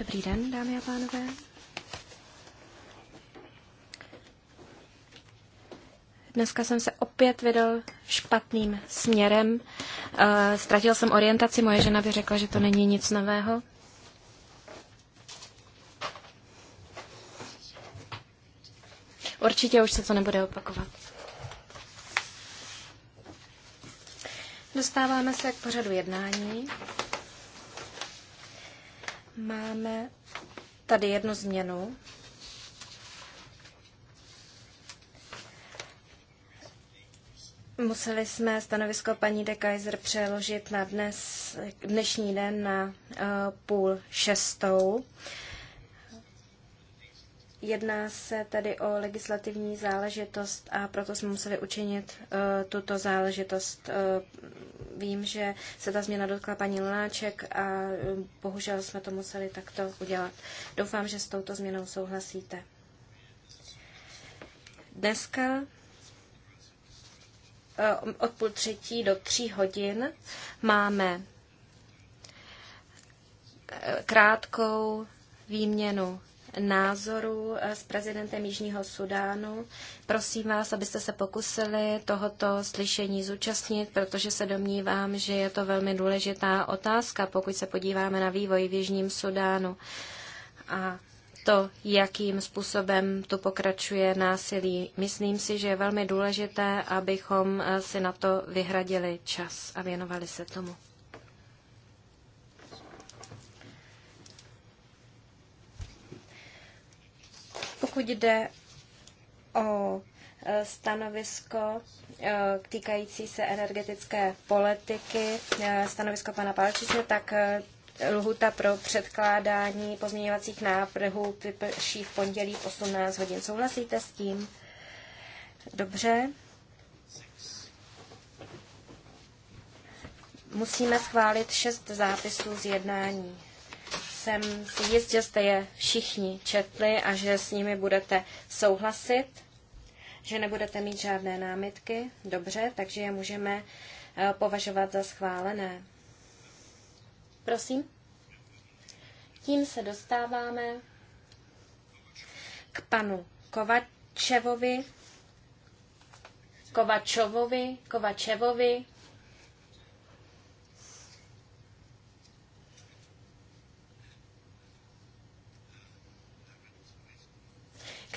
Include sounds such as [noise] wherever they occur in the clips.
Dobrý den, dámy a pánové. Dneska jsem se opět vydal špatným směrem. Eh, ztratil jsem orientaci, moje žena by řekla, že to není nic nového. Určitě už se to nebude opakovat. Dostáváme se k pořadu jednání. Máme tady jednu změnu. Museli jsme stanovisko paní de Kaiser přeložit na dnes, dnešní den na uh, půl šestou. Uh, Jedná se tedy o legislativní záležitost a proto jsme museli učinit uh, tuto záležitost. Uh, vím, že se ta změna dotkla paní Lunáček a uh, bohužel jsme to museli takto udělat. Doufám, že s touto změnou souhlasíte. Dneska uh, od půl třetí do tří hodin máme krátkou výměnu názorů eh, s prezidentem Jižního Sudánu. Prosím vás, abyste se pokusili tohoto slyšení zúčastnit, protože se domnívám, že je to velmi důležitá otázka, pokud se podíváme na vývoj v Jižním Sudánu. A to, jakým způsobem tu pokračuje násilí. Myslím si, že je velmi důležité, abychom eh, si na to vyhradili čas a věnovali se tomu. Pokud jde o e, stanovisko e, týkající se energetické politiky, e, stanovisko pana Palčice, tak lhuta pro předkládání pozměňovacích návrhů vyprší v pondělí v 18 hodin. Souhlasíte s tím? Dobře. Musíme schválit šest zápisů z jednání jsem si jistě, že jste je všichni četli a že s nimi budete souhlasit, že nebudete mít žádné námitky. Dobře, takže je můžeme eh, považovat za schválené. Prosím. Tím se dostáváme k panu Kovačevovi, Kovačovovi, Kovačevovi,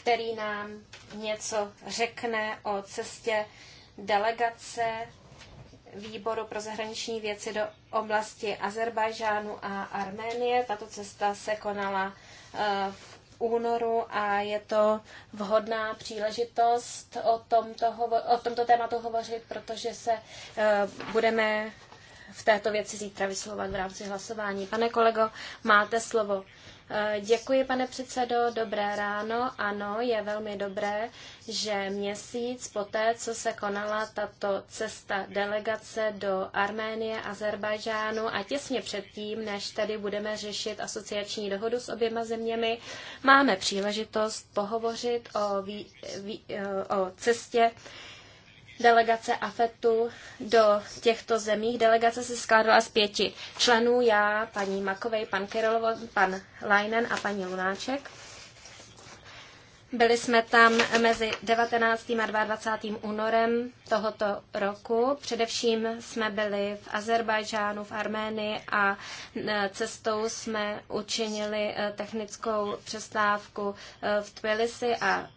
který nám něco řekne o cestě delegace výboru pro zahraniční věci do oblasti Azerbajžánu a Arménie. Tato cesta se konala eh, v únoru a je to vhodná příležitost o tomto, hovo- o tomto tématu hovořit, protože se eh, budeme v této věci zítra vyslovat v rámci hlasování. Pane kolego, máte slovo. Eh, děkuji, pane předsedo. Dobré ráno. Ano, je velmi dobré, že měsíc poté, co se konala tato cesta delegace do Arménie, Azerbajžánu a těsně předtím, než tady budeme řešit asociační dohodu s oběma zeměmi, máme příležitost pohovořit o, vý, vý, eh, o cestě delegace AFETu do těchto zemí. Delegace se skládala z pěti členů, já, paní Makovej, pan Kirolovo, pan Leinen a paní Lunáček. Byli jsme tam mezi 19. a 22. únorem tohoto roku. Především jsme byli v Azerbajžánu, v Arménii a e, cestou jsme učinili e, technickou přestávku e, v Tbilisi a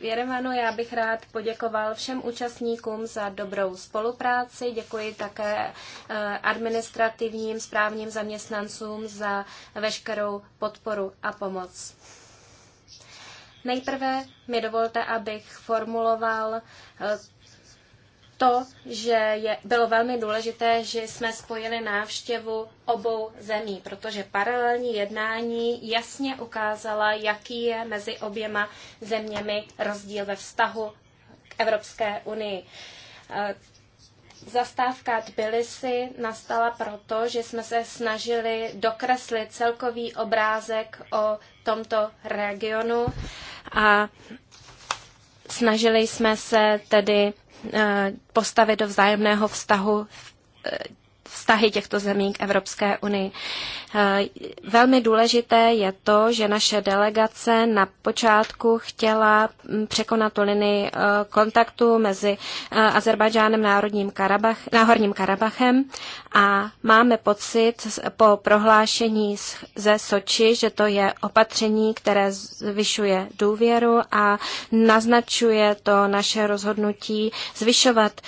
Jeremanu, já bych rád poděkoval všem účastníkům za dobrou spolupráci. Děkuji také eh, administrativním správním zaměstnancům za veškerou podporu a pomoc. Nejprve mi dovolte, abych formuloval eh, to, že je, bylo velmi důležité, že jsme spojili návštěvu obou zemí, protože paralelní jednání jasně ukázala, jaký je mezi oběma zeměmi rozdíl ve vztahu k Evropské unii. Zastávka Tbilisi nastala proto, že jsme se snažili dokreslit celkový obrázek o tomto regionu a snažili jsme se tedy Eh, postavit do vzájemného vztahu eh, vztahy těchto zemí k Evropské unii. Eh, velmi důležité je to, že naše delegace na počátku chtěla mm, překonat tu linii eh, kontaktu mezi eh, Azerbajdžánem Národním Karabach, Náhorním Karabachem a máme pocit po prohlášení ze Soči, že to je opatření, které zvyšuje důvěru a naznačuje to naše rozhodnutí zvyšovat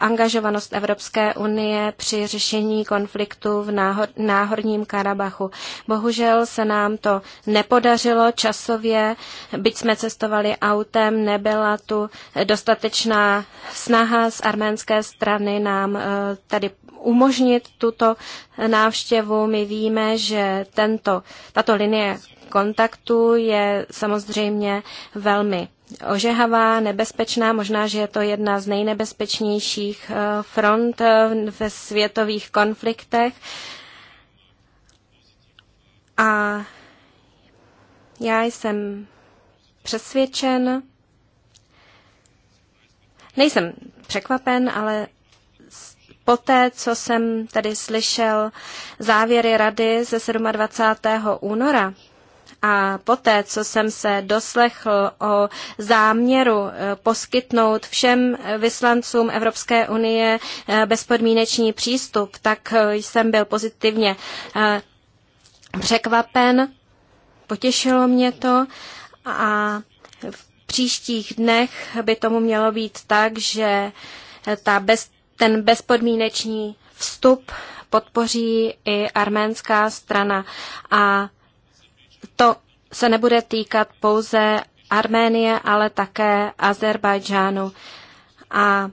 angažovanost Evropské unie při řešení konfliktu v náhor, náhorním Karabachu. Bohužel se nám to nepodařilo časově, byť jsme cestovali autem, nebyla tu dostatečná snaha z arménské strany nám eh, tady umožnit tuto návštěvu. My víme, že tento, tato linie kontaktu je samozřejmě velmi ožehavá, nebezpečná, možná, že je to jedna z nejnebezpečnějších eh, front eh, ve světových konfliktech. A já jsem přesvědčen, nejsem překvapen, ale poté, co jsem tady slyšel závěry rady ze 27. února, a poté, co jsem se doslechl o záměru eh, poskytnout všem vyslancům Evropské unie eh, bezpodmínečný přístup, tak eh, jsem byl pozitivně překvapen, potěšilo mě to a v příštích dnech by tomu mělo být tak, že ta bez, ten bezpodmínečný vstup podpoří i arménská strana a to se nebude týkat pouze Arménie, ale také Azerbajdžánu. A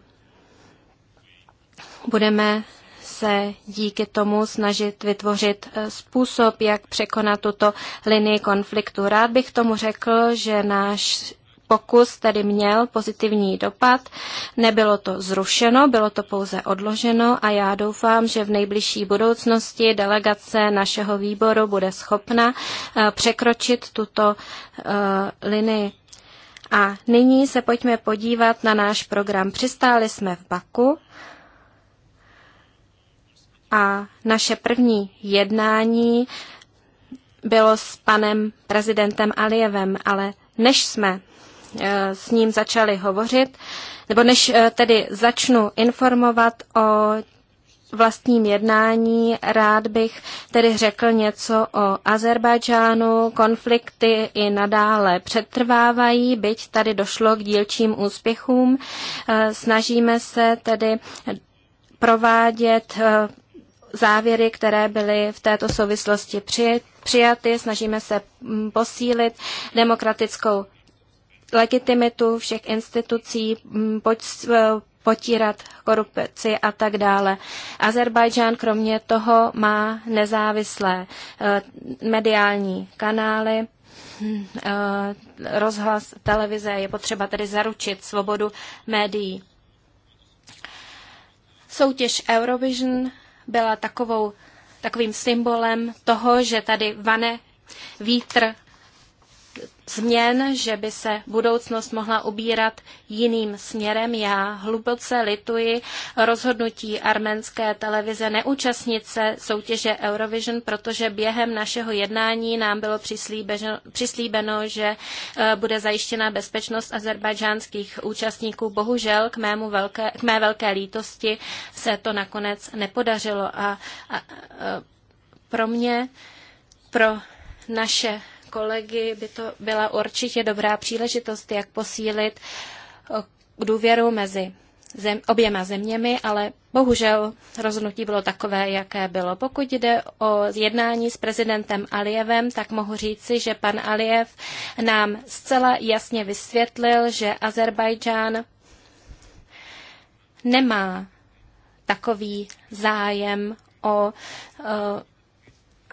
budeme se díky tomu snažit vytvořit eh, způsob, jak překonat tuto linii konfliktu. Rád bych tomu řekl, že náš pokus tedy měl pozitivní dopad. Nebylo to zrušeno, bylo to pouze odloženo a já doufám, že v nejbližší budoucnosti delegace našeho výboru bude schopna eh, překročit tuto eh, linii. A nyní se pojďme podívat na náš program. Přistáli jsme v Baku a naše první jednání bylo s panem prezidentem Alievem, ale než jsme Eh, s ním začali hovořit, nebo než eh, tedy začnu informovat o vlastním jednání rád bych tedy řekl něco o Azerbajdžánu. Konflikty i nadále přetrvávají, byť tady došlo k dílčím úspěchům. Eh, snažíme se tedy provádět závěry, které byly v této souvislosti přijaty. Snažíme se mm, posílit demokratickou legitimitu všech institucí, mm, pojď, eh, potírat korupci a tak dále. Azerbajdžán kromě toho má nezávislé eh, mediální kanály, eh, rozhlas, televize, je potřeba tedy zaručit svobodu médií. Soutěž Eurovision byla takovou, takovým symbolem toho, že tady vane vítr změn, že by se budoucnost mohla ubírat jiným směrem. Já hluboce lituji rozhodnutí arménské televize neúčastnit se soutěže Eurovision, protože během našeho jednání nám bylo přislíbeno, že eh, bude zajištěna bezpečnost azerbajdžánských účastníků. Bohužel k, mému velké, k mé velké lítosti se to nakonec nepodařilo. A, a, a pro mě, pro naše kolegy by to byla určitě dobrá příležitost, jak posílit eh, důvěru mezi zem, oběma zeměmi, ale bohužel rozhodnutí bylo takové, jaké bylo. Pokud jde o jednání s prezidentem Alijevem, tak mohu říci, že pan Alijev nám zcela jasně vysvětlil, že Azerbajdžán nemá takový zájem o, o eh,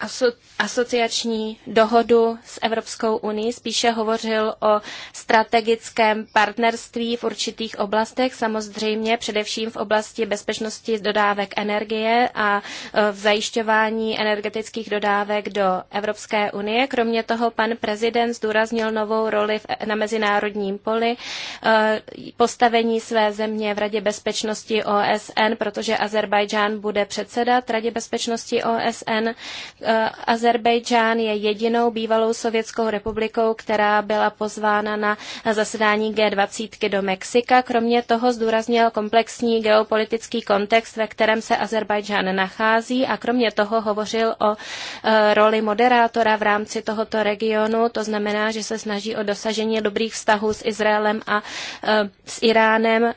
aso- asociační dohodu s Evropskou unii, spíše hovořil o strategickém partnerství v určitých oblastech, samozřejmě především v oblasti bezpečnosti dodávek energie a e, v zajišťování energetických dodávek do Evropské unie. Kromě toho pan prezident zdůraznil novou roli v, e- na mezinárodním poli, e, postavení své země v Radě bezpečnosti OSN, protože Azerbajdžán bude předsedat Radě bezpečnosti OSN Eh, Azerbejdžán je jedinou bývalou sovětskou republikou, která byla pozvána na zasedání G20 do Mexika. Kromě toho zdůraznil komplexní geopolitický kontext, ve kterém se Azerbajdžán nachází a kromě toho hovořil o eh, roli moderátora v rámci tohoto regionu. To znamená, že se snaží o dosažení dobrých vztahů s Izraelem a eh, s Iránem.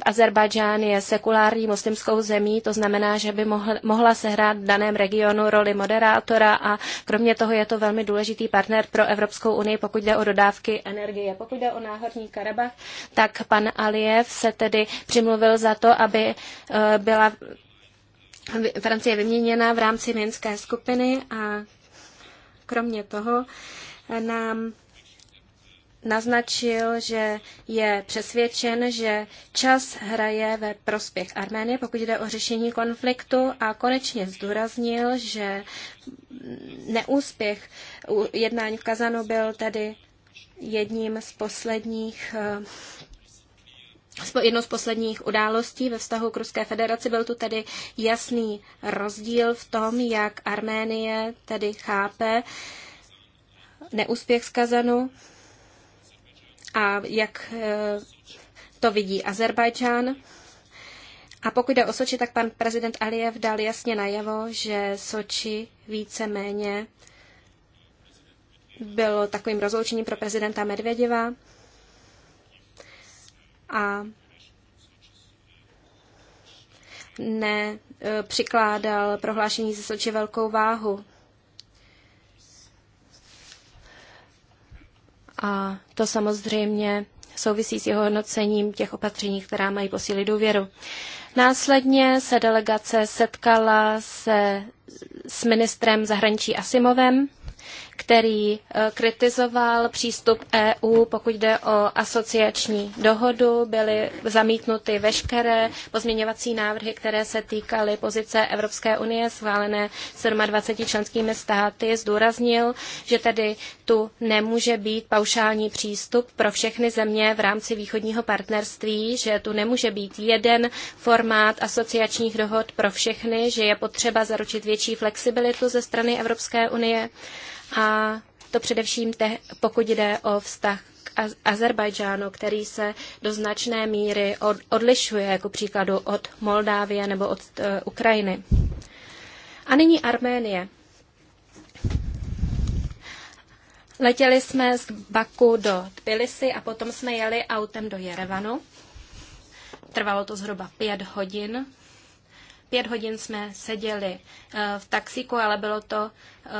Azerbajdžán je sekulární muslimskou zemí, to znamená, že by mohla sehrát v daném regionu roli moderátora a kromě toho je to velmi důležitý partner pro Evropskou unii, pokud jde o dodávky energie. Pokud jde o náhorní Karabach, tak pan Aliyev se tedy přimluvil za to, aby eh, byla Francie vyměněna v rámci Minské skupiny a kromě toho eh, nám naznačil, že je přesvědčen, že čas hraje ve prospěch Arménie, pokud jde o řešení konfliktu a konečně zdůraznil, že neúspěch jednání v Kazanu byl tedy jedním z posledních eh, Jednou z posledních událostí ve vztahu k Ruské federaci byl tu tedy jasný rozdíl v tom, jak Arménie tedy chápe neúspěch z Kazanu a jak eh, to vidí Azerbajdžán. A pokud jde o Soči, tak pan prezident Aliyev dal jasně najevo, že Soči více-méně bylo takovým rozloučením pro prezidenta Medvěděva. A ne eh, prohlášení ze Soči velkou váhu. A to samozřejmě souvisí s jeho hodnocením těch opatření, která mají posílit důvěru. Následně se delegace setkala se, s ministrem zahraničí Asimovem, který eh, kritizoval přístup EU, pokud jde o asociační dohodu. Byly zamítnuty veškeré pozměňovací návrhy, které se týkaly pozice Evropské unie, schválené 27 členskými státy. Zdůraznil, že tedy tu nemůže být paušální přístup pro všechny země v rámci východního partnerství, že tu nemůže být jeden formát asociačních dohod pro všechny, že je potřeba zaručit větší flexibilitu ze strany Evropské unie a to především, te, pokud jde o vztah k Azerbajdžánu, který se do značné míry od, odlišuje, jako příkladu od Moldávie nebo od uh, Ukrajiny. A nyní Arménie. Letěli jsme z Baku do Tbilisi a potom jsme jeli autem do Jerevanu. Trvalo to zhruba pět hodin. Pět hodin jsme seděli e, v taxíku, ale bylo to e,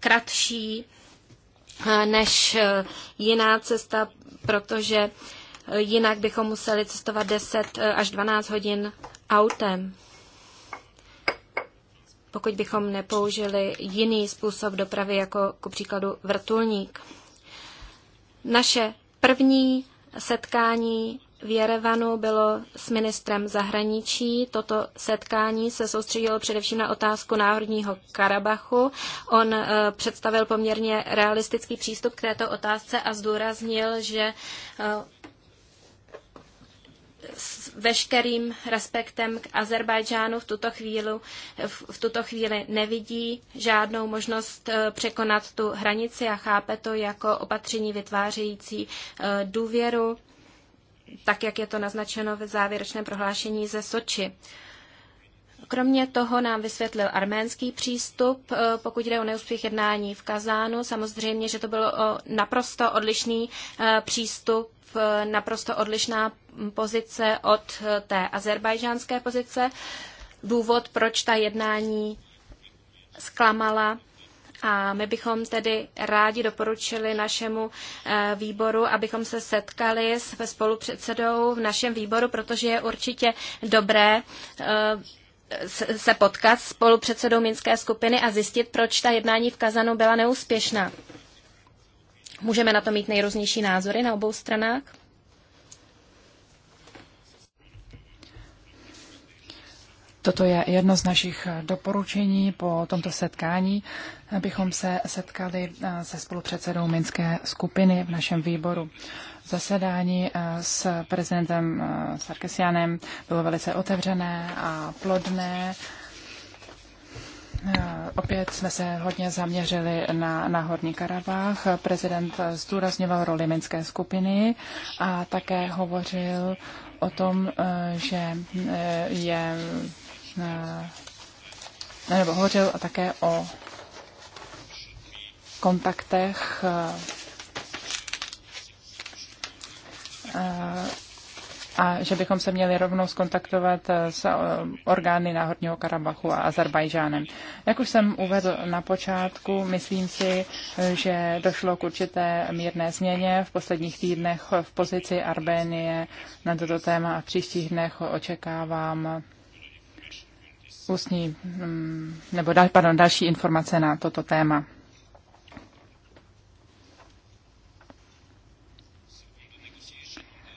kratší eh, než eh, jiná cesta, protože eh, jinak bychom museli cestovat 10 až 12 hodin autem, pokud bychom nepoužili jiný způsob dopravy, jako ku příkladu vrtulník. Naše první setkání v Jerevanu bylo s ministrem zahraničí. Toto setkání se soustředilo především na otázku Národního Karabachu. On eh, představil poměrně realistický přístup k této otázce a zdůraznil, že eh, s veškerým respektem k Azerbajdžánu v tuto chvíli, v, v tuto chvíli nevidí žádnou možnost eh, překonat tu hranici a chápe to jako opatření vytvářející důvěru tak jak je to naznačeno v závěrečném prohlášení ze Soči. Kromě toho nám vysvětlil arménský přístup, eh, pokud jde o neúspěch jednání v Kazánu. Samozřejmě, že to byl naprosto odlišný eh, přístup, eh, naprosto odlišná pozice od té azerbajžánské pozice. Důvod, proč ta jednání zklamala, a my bychom tedy rádi doporučili našemu eh, výboru, abychom se setkali s spolupředsedou v našem výboru, protože je určitě dobré eh, se potkat s spolupředsedou Minské skupiny a zjistit, proč ta jednání v Kazanu byla neúspěšná. Můžeme na to mít nejrůznější názory na obou stranách. Toto je jedno z našich eh, doporučení. Po tomto setkání abychom se setkali eh, se spolupředsedou Minské skupiny v našem výboru. Zasedání eh, s prezidentem Sarkesianem bylo velice otevřené a plodné. Opět jsme se hodně zaměřili na, na Horní Karabách. Prezident zdůrazňoval roli Minské skupiny a také hovořil o tom, že je Eh, nebo hovořil a také o kontaktech eh, eh, a že bychom se měli rovnou skontaktovat s orgány Náhorního Karabachu a Azerbajžánem. Jak už jsem uvedl na počátku, myslím si, že došlo k určité mírné změně v posledních týdnech v pozici Arménie na toto téma a v příštích dnech očekávám ústní, mm, nebo dal, pardon, další informace na toto téma.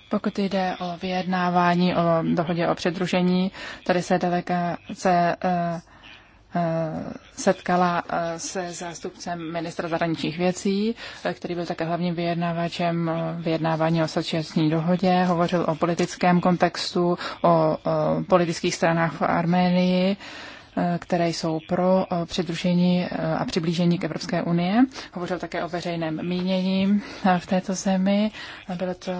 Pokud jde o vyjednávání o dohodě o předružení, tady se delegace uh, Eh, setkala eh, se zástupcem ministra zahraničních věcí, eh, který byl také hlavním vyjednávačem vyjednávání o sočasní dohodě. Hovořil o politickém kontextu, o politických stranách v Arménii které jsou pro eh, přidružení eh, a přiblížení k Evropské unie. Hovořil také o veřejném mínění eh, v této zemi. Bylo to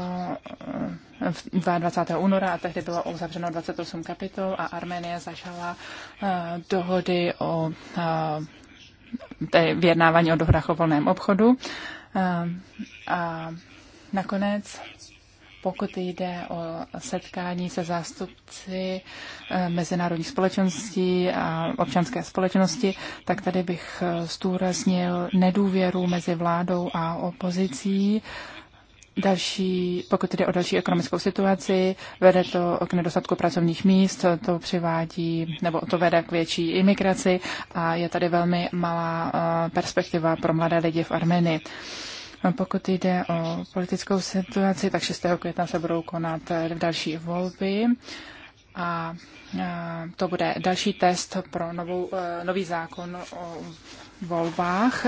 22. února a tehdy bylo uzavřeno 28 kapitol a Arménie začala dohody o vyjednávání o dohodách o volném obchodu. A nakonec pokud jde o setkání se zástupci eh, mezinárodních společností a občanské společnosti, tak tady bych eh, zdůraznil nedůvěru mezi vládou a opozicí. Další, pokud jde o další ekonomickou situaci, vede to k nedostatku pracovních míst, to přivádí, nebo to vede k větší imigraci a je tady velmi malá eh, perspektiva pro mladé lidi v Armenii. No, pokud jde o politickou situaci, tak 6. května se budou konat eh, další volby a eh, to bude další test pro novou, eh, nový zákon o volbách.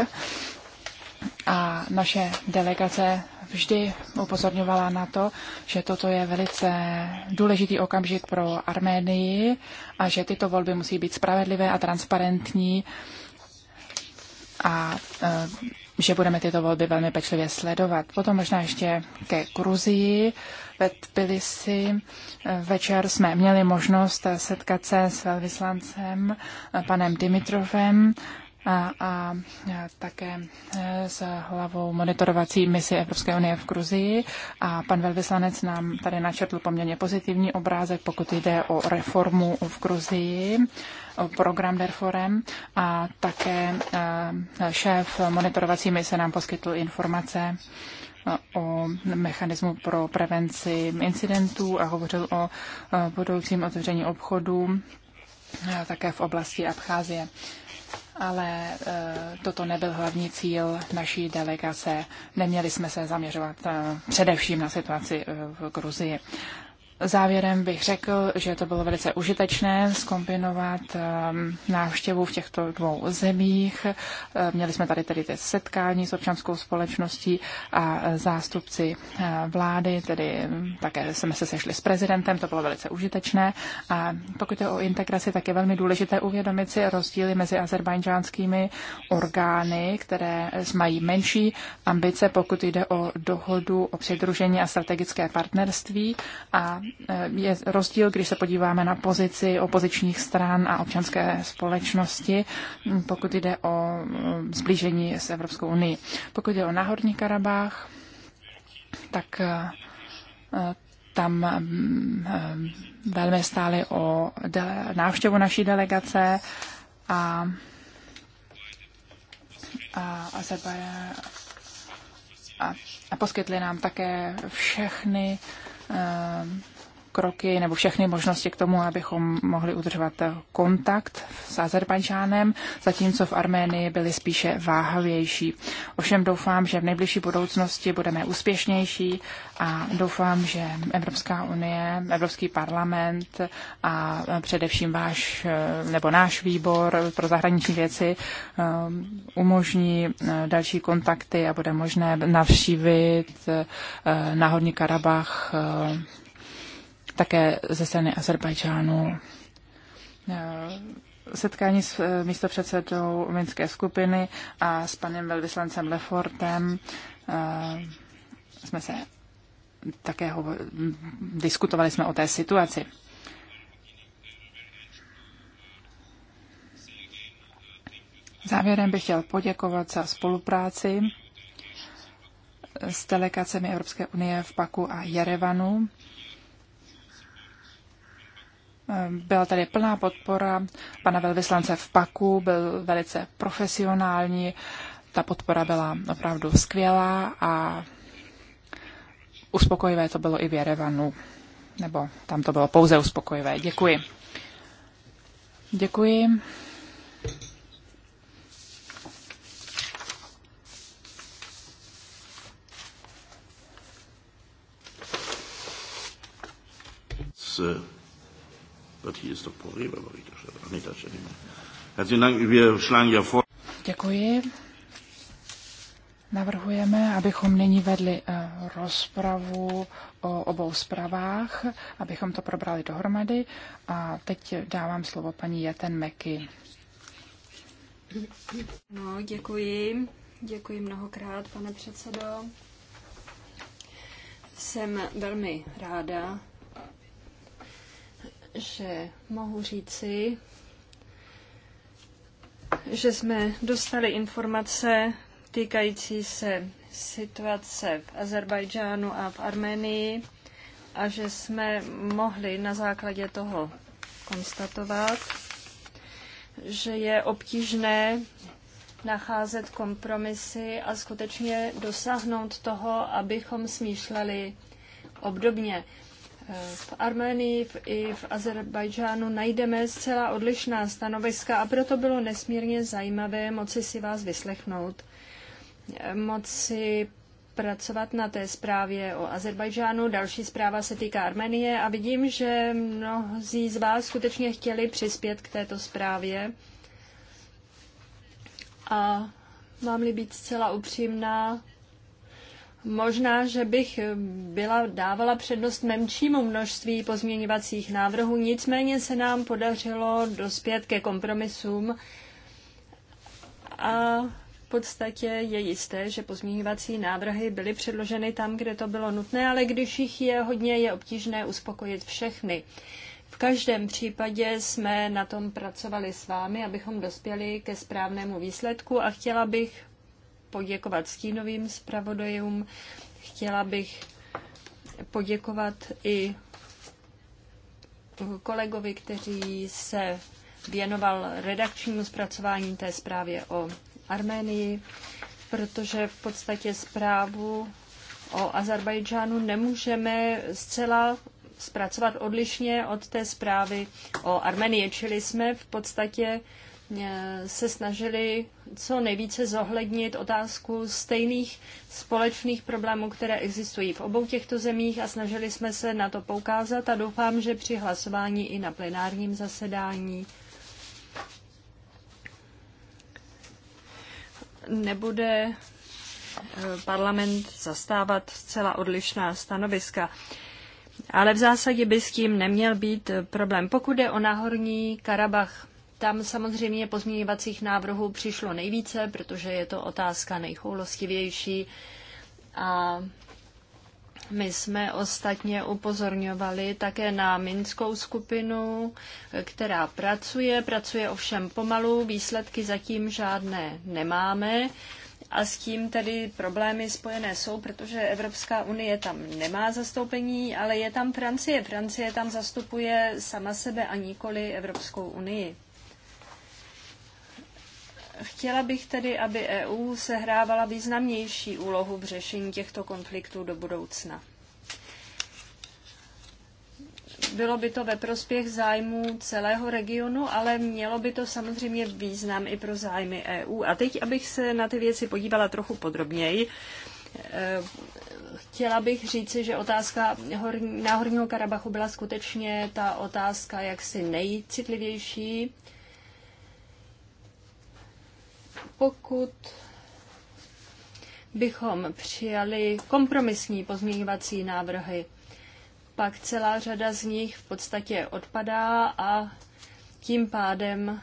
A naše delegace vždy upozorňovala na to, že toto je velice důležitý okamžik pro Arménii a že tyto volby musí být spravedlivé a transparentní a že budeme tyto volby velmi pečlivě sledovat. Potom možná ještě ke Gruzii. Ve Tbilisi eh, večer jsme měli možnost eh, setkat se s velvyslancem eh, panem Dimitrovem a, a také e, s hlavou monitorovací misi Evropské unie v Gruzii. A pan velvyslanec nám tady načetl poměrně pozitivní obrázek, pokud jde o reformu v Gruzii program Derforem a také e, šéf monitorovací mise nám poskytl informace e, o mechanismu pro prevenci incidentů a hovořil o budoucím otevření obchodu také v oblasti Abcházie ale eh, toto nebyl hlavní cíl naší delegace. Neměli jsme se zaměřovat eh, především na situaci eh, v Gruzii. Závěrem bych řekl, že to bylo velice užitečné skombinovat ehm, návštěvu v těchto dvou zemích. Ehm, měli jsme tady tedy setkání s občanskou společností a zástupci eh, vlády, tedy ehm, také jsme se sešli s prezidentem, to bylo velice užitečné. A pokud je o integraci, tak je velmi důležité uvědomit si rozdíly mezi azerbajdžánskými orgány, které mají menší ambice, pokud jde o dohodu o přidružení a strategické partnerství a Eh, je rozdíl, když se podíváme na pozici opozičních stran a občanské společnosti, hm, pokud jde o hm, zblížení s Evropskou unii. Pokud jde o Náhorní Karabách, tak eh, tam hm, velmi stáli o návštěvu naší delegace a, a a, a poskytli nám také všechny kroky nebo všechny možnosti k tomu, abychom mohli udržovat kontakt s Azerbajdžánem, zatímco v Arménii byly spíše váhavější. Ovšem doufám, že v nejbližší budoucnosti budeme úspěšnější a doufám, že Evropská unie, Evropský parlament a především váš nebo náš výbor pro zahraniční věci um, umožní uh, další kontakty a bude možné navštívit uh, náhodní Karabach uh, také ze strany Azerbajdžánu. Eh, Setkání s eh, místopředsedou Minské skupiny a s panem velvyslancem Lefortem eh, jsme se také diskutovali jsme o té situaci. Závěrem bych chtěl poděkovat za spolupráci s delegacemi Evropské unie v Paku a Jerevanu byla tady plná podpora pana velvyslance v Paku, byl velice profesionální, ta podpora byla opravdu skvělá a uspokojivé to bylo i v Jerevanu, nebo tam to bylo pouze uspokojivé. Děkuji. Děkuji. S But he is doch nicht Herzlichen Dank. Wir schlagen ja vor. Děkuji. Navrhujeme, abychom nyní vedli eh, rozpravu o obou zprávách, abychom to probrali dohromady. A teď dávám slovo paní Jaten Meky. No, děkuji. Děkuji mnohokrát, pane předsedo. Jsem velmi ráda, že mohu říci, že jsme dostali informace týkající se situace v Azerbajdžánu a v Arménii a že jsme mohli na základě toho konstatovat, že je obtížné nacházet kompromisy a skutečně dosáhnout toho, abychom smýšleli obdobně v Arménii i v Azerbajdžánu najdeme zcela odlišná stanoviska a proto bylo nesmírně zajímavé moci si vás vyslechnout, moci pracovat na té zprávě o Azerbajdžánu. Další zpráva se týká Arménie a vidím, že mnozí z vás skutečně chtěli přispět k této zprávě. A mám-li být zcela upřímná, Možná, že bych byla dávala přednost menšímu množství pozměňovacích návrhů, nicméně se nám podařilo dospět ke kompromisům a v podstatě je jisté, že pozměňovací návrhy byly předloženy tam, kde to bylo nutné, ale když jich je hodně, je obtížné uspokojit všechny. V každém případě jsme na tom pracovali s vámi, abychom dospěli ke správnému výsledku a chtěla bych poděkovat stínovým zpravodajům. Chtěla bych poděkovat i kolegovi, kteří se věnoval redakčnímu zpracování té zprávě o Arménii, protože v podstatě zprávu o Azerbajdžánu nemůžeme zcela zpracovat odlišně od té zprávy o Armenii, čili jsme v podstatě Eh, se snažili co nejvíce zohlednit otázku stejných společných problémů, které existují v obou těchto zemích a snažili jsme se na to poukázat a doufám, že při hlasování i na plenárním zasedání nebude eh, parlament zastávat zcela odlišná stanoviska. Ale v zásadě by s tím neměl být problém. Pokud je o náhorní Karabach, tam samozřejmě pozměňovacích návrhů přišlo nejvíce, protože je to otázka nejchoulostivější a my jsme ostatně upozorňovali také na minskou skupinu, která pracuje. Pracuje ovšem pomalu, výsledky zatím žádné nemáme. A s tím tedy problémy spojené jsou, protože Evropská unie tam nemá zastoupení, ale je tam Francie. Francie tam zastupuje sama sebe a nikoli Evropskou unii. Chtěla bych tedy, aby EU sehrávala významnější úlohu v řešení těchto konfliktů do budoucna. Bylo by to ve prospěch zájmů celého regionu, ale mělo by to samozřejmě význam i pro zájmy EU. A teď, abych se na ty věci podívala trochu podrobněji, e, chtěla bych říci, že otázka Náhorního Karabachu byla skutečně ta otázka jaksi nejcitlivější pokud bychom přijali kompromisní pozměňovací návrhy, pak celá řada z nich v podstatě odpadá a tím pádem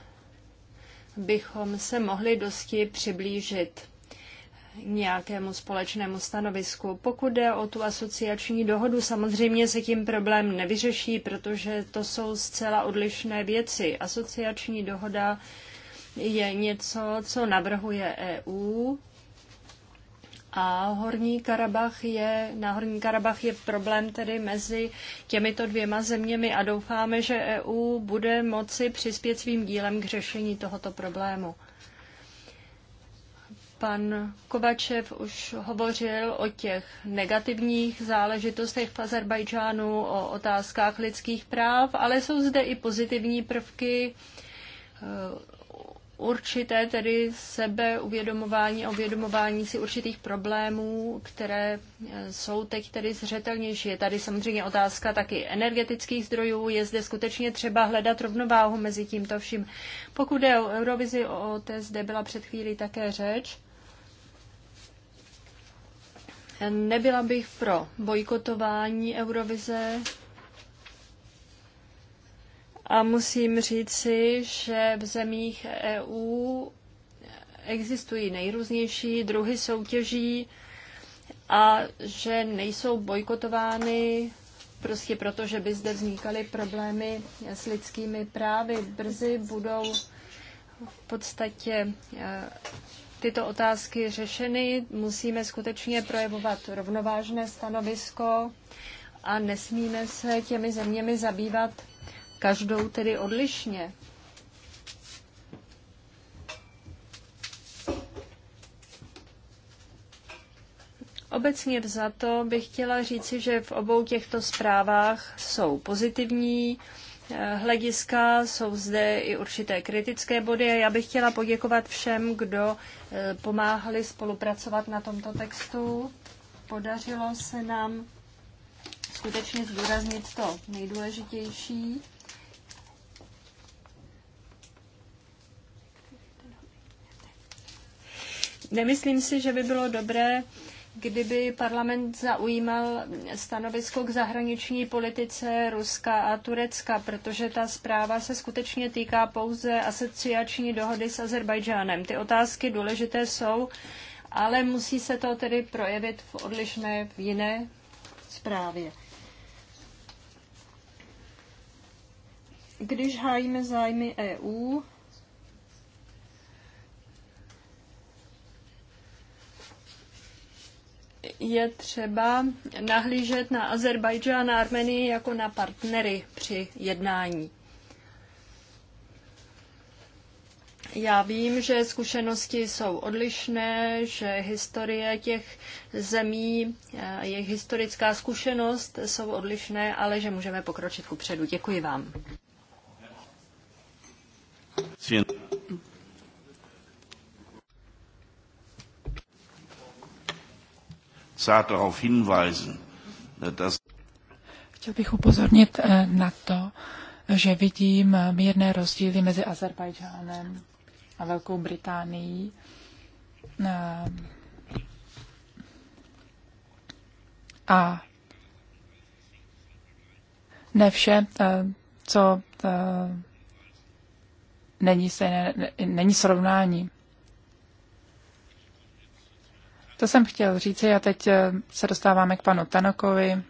bychom se mohli dosti přiblížit nějakému společnému stanovisku. Pokud jde o tu asociační dohodu, samozřejmě se tím problém nevyřeší, protože to jsou zcela odlišné věci. Asociační dohoda je něco, co navrhuje EU. A Horní Karabach je, na Horní Karabach je problém tedy mezi těmito dvěma zeměmi a doufáme, že EU bude moci přispět svým dílem k řešení tohoto problému. Pan Kovačev už hovořil o těch negativních záležitostech v Azerbajdžánu, o otázkách lidských práv, ale jsou zde i pozitivní prvky určité tedy sebeuvědomování a uvědomování si určitých problémů, které eh, jsou teď tedy zřetelnější. Je tady samozřejmě otázka taky energetických zdrojů. Je zde skutečně třeba hledat rovnováhu mezi tímto vším. Pokud je o Eurovizi, o té zde byla před chvílí také řeč. Nebyla bych pro bojkotování Eurovize, a musím říci, že v zemích EU existují nejrůznější druhy soutěží a že nejsou bojkotovány prostě proto, že by zde vznikaly problémy s lidskými právy. Brzy budou v podstatě eh, tyto otázky řešeny. Musíme skutečně projevovat rovnovážné stanovisko a nesmíme se těmi zeměmi zabývat každou tedy odlišně. Obecně vzato bych chtěla říci, že v obou těchto zprávách jsou pozitivní eh, hlediska, jsou zde i určité kritické body a já bych chtěla poděkovat všem, kdo eh, pomáhali spolupracovat na tomto textu. Podařilo se nám skutečně zdůraznit to nejdůležitější. Nemyslím si, že by bylo dobré, kdyby parlament zaujímal stanovisko k zahraniční politice Ruska a Turecka, protože ta zpráva se skutečně týká pouze asociační dohody s Azerbajdžánem. Ty otázky důležité jsou, ale musí se to tedy projevit v odlišné, v jiné zprávě. Když hájíme zájmy EU, je třeba nahlížet na Azerbajdžán a Armenii jako na partnery při jednání. Já vím, že zkušenosti jsou odlišné, že historie těch zemí, eh, jejich historická zkušenost jsou odlišné, ale že můžeme pokročit ku předu. Děkuji vám. darauf hinweisen, dass Chtěl bych upozornit eh, na to, že vidím eh, mírné rozdíly mezi Azerbajdžánem a Velkou Británií. Eh, a ne vše, co není, se, není srovnání. To jsem chtěl říci a teď eh, se dostáváme k panu Tanokovi,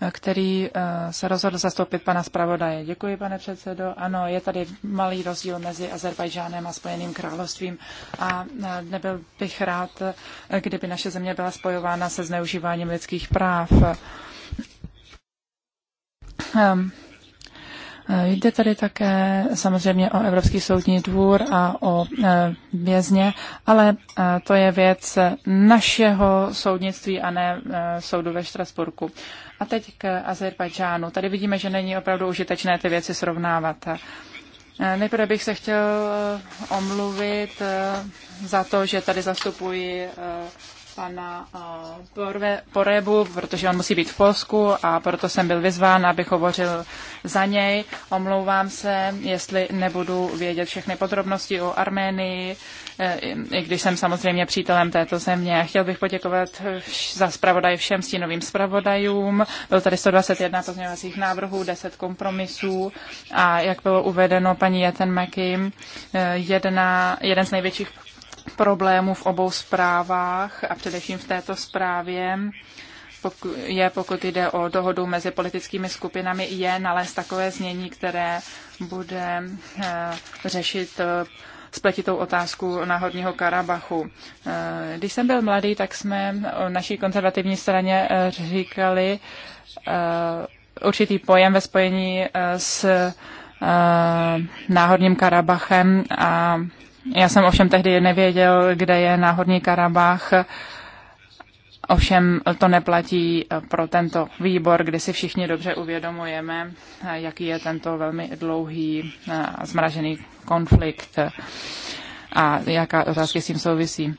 eh, který eh, se rozhodl zastoupit pana zpravodaje. Děkuji, pane předsedo. Ano, je tady malý rozdíl mezi Azerbajdžánem a Spojeným královstvím a nebyl bych rád, kdyby naše země byla spojována se zneužíváním lidských práv. Ehm, Eh, jde tady také samozřejmě o Evropský soudní dvůr a o eh, vězně, ale eh, to je věc našeho soudnictví a ne soudu ve Štrasburku. A teď k Azerbajdžánu. Tady vidíme, že není opravdu užitečné ty věci srovnávat. Nejprve bych se chtěl omluvit za to, že tady zastupuji pana Borve eh, Porebu, protože on musí být v Polsku a proto jsem byl vyzván, abych hovořil za něj. Omlouvám se, jestli nebudu vědět všechny podrobnosti o Arménii, eh, i když jsem samozřejmě přítelem této země. Chtěl bych poděkovat za zpravodaj všem stínovým zpravodajům. Byl tady 121 pozměňovacích návrhů, 10 kompromisů a jak bylo uvedeno paní Jeten Maky, eh, jeden z největších problémů v obou zprávách a především v této zprávě je, pokud jde o dohodu mezi politickými skupinami, je nalézt takové znění, které bude eh, řešit eh, spletitou otázku náhodního Karabachu. Eh, když jsem byl mladý, tak jsme o naší konzervativní straně říkali určitý pojem ve spojení s náhodním Karabachem a já jsem ovšem tehdy nevěděl, kde je náhodní Karabach. Ovšem to neplatí eh, pro tento výbor, kde si všichni dobře uvědomujeme, eh, jaký je tento velmi dlouhý eh, zmražený konflikt a jaká otázky s tím souvisí.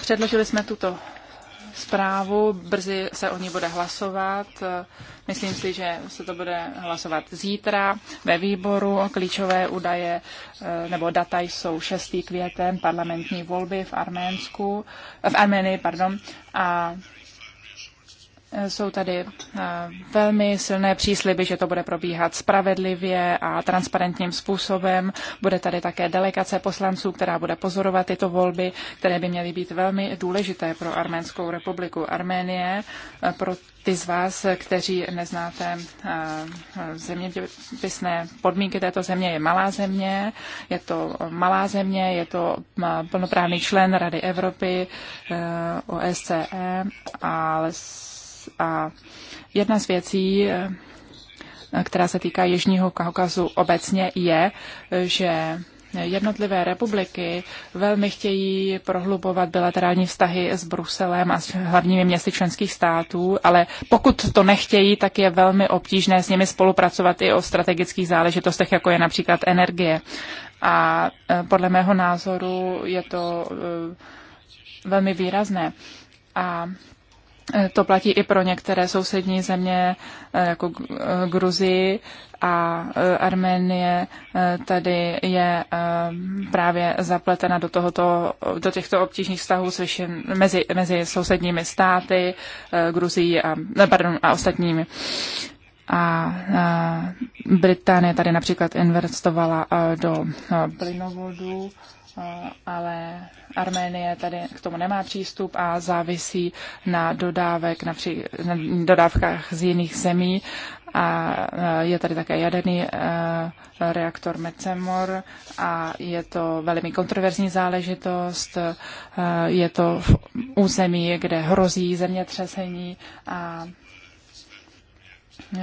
Předložili jsme tuto zprávu, brzy se o ní bude hlasovat. Myslím si, že se to bude hlasovat zítra ve výboru. Klíčové údaje eh, nebo data jsou 6. květen parlamentní volby v Arménsku, eh, v Armenii, pardon, a jsou tady eh, velmi silné přísliby, že to bude probíhat spravedlivě a transparentním způsobem. Bude tady také delegace poslanců, která bude pozorovat tyto volby, které by měly být velmi důležité pro Arménskou republiku Arménie. Eh, pro ty z vás, kteří neznáte eh, zeměpisné podmínky této země, je malá země, je to malá země, je to plnoprávný člen Rady Evropy, OSCE, ale a jedna z věcí, eh, která se týká Jižního Kaukazu obecně, je, že jednotlivé republiky velmi chtějí prohlubovat bilaterální vztahy s Bruselem a s hlavními městy členských států, ale pokud to nechtějí, tak je velmi obtížné s nimi spolupracovat i o strategických záležitostech, jako je například energie. A eh, podle mého názoru je to eh, velmi výrazné. A Eh, to platí i pro některé sousední země, eh, jako eh, Gruzii a Arménie. Tady je právě zapletena do, tohoto, do těchto obtížných vztahů mezi, mezi sousedními státy, Gruzií a, pardon, a ostatními. A, Británie tady například investovala do plynovodu ale Arménie tady k tomu nemá přístup a závisí na, dodávek, na, při, na dodávkách z jiných zemí. A e, je tady také jaderný e, reaktor Mecemor a je to velmi kontroverzní záležitost. E, je to v území, kde hrozí zemětřesení a,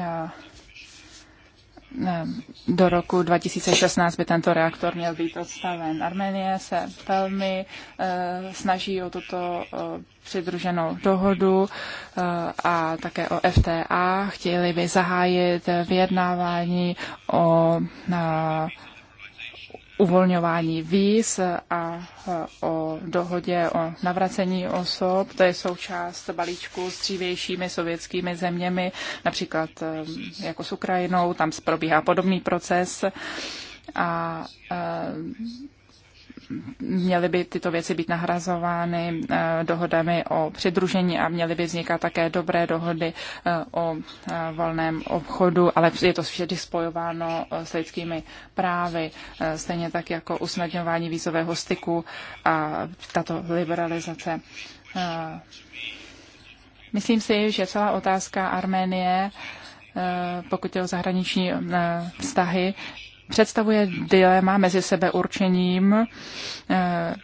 a Eh, do roku 2016 by tento reaktor měl být odstaven. Arménie se velmi eh, snaží o tuto eh, přidruženou dohodu a také o FTA. Chtěli by zahájit vyjednávání o uvolňování víz a o dohodě o navracení osob. To je součást balíčku s dřívějšími sovětskými zeměmi, například eh, jako s Ukrajinou, tam probíhá podobný proces. A eh, měly by tyto věci být nahrazovány eh, dohodami o přidružení a měly by vznikat také dobré dohody eh, o eh, volném obchodu, ale je to vždy spojováno s lidskými právy, stejně tak jako usnadňování vízového styku a tato liberalizace. Myslím si, že celá otázka Arménie pokud je o zahraniční vztahy, představuje dilema mezi sebe určením eh,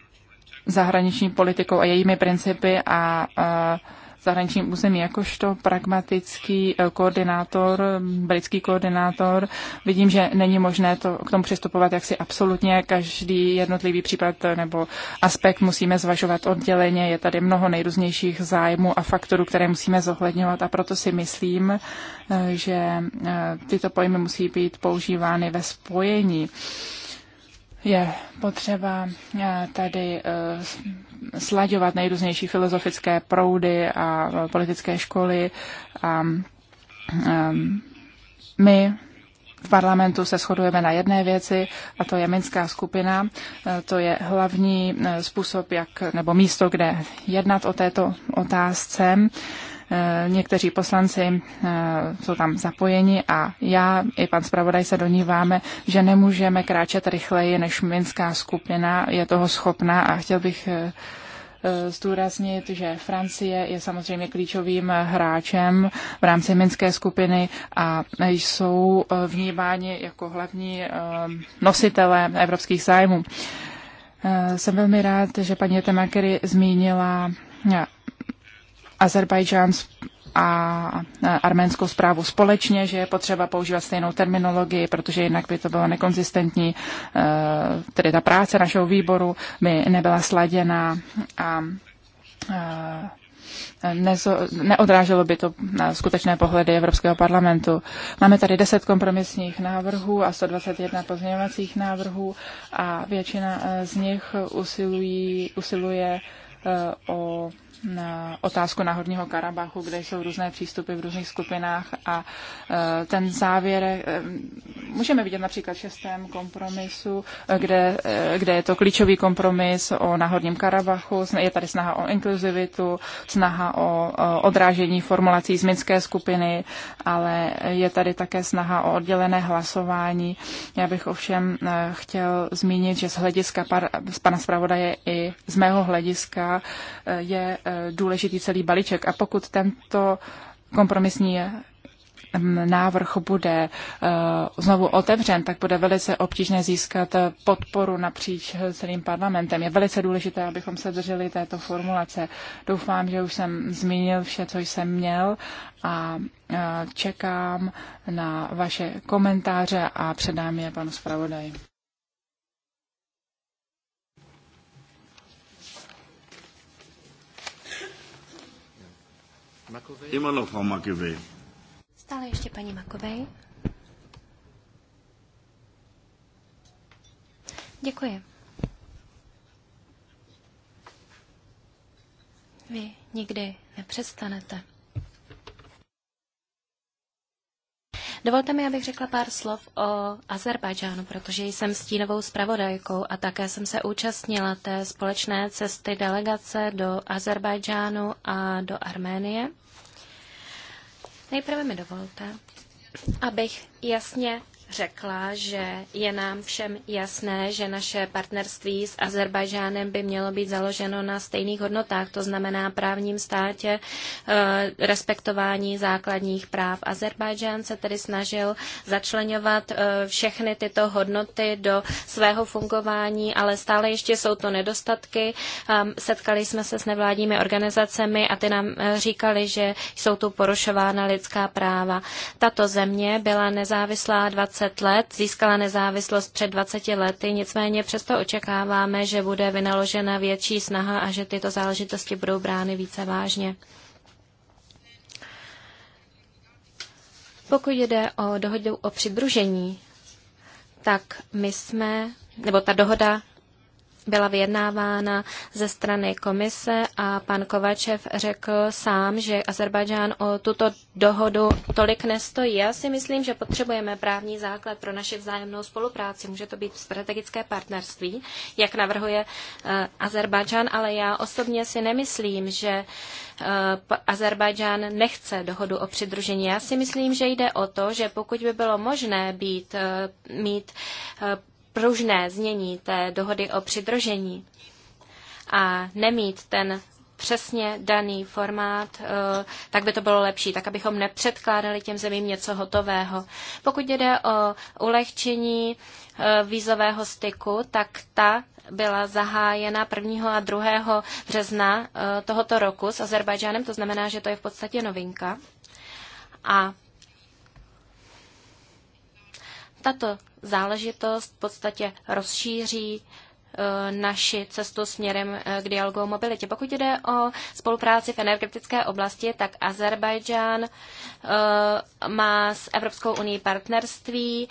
zahraniční politikou a jejími principy a eh, zahraničním území. Jakožto pragmatický eh, koordinátor, britský koordinátor, vidím, že není možné to, k tomu přistupovat jaksi absolutně. Každý jednotlivý případ eh, nebo aspekt musíme zvažovat odděleně. Je tady mnoho nejrůznějších zájmů a faktorů, které musíme zohledňovat a proto si myslím, eh, že tyto pojmy musí být používány ve spojení je potřeba tady slaďovat nejrůznější filozofické proudy a politické školy. A um, my v parlamentu se shodujeme na jedné věci, a to je Minská skupina. E, to je hlavní e, způsob, jak, nebo místo, kde jednat o této otázce. Eh, někteří poslanci eh, jsou tam zapojeni a já i pan zpravodaj se doníváme, že nemůžeme kráčet rychleji, než minská skupina je toho schopná a chtěl bych eh, zdůraznit, že Francie je samozřejmě klíčovým hráčem v rámci Minské skupiny a jsou vnímáni jako hlavní nositelé evropských zájmů. Jsem velmi rád, že paní Temakery zmínila Azerbajdžán a e, arménskou zprávu společně, že je potřeba používat stejnou terminologii, protože jinak by to bylo nekonzistentní. E, tedy ta práce našeho výboru by nebyla sladěná a e, neodráželo by to na skutečné pohledy Evropského parlamentu. Máme tady 10 kompromisních návrhů a 121 pozměňovacích návrhů a většina z nich usilují, usiluje o otázku Náhodního Karabachu, kde jsou různé přístupy v různých skupinách a e, ten závěr e, můžeme vidět například v šestém kompromisu, e, kde, kde je to klíčový kompromis o Náhodním Karabachu, je tady snaha o inkluzivitu, snaha o odrážení formulací z Minské skupiny, ale je tady také snaha o oddělené hlasování. Já bych ovšem chtěl zmínit, že z hlediska par, z pana zpravodaje i z mého hlediska je důležitý celý balíček. A pokud tento kompromisní mm, návrh bude eh, znovu otevřen, tak bude velice obtížné získat podporu napříč celým parlamentem. Je velice důležité, abychom se drželi této formulace. Doufám, že už jsem zmínil vše, co jsem měl a eh, čekám na vaše komentáře a předám je panu zpravodaji. Makovej. Immer noch Frau Makovej. Stále ještě paní Makovej. Děkuji. Vy nikdy nepřestanete. Dovolte mi, abych řekla pár slov o Azerbajdžánu, protože jsem stínovou zpravodajkou a také jsem se účastnila té společné cesty delegace do Azerbajdžánu a do Arménie. Nejprve mi dovolte, abych jasně řekla, že je nám všem jasné, že naše partnerství s Azerbajžánem by mělo být založeno na stejných hodnotách, to znamená právním státě, eh, respektování základních práv. Azerbajžán se tedy snažil začlenovat eh, všechny tyto hodnoty do svého fungování, ale stále ještě jsou to nedostatky. Eh, setkali jsme se s nevládními organizacemi a ty nám říkali, že jsou tu porušována lidská práva. Tato země byla nezávislá 20 20 let, získala nezávislost před 20 lety, nicméně přesto očekáváme, že bude vynaložena větší snaha a že tyto záležitosti budou brány více vážně. Pokud jde o dohodu o přidružení, tak my jsme, nebo ta dohoda byla vyjednávána ze strany komise a pan Kovačev řekl sám, že Azerbajdžán o tuto dohodu tolik nestojí. Já si myslím, že potřebujeme právní základ pro naši vzájemnou spolupráci. Může to být strategické partnerství, jak navrhuje eh, Azerbajdžán, ale já osobně si nemyslím, že eh, Azerbajdžán nechce dohodu o přidružení. Já si myslím, že jde o to, že pokud by bylo možné být, eh, mít pružné znění té dohody o přidružení a nemít ten přesně daný formát, eh, tak by to bylo lepší, tak abychom nepředkládali těm zemím něco hotového. Pokud jde o ulehčení eh, vízového styku, tak ta byla zahájena 1. a 2. března eh, tohoto roku s Azerbajdžánem, to znamená, že to je v podstatě novinka. A tato záležitost v podstatě rozšíří e, naši cestu směrem e, k dialogu o mobilitě. Pokud jde o spolupráci v energetické oblasti, tak Azerbajdžán e, má s Evropskou unii partnerství.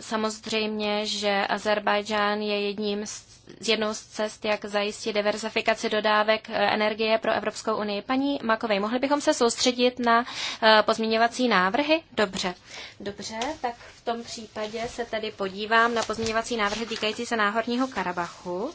Samozřejmě, že Azerbajdžán je jedním z z jednou z cest, jak zajistit diverzifikaci dodávek eh, energie pro Evropskou unii. Paní Makovej, mohli bychom se soustředit na eh, pozměňovací návrhy? Dobře. Dobře, tak v tom případě se tedy podívám na pozměňovací návrhy týkající se Náhorního Karabachu.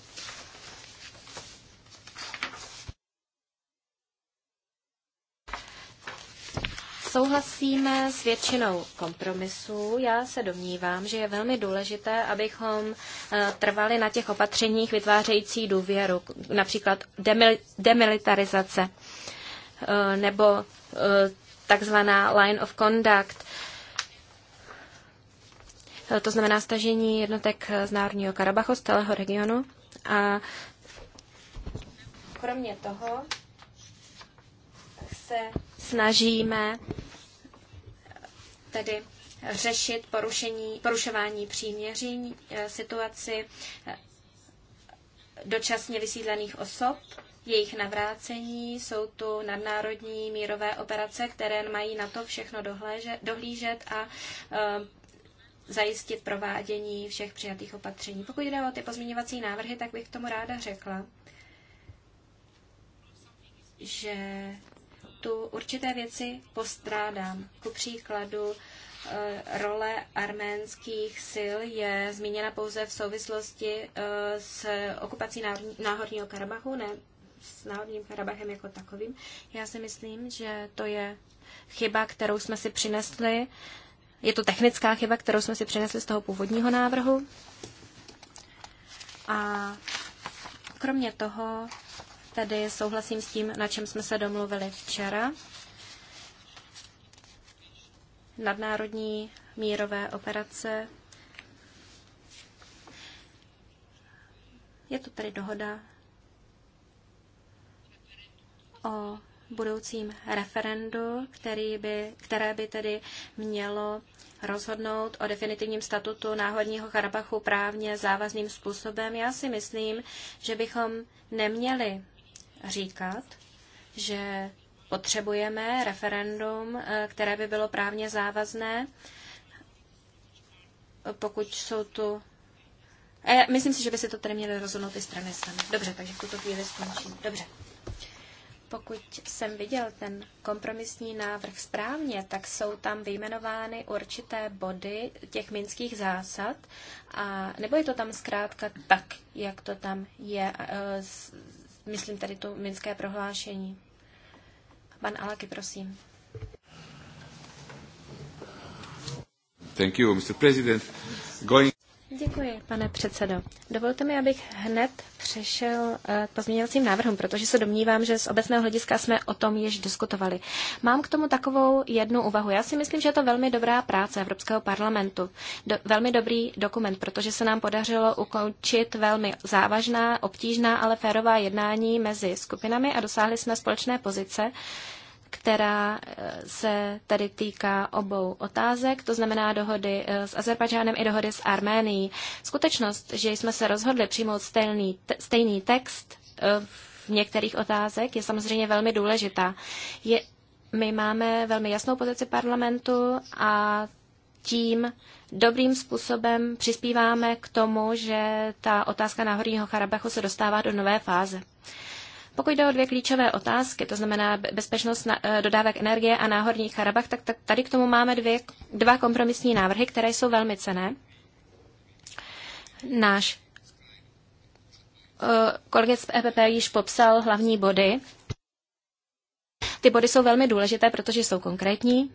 Souhlasíme s většinou kompromisů. Já se domnívám, že je velmi důležité, abychom eh, trvali na těch opatřeních vytvářející důvěru, například demil- demilitarizace eh, nebo eh, takzvaná line of conduct, to znamená stažení jednotek z Národního Karabachu, z celého regionu. A kromě toho se snažíme tedy řešit porušení, porušování příměří, eh, situaci eh, dočasně vysídlených osob, jejich navrácení, jsou tu nadnárodní mírové operace, které mají na to všechno dohléže, dohlížet a eh, zajistit provádění všech přijatých opatření. Pokud jde o ty pozměňovací návrhy, tak bych k tomu ráda řekla, že tu určité věci postrádám. Ku příkladu, eh, role arménských sil je zmíněna pouze v souvislosti eh, s okupací Náhorního Karabachu, ne s Náhorním Karabachem jako takovým. Já si myslím, že to je chyba, kterou jsme si přinesli. Je to technická chyba, kterou jsme si přinesli z toho původního návrhu. A kromě toho tedy souhlasím s tím, na čem jsme se domluvili včera. Nadnárodní mírové operace. Je to tedy dohoda o budoucím referendu, který by, které by tedy mělo rozhodnout o definitivním statutu náhodního Karabachu právně závazným způsobem. Já si myslím, že bychom neměli říkat, že potřebujeme referendum, eh, které by bylo právně závazné, pokud jsou tu. A já myslím si, že by se to tady měly rozhodnout i strany sami. Dobře, takže v tuto chvíli skončím. Dobře. Pokud jsem viděl ten kompromisní návrh správně, tak jsou tam vyjmenovány určité body těch minských zásad, a, nebo je to tam zkrátka tak, jak to tam je. Eh, myslím tady to minské prohlášení. Pan Alaky, prosím. Thank you, Mr. President. Going Děkuji, pane předsedo. Dovolte mi, abych hned přešel eh, k pozměňovacím návrhům, protože se domnívám, že z obecného hlediska jsme o tom již diskutovali. Mám k tomu takovou jednu úvahu. Já si myslím, že je to velmi dobrá práce Evropského parlamentu. Do, velmi dobrý dokument, protože se nám podařilo ukončit velmi závažná, obtížná, ale férová jednání mezi skupinami a dosáhli jsme společné pozice, která eh, se tady týká obou otázek, to znamená dohody eh, s Azerbajdžánem i dohody s Arménií. Skutečnost, že jsme se rozhodli přijmout stejný, stejný text eh, v některých otázek, je samozřejmě velmi důležitá. Je, my máme velmi jasnou pozici parlamentu a tím dobrým způsobem přispíváme k tomu, že ta otázka Náhorního Karabachu se dostává do nové fáze. Pokud jde o dvě klíčové otázky, to znamená bezpečnost na, eh, dodávek energie a náhorní Karabach, tak, tak tady k tomu máme dvě, dva kompromisní návrhy, které jsou velmi cené. Náš eh, kolega z EPP již popsal hlavní body. Ty body jsou velmi důležité, protože jsou konkrétní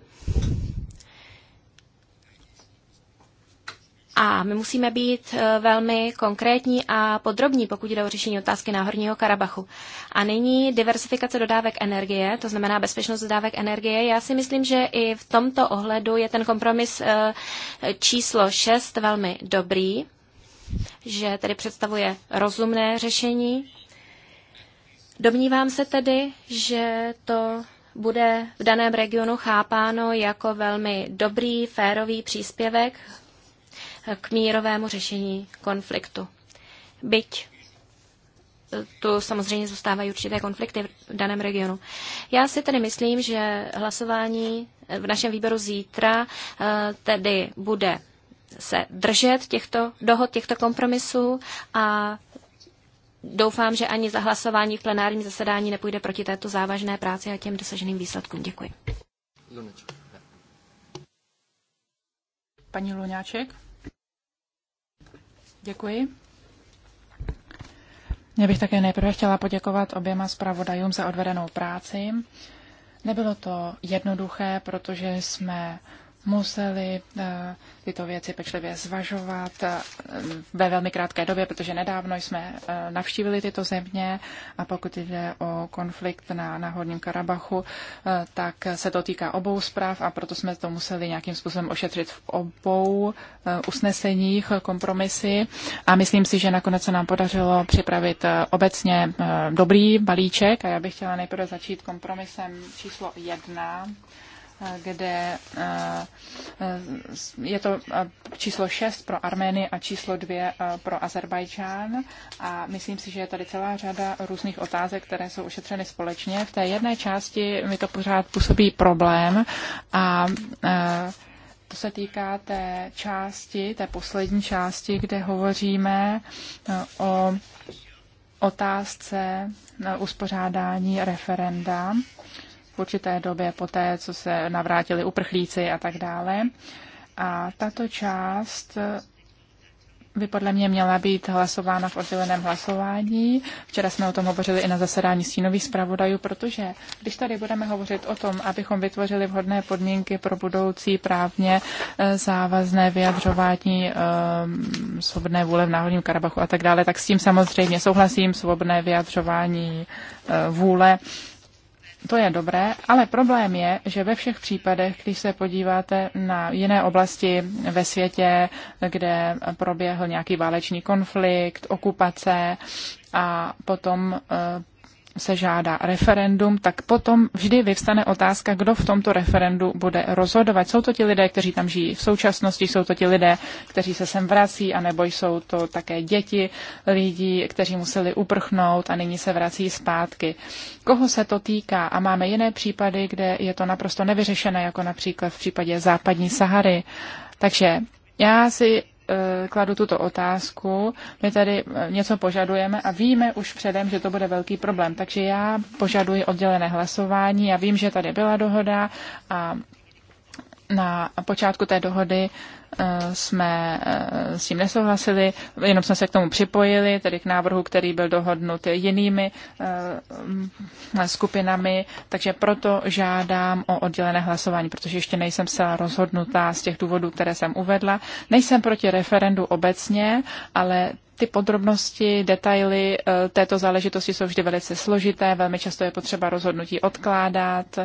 A my musíme být eh, velmi konkrétní a podrobní, pokud jde o řešení otázky Náhorního Karabachu. A nyní diversifikace dodávek energie, to znamená bezpečnost dodávek energie. Já si myslím, že i v tomto ohledu je ten kompromis eh, číslo 6 velmi dobrý, že tedy představuje rozumné řešení. Domnívám se tedy, že to bude v daném regionu chápáno jako velmi dobrý, férový příspěvek k mírovému řešení konfliktu. Byť e, tu samozřejmě zůstávají určité konflikty v daném regionu. Já si tedy myslím, že hlasování v našem výboru zítra e, tedy bude se držet těchto dohod, těchto kompromisů a doufám, že ani za hlasování v plenárním zasedání nepůjde proti této závažné práci a těm dosaženým výsledkům. Děkuji. Paní Luňáček. Děkuji. Já bych také nejprve chtěla poděkovat oběma zpravodajům za odvedenou práci. Nebylo to jednoduché, protože jsme museli eh, tyto věci pečlivě zvažovat eh, ve velmi krátké době, protože nedávno jsme eh, navštívili tyto země a pokud jde o konflikt na, na Horním Karabachu, tak se to týká obou zpráv a proto jsme to museli nějakým způsobem ošetřit v obou usneseních kompromisy a myslím si, že nakonec se nám podařilo připravit obecně dobrý balíček a já bych chtěla nejprve začít kompromisem číslo jedna kde eh, je to eh, číslo 6 pro Armény a číslo 2 eh, pro Azerbajdžán. A myslím si, že je tady celá řada různých otázek, které jsou ošetřeny společně. V té jedné části mi to pořád působí problém a to se týká té části, té poslední části, kde hovoříme o otázce uspořádání referenda v určité době poté, co se navrátili uprchlíci a tak dále. A tato část by podle mě měla být hlasována v odděleném hlasování. Včera jsme o tom hovořili i na zasedání stínových zpravodajů, protože když tady budeme hovořit o tom, abychom vytvořili vhodné podmínky pro budoucí právně eh, závazné vyjadřování um, svobodné vůle v Náhodním Karabachu a tak dále, tak s tím samozřejmě souhlasím, svobodné vyjadřování uh, vůle to je dobré, ale problém je, že ve všech případech, když se podíváte na jiné oblasti ve světě, kde proběhl nějaký válečný konflikt, okupace a potom eh, se žádá referendum, tak potom vždy vyvstane otázka, kdo v tomto referendu bude rozhodovat. Jsou to ti lidé, kteří tam žijí v současnosti, jsou to ti lidé, kteří se sem vrací, anebo jsou to také děti lidí, kteří museli uprchnout a nyní se vrací zpátky. Koho se to týká? A máme jiné případy, kde je to naprosto nevyřešené, jako například v případě západní Sahary. Takže já si Eh, kladu tuto otázku. My tady eh, něco požadujeme a víme už předem, že to bude velký problém. Takže já požaduji oddělené hlasování. Já vím, že tady byla dohoda a na počátku té dohody eh, jsme eh, s tím nesouhlasili, jenom jsme se k tomu připojili, tedy k návrhu, který byl dohodnut jinými eh, mm, skupinami, takže proto žádám o oddělené hlasování, protože ještě nejsem se rozhodnutá z těch důvodů, které jsem uvedla. Nejsem proti referendu obecně, ale ty podrobnosti, detaily eh, této záležitosti jsou vždy velice složité, velmi často je potřeba rozhodnutí odkládat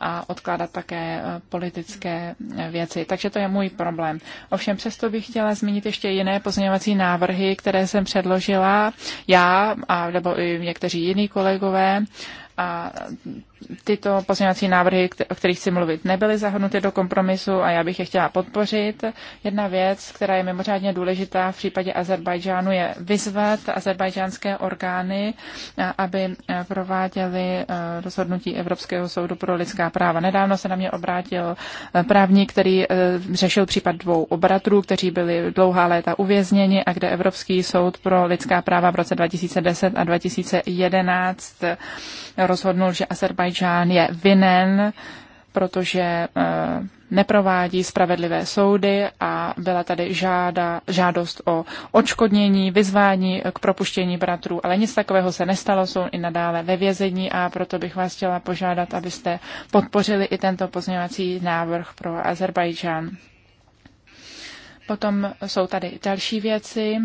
a odkládat také eh, politické eh, věci. Takže to je můj problém. Ovšem přesto bych chtěla zmínit ještě jiné pozměňovací návrhy, které jsem předložila já a nebo i někteří jiní kolegové. A tyto pozměňovací návrhy, o kterých chci mluvit, nebyly zahrnuty do kompromisu a já bych je chtěla podpořit. Jedna věc, která je mimořádně důležitá v případě Azerbajdžánu, je vyzvat azerbajdžánské orgány, eh, aby eh, prováděly eh, rozhodnutí Evropského soudu pro lidská práva. Nedávno se na mě obrátil právník, který řešil případ dvou obratrů, kteří byli dlouhá léta uvězněni a kde Evropský soud pro lidská práva v roce 2010 a 2011 rozhodnul, že Azerbajdžán Azerbajdžán je vinen, protože eh, neprovádí spravedlivé soudy a byla tady žáda, žádost o odškodnění, vyzvání k propuštění bratrů, ale nic takového se nestalo, jsou i nadále ve vězení a proto bych vás chtěla požádat, abyste podpořili i tento pozměňovací návrh pro Azerbajdžán. Potom jsou tady další věci.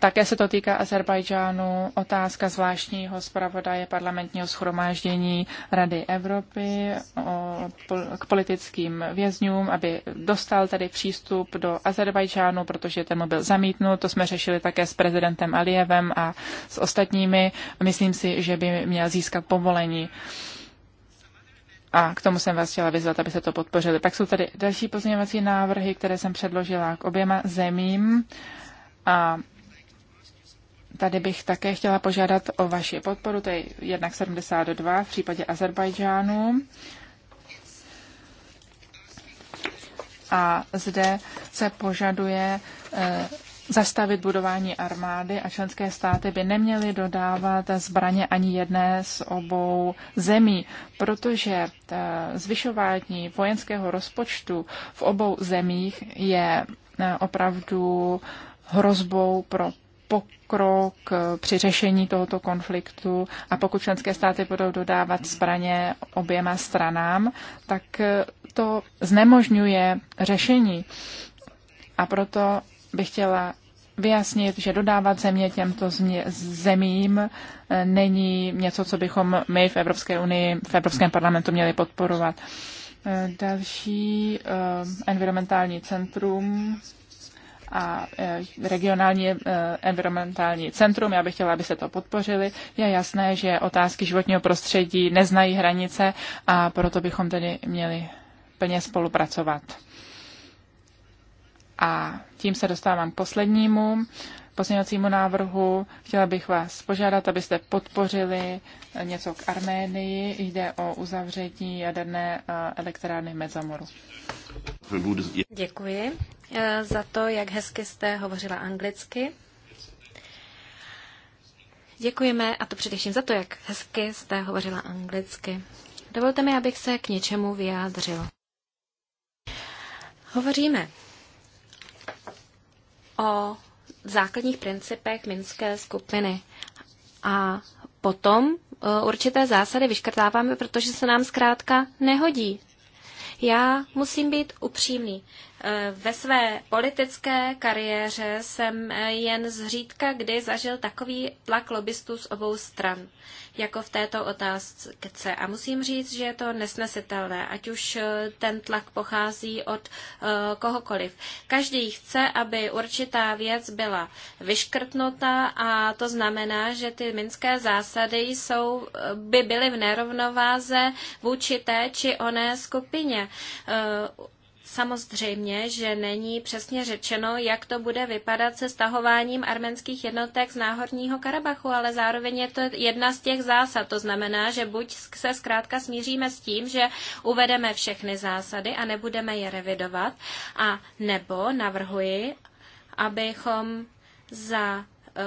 Také se to týká Azerbajdžánu, otázka zvláštního zpravodaje parlamentního schromáždění Rady Evropy o, k politickým vězňům, aby dostal tady přístup do Azerbajdžánu, protože ten mu byl zamítnut. To jsme řešili také s prezidentem Alievem a s ostatními. Myslím si, že by měl získat povolení. A k tomu jsem vás chtěla vyzvat, aby se to podpořili. Pak jsou tady další pozměňovací návrhy, které jsem předložila k oběma zemím. A Tady bych také chtěla požádat o vaši podporu, to je jednak 72 v případě Azerbajdžánu. A zde se požaduje eh, zastavit budování armády a členské státy by neměly dodávat zbraně ani jedné z obou zemí, protože eh, zvyšování vojenského rozpočtu v obou zemích je eh, opravdu hrozbou pro pokrok při řešení tohoto konfliktu a pokud členské státy budou dodávat zbraně oběma stranám, tak to znemožňuje řešení. A proto bych chtěla vyjasnit, že dodávat země těmto zemím eh, není něco, co bychom my v Evropské unii, v Evropském parlamentu měli podporovat. Eh, další eh, environmentální centrum a e, regionální e, environmentální centrum. Já bych chtěla, aby se to podpořili. Je jasné, že otázky životního prostředí neznají hranice a proto bychom tedy měli plně spolupracovat. A tím se dostávám k poslednímu pozměňovacímu návrhu. Chtěla bych vás požádat, abyste podpořili něco k Arménii. Jde o uzavření jaderné eh, elektrárny Medzamoru. Děkuji eh, za to, jak hezky jste hovořila anglicky. Děkujeme, a to především za to, jak hezky jste hovořila anglicky. Dovolte mi, abych se k něčemu vyjádřil. Hovoříme o základních principech Minské skupiny. A potom e, určité zásady vyškrtáváme, protože se nám zkrátka nehodí. Já musím být upřímný. Eh, ve své politické kariéře jsem eh, jen zřídka kdy zažil takový tlak lobbystů z obou stran, jako v této otázce. A musím říct, že je to nesnesitelné, ať už eh, ten tlak pochází od kohokoliv. Každý chce, aby určitá věc byla vyškrtnuta a to znamená, že ty minské zásady jsou, by byly v nerovnováze vůči té či oné skupině. Samozřejmě, že není přesně řečeno, jak to bude vypadat se stahováním arménských jednotek z Náhorního Karabachu, ale zároveň je to jedna z těch zásad. To znamená, že buď se zkrátka smíříme s tím, že uvedeme všechny zásady a nebudeme je revidovat, a nebo navrhuji, abychom za e,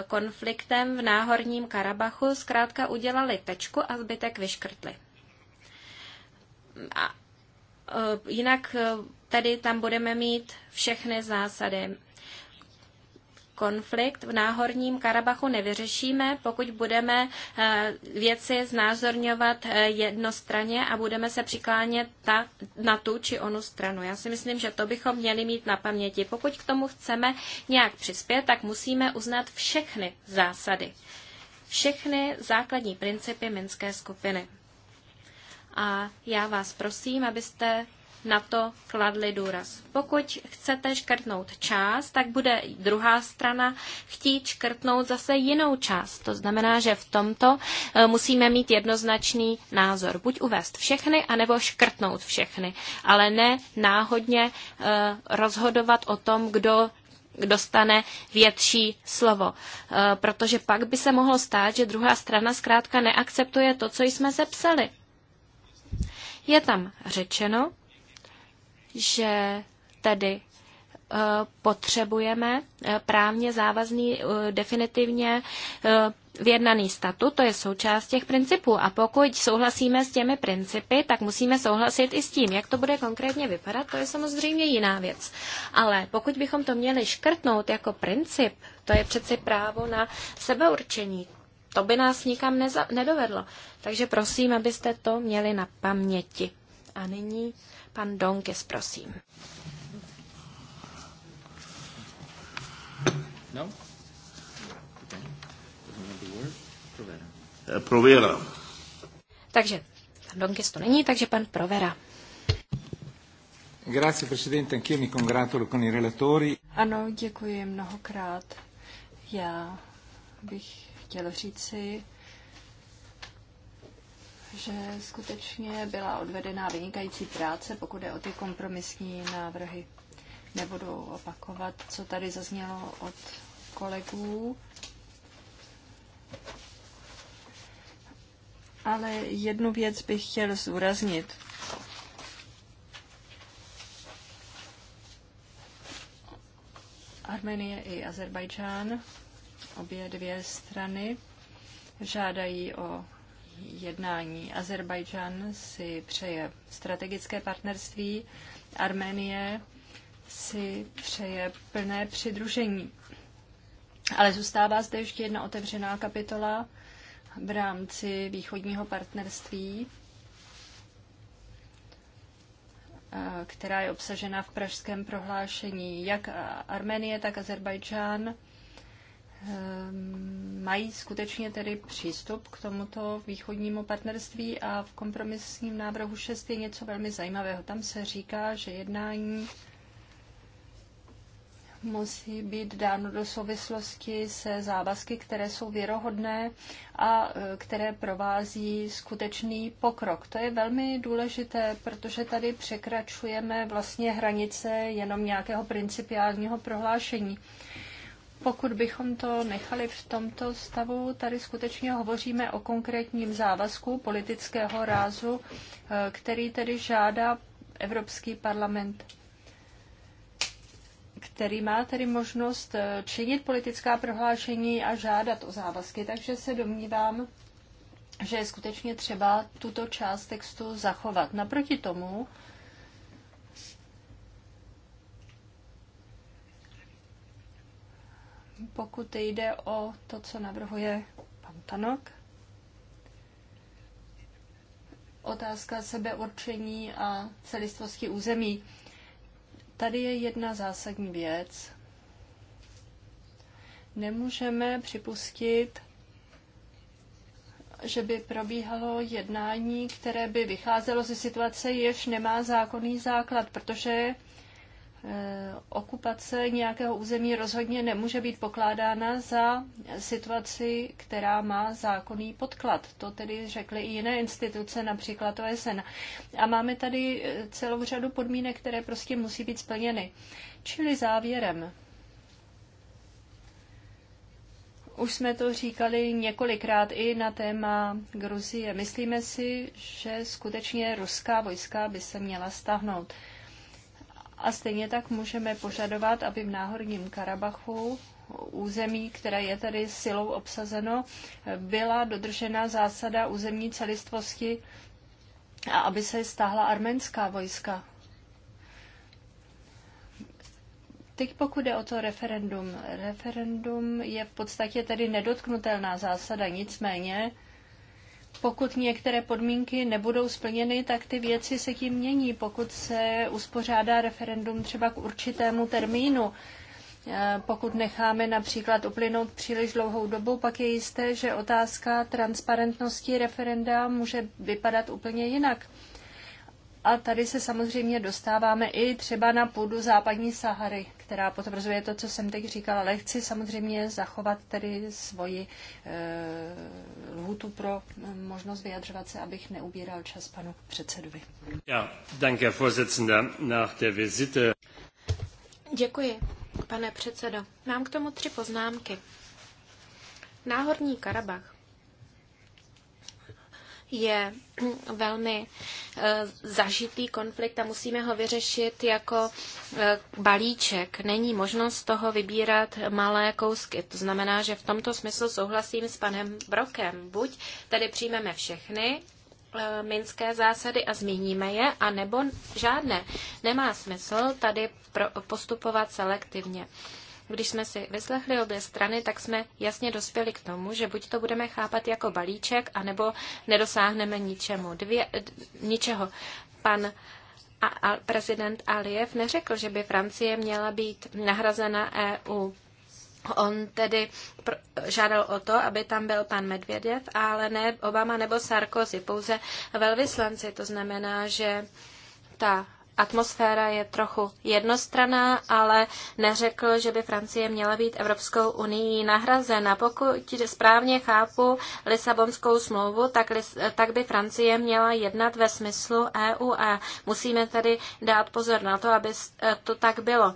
konfliktem v Náhorním Karabachu zkrátka udělali tečku a zbytek vyškrtli. A, e, jinak e, Tady tam budeme mít všechny zásady. Konflikt v náhorním Karabachu nevyřešíme, pokud budeme eh, věci znázorňovat eh, jednostranně a budeme se přiklánět ta, na tu či onu stranu. Já si myslím, že to bychom měli mít na paměti. Pokud k tomu chceme nějak přispět, tak musíme uznat všechny zásady všechny základní principy Minské skupiny. A já vás prosím, abyste na to kladli důraz. Pokud chcete škrtnout část, tak bude druhá strana chtít škrtnout zase jinou část. To znamená, že v tomto e, musíme mít jednoznačný názor. Buď uvést všechny, anebo škrtnout všechny, ale ne náhodně e, rozhodovat o tom, kdo dostane větší slovo. E, protože pak by se mohlo stát, že druhá strana zkrátka neakceptuje to, co jsme zepsali. Je tam řečeno, že tedy eh, potřebujeme eh, právně závazný eh, definitivně vyjednaný statut, to je součást těch principů. A pokud souhlasíme s těmi principy, tak musíme souhlasit i s tím, jak to bude konkrétně vypadat, to je samozřejmě jiná věc. Ale pokud bychom to měli škrtnout jako princip, to je přeci právo na sebeurčení. To by nás nikam nedovedlo. Takže prosím, abyste to měli na paměti. A nyní Pan Donkes, prosím. No? Eh, Provera. Takže pan Donkes to není, takže pan Provera. Grazie, presidente. Anch'io mi congratulo con i relatori. Ano, děkuji mnohokrát. Já bych chtěl říci, že skutečně byla odvedena vynikající práce, pokud je o ty kompromisní návrhy. Nebudu opakovat, co tady zaznělo od kolegů. Ale jednu věc bych chtěl zúraznit. Armenie i Azerbajdžán, obě dvě strany, žádají o jednání. Azerbajdžan si přeje strategické partnerství, Arménie si přeje plné přidružení. Ale zůstává zde ještě jedna otevřená kapitola v rámci východního partnerství, eh, která je obsažena v pražském prohlášení. Jak Arménie, tak Azerbajdžán Ehm, mají skutečně tedy přístup k tomuto východnímu partnerství a v kompromisním návrhu 6 je něco velmi zajímavého. Tam se říká, že jednání musí být dáno do souvislosti se závazky, které jsou věrohodné a eh, které provází skutečný pokrok. To je velmi důležité, protože tady překračujeme vlastně hranice jenom nějakého principiálního prohlášení. Pokud bychom to nechali v tomto stavu, tady skutečně hovoříme o konkrétním závazku politického rázu, eh, který tedy žádá Evropský parlament který má tedy možnost eh, činit politická prohlášení a žádat o závazky. Takže se domnívám, že je skutečně třeba tuto část textu zachovat. Naproti tomu pokud jde o to, co navrhuje pan Tanok, otázka sebeurčení a celistvosti území. Tady je jedna zásadní věc. Nemůžeme připustit, že by probíhalo jednání, které by vycházelo ze situace, jež nemá zákonný základ, protože Eh, okupace nějakého území rozhodně nemůže být pokládána za situaci, která má zákonný podklad. To tedy řekly i jiné instituce, například OSN. A máme tady eh, celou řadu podmínek, které prostě musí být splněny. Čili závěrem. Už jsme to říkali několikrát i na téma Gruzie. Myslíme si, že skutečně ruská vojska by se měla stáhnout a stejně tak můžeme požadovat, aby v Náhorním Karabachu území, které je tady silou obsazeno, byla dodržena zásada územní celistvosti a aby se stáhla arménská vojska. Teď pokud jde o to referendum. Referendum je v podstatě tedy nedotknutelná zásada, nicméně pokud některé podmínky nebudou splněny, tak ty věci se tím mění. Pokud se uspořádá referendum třeba k určitému termínu, eh, pokud necháme například uplynout příliš dlouhou dobu, pak je jisté, že otázka transparentnosti referenda může vypadat úplně jinak. A tady se samozřejmě dostáváme i třeba na půdu západní Sahary, která potvrzuje to, co jsem teď říkala, ale chci samozřejmě zachovat tedy svoji e, lhutu pro e, možnost vyjadřovat se, abych neubíral čas panu předsedovi. Ja, danke, vorsitzende, nach der Visite. Děkuji, pane předsedo. Mám k tomu tři poznámky. Náhorní Karabach je [clears throat] velmi eh, zažitý konflikt a musíme ho vyřešit jako eh, balíček. Není možnost toho vybírat malé kousky. To znamená, že v tomto smyslu souhlasím s panem Brokem. Buď tedy přijmeme všechny eh, minské zásady a zmíníme je, anebo žádné. Nemá smysl tady postupovat selektivně. Když jsme si vyslechli obě strany, tak jsme jasně dospěli k tomu, že buď to budeme chápat jako balíček, anebo nedosáhneme ničemu, dvě, ničeho. Pan a, a prezident Aliyev neřekl, že by Francie měla být nahrazena EU. On tedy žádal o to, aby tam byl pan Medvěděv, ale ne Obama nebo Sarkozy, pouze velvyslanci. To znamená, že ta atmosféra je trochu jednostraná, ale neřekl, že by Francie měla být Evropskou unii nahrazena. Pokud správně chápu Lisabonskou smlouvu, tak, tak by Francie měla jednat ve smyslu EU a e. musíme tedy dát pozor na to, aby e, to tak bylo.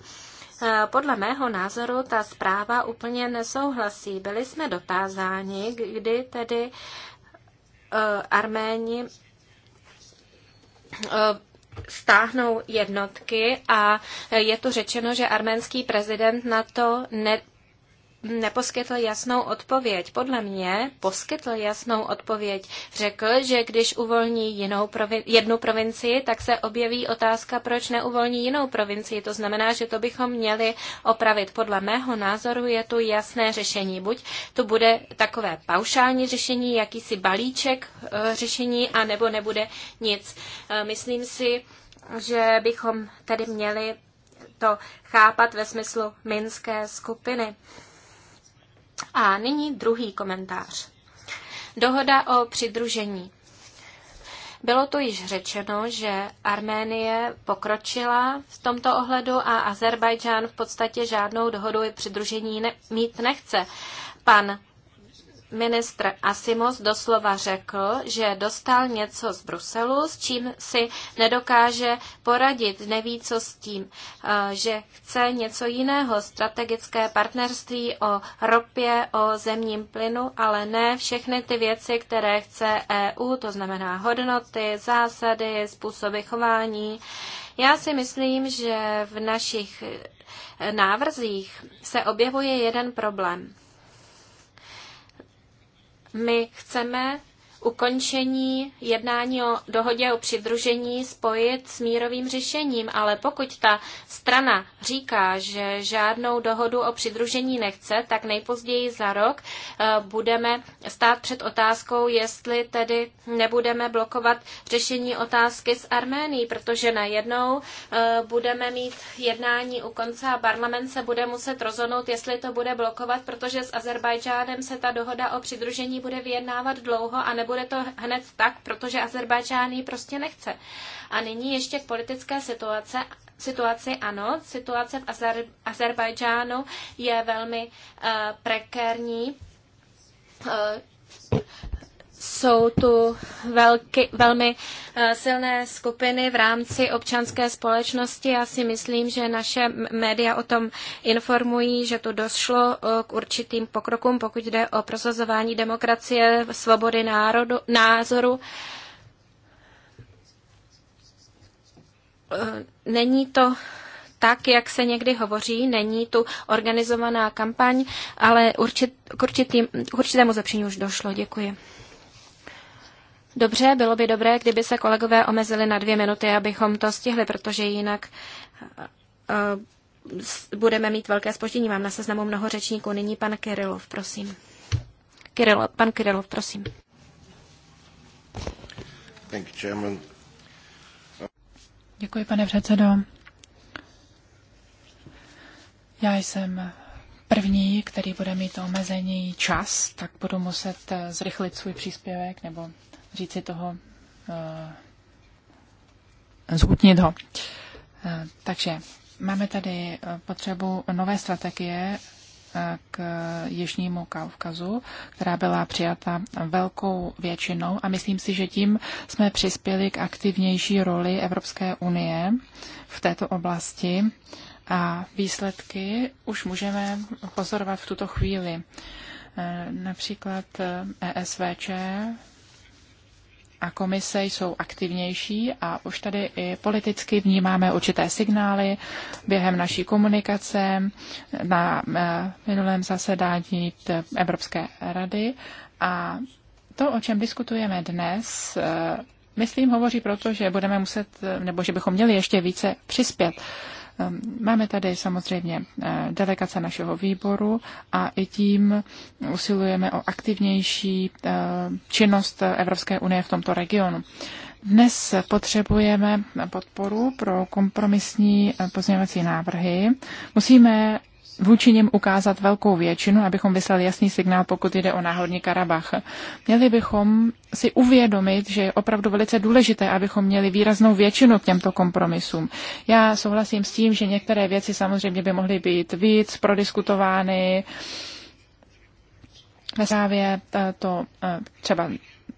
E, podle mého názoru ta zpráva úplně nesouhlasí. Byli jsme dotázáni, kdy tedy Arméni stáhnou jednotky a je tu řečeno, že arménský prezident na to ne, neposkytl jasnou odpověď. Podle mě poskytl jasnou odpověď. Řekl, že když uvolní jinou provin- jednu provincii, tak se objeví otázka, proč neuvolní jinou provincii. To znamená, že to bychom měli opravit. Podle mého názoru je tu jasné řešení. Buď to bude takové paušální řešení, jakýsi balíček e, řešení, anebo nebude nic. E, myslím si, že bychom tedy měli to chápat ve smyslu minské skupiny. A nyní druhý komentář. Dohoda o přidružení. Bylo to již řečeno, že Arménie pokročila v tomto ohledu a Azerbajdžán v podstatě žádnou dohodu i přidružení ne- mít nechce. Pan ministr Asimos doslova řekl, že dostal něco z Bruselu, s čím si nedokáže poradit, neví co s tím, eh, že chce něco jiného, strategické partnerství o ropě, o zemním plynu, ale ne všechny ty věci, které chce EU, to znamená hodnoty, zásady, způsoby chování. Já si myslím, že v našich eh, návrzích se objevuje jeden problém. My chceme ukončení jednání o dohodě o přidružení spojit s mírovým řešením, ale pokud ta strana říká, že žádnou dohodu o přidružení nechce, tak nejpozději za rok eh, budeme stát před otázkou, jestli tedy nebudeme blokovat řešení otázky s Arménií, protože najednou eh, budeme mít jednání u konce a parlament se bude muset rozhodnout, jestli to bude blokovat, protože s Azerbajdžánem se ta dohoda o přidružení bude vyjednávat dlouho a nebude to hned tak, protože Azerbajdžán ji prostě nechce. A nyní ještě k politické situace situaci ano, situace v Azer, Azerbajdžánu je velmi uh, prekérní. Uh, jsou tu velky, velmi eh, silné skupiny v rámci občanské společnosti. Já si myslím, že naše média o tom informují, že tu došlo eh, k určitým pokrokům, pokud jde o prosazování demokracie, svobody národu, názoru. Eh, není to tak, jak se někdy hovoří, není tu organizovaná kampaň, ale určit, k, určitým, k určitému zlepšení už došlo. Děkuji. Dobře, bylo by dobré, kdyby se kolegové omezili na dvě minuty, abychom to stihli, protože jinak eh, budeme mít velké spoždění. Mám na seznamu mnoho řečníků. Nyní pan Kirilov, prosím. Kirilo, pan Kirilov, prosím. Děkuji, pane předsedo. Já jsem první, který bude mít omezení čas, tak budu muset eh, zrychlit svůj příspěvek nebo říci toho, eh, zhutnit ho. Eh, takže máme tady eh, potřebu nové strategie k Jižnímu Kaukazu, která byla přijata velkou většinou a myslím si, že tím jsme přispěli k aktivnější roli Evropské unie v této oblasti a výsledky už můžeme pozorovat v tuto chvíli. Například ESVČ e a komise jsou aktivnější a už tady i politicky vnímáme určité signály během naší komunikace na eh, minulém zasedání Evropské rady. A to, o čem diskutujeme dnes, eh, myslím, hovoří proto, že budeme muset, nebo že bychom měli ještě více přispět Ehm, máme tady samozřejmě eh, delegace našeho výboru a i tím usilujeme o aktivnější eh, činnost Evropské unie v tomto regionu. Dnes potřebujeme podporu pro kompromisní eh, pozměňovací návrhy. Musíme vůči nim ukázat velkou většinu, abychom vyslali jasný signál, pokud jde o náhodní Karabach. Měli bychom si uvědomit, že je opravdu velice důležité, abychom měli výraznou většinu k těmto kompromisům. Já souhlasím s tím, že některé věci samozřejmě by mohly být víc prodiskutovány. Ve zprávě eh, to eh, třeba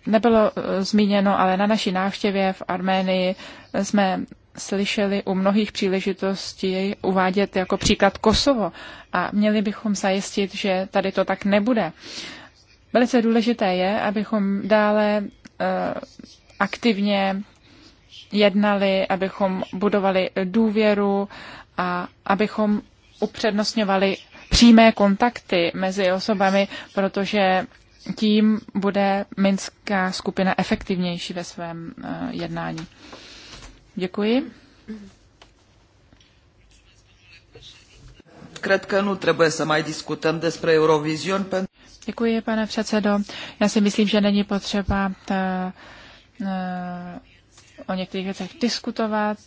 nebylo eh, zmíněno, ale na naší návštěvě v Arménii jsme slyšeli u mnohých příležitostí uvádět jako příklad Kosovo a měli bychom zajistit, že tady to tak nebude. Velice důležité je, abychom dále eh, aktivně jednali, abychom budovali důvěru a abychom upřednostňovali přímé kontakty mezi osobami, protože tím bude minská skupina efektivnější ve svém eh, jednání. Děkuji. Cred că nu trebuie să mai discutăm despre Eurovision. Děkuji, pane předsedo. Já si myslím, že není potřeba ta, eh, na, eh, o některých věcech diskutovat.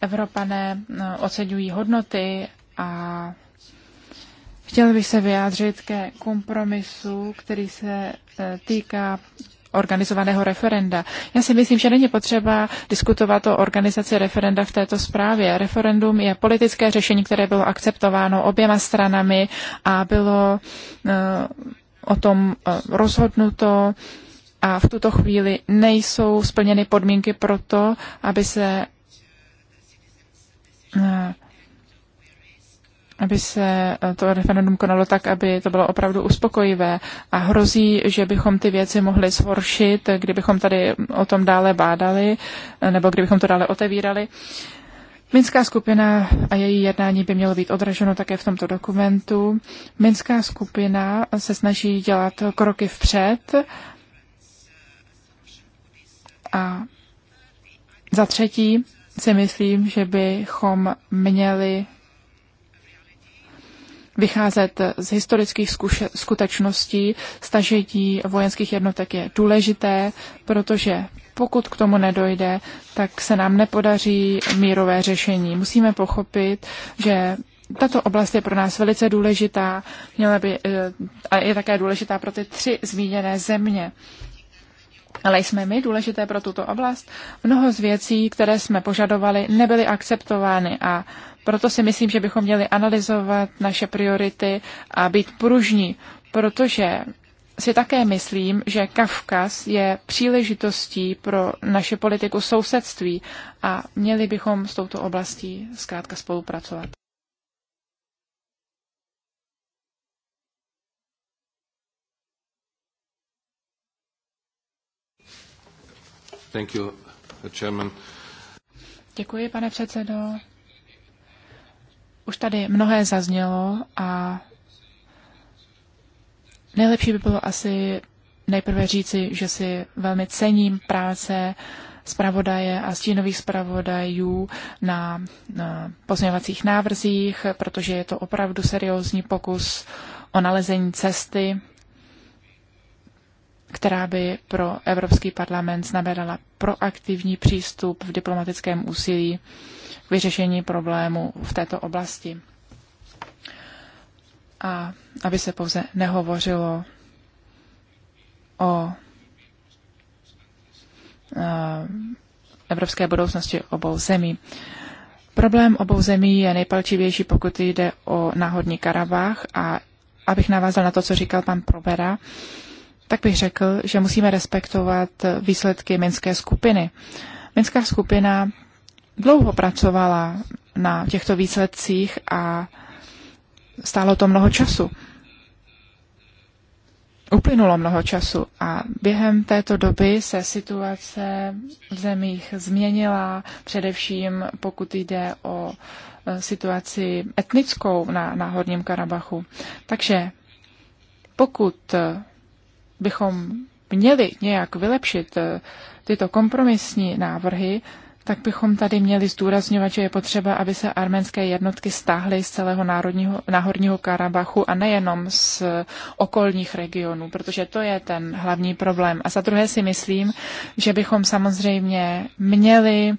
Evropané eh, oceňují hodnoty a chtěl bych se vyjádřit ke kompromisu, který se týká organizovaného referenda. Já si myslím, že není potřeba diskutovat o organizaci referenda v této zprávě. Referendum je politické řešení, které bylo akceptováno oběma stranami a bylo eh, o tom eh, rozhodnuto a v tuto chvíli nejsou splněny podmínky pro to, aby se eh, aby se eh, to referendum konalo tak, aby to bylo opravdu uspokojivé a hrozí, že bychom ty věci mohli zhoršit, kdybychom tady o tom dále bádali eh, nebo kdybychom to dále otevírali. Minská skupina a její jednání by mělo být odraženo také v tomto dokumentu. Minská skupina se snaží dělat kroky vpřed a za třetí si myslím, že bychom měli vycházet z historických zkuše, skutečností. Stažení vojenských jednotek je důležité, protože pokud k tomu nedojde, tak se nám nepodaří mírové řešení. Musíme pochopit, že tato oblast je pro nás velice důležitá měla by, eh, a je také důležitá pro ty tři zmíněné země. Ale jsme my důležité pro tuto oblast? Mnoho z věcí, které jsme požadovali, nebyly akceptovány a proto si myslím, že bychom měli analyzovat naše priority a být pružní, protože si také myslím, že Kavkaz je příležitostí pro naše politiku sousedství a měli bychom s touto oblastí zkrátka spolupracovat. Thank you, Chairman. Děkuji, pane předsedo. Už tady mnohé zaznělo a nejlepší by bylo asi nejprve říci, že si velmi cením práce zpravodaje a stínových zpravodajů na, na pozměňovacích návrzích, protože je to opravdu seriózní pokus o nalezení cesty, která by pro Evropský parlament znamenala proaktivní přístup v diplomatickém úsilí vyřešení problému v této oblasti. A aby se pouze nehovořilo o eh, evropské budoucnosti obou zemí. Problém obou zemí je nejpalčivější, pokud jde o náhodní Karabách a abych navázal na to, co říkal pan Probera, tak bych řekl, že musíme respektovat výsledky Minské skupiny. Minská skupina dlouho pracovala na těchto výsledcích a stálo to mnoho času. Uplynulo mnoho času a během této doby se situace v zemích změnila, především pokud jde o e, situaci etnickou na, na Horním Karabachu. Takže pokud e, bychom měli nějak vylepšit e, tyto kompromisní návrhy, tak bychom tady měli zdůrazňovat, že je potřeba, aby se arménské jednotky stáhly z celého národního, náhorního Karabachu a nejenom z okolních regionů, protože to je ten hlavní problém. A za druhé si myslím, že bychom samozřejmě měli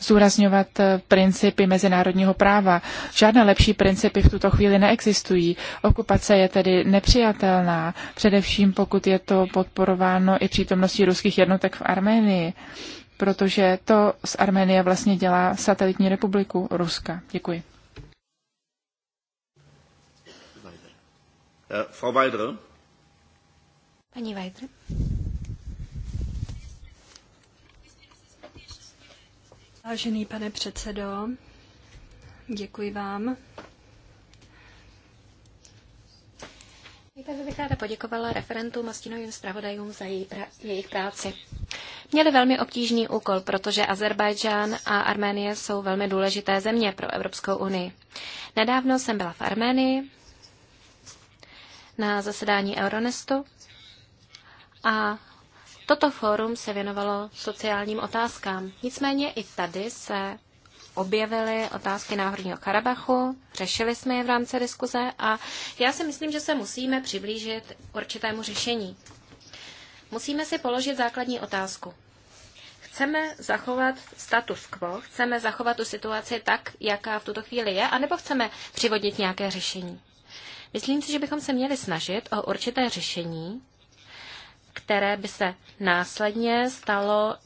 zdůrazňovat principy mezinárodního práva. Žádné lepší principy v tuto chvíli neexistují. Okupace je tedy nepřijatelná, především pokud je to podporováno i přítomností ruských jednotek v Arménii protože to z Arménie vlastně dělá satelitní republiku Ruska. Děkuji. Eh, Frau Weidre. Paní Weidre. Vážený pane předsedo, děkuji vám Nejprve bych ráda poděkovala referentům a stínovým zpravodajům za jej, pra- jejich práci. Měli velmi obtížný úkol, protože Azerbajdžán a Arménie jsou velmi důležité země pro Evropskou unii. Nedávno jsem byla v Arménii na zasedání Euronestu a toto fórum se věnovalo sociálním otázkám. Nicméně i tady se objevily otázky Náhorního Karabachu, řešili jsme je v rámci diskuze a já si myslím, že se musíme přiblížit určitému řešení. Musíme si položit základní otázku. Chceme zachovat status quo, chceme zachovat tu situaci tak, jaká v tuto chvíli je, anebo chceme přivodit nějaké řešení. Myslím si, že bychom se měli snažit o určité řešení, které by se následně stalo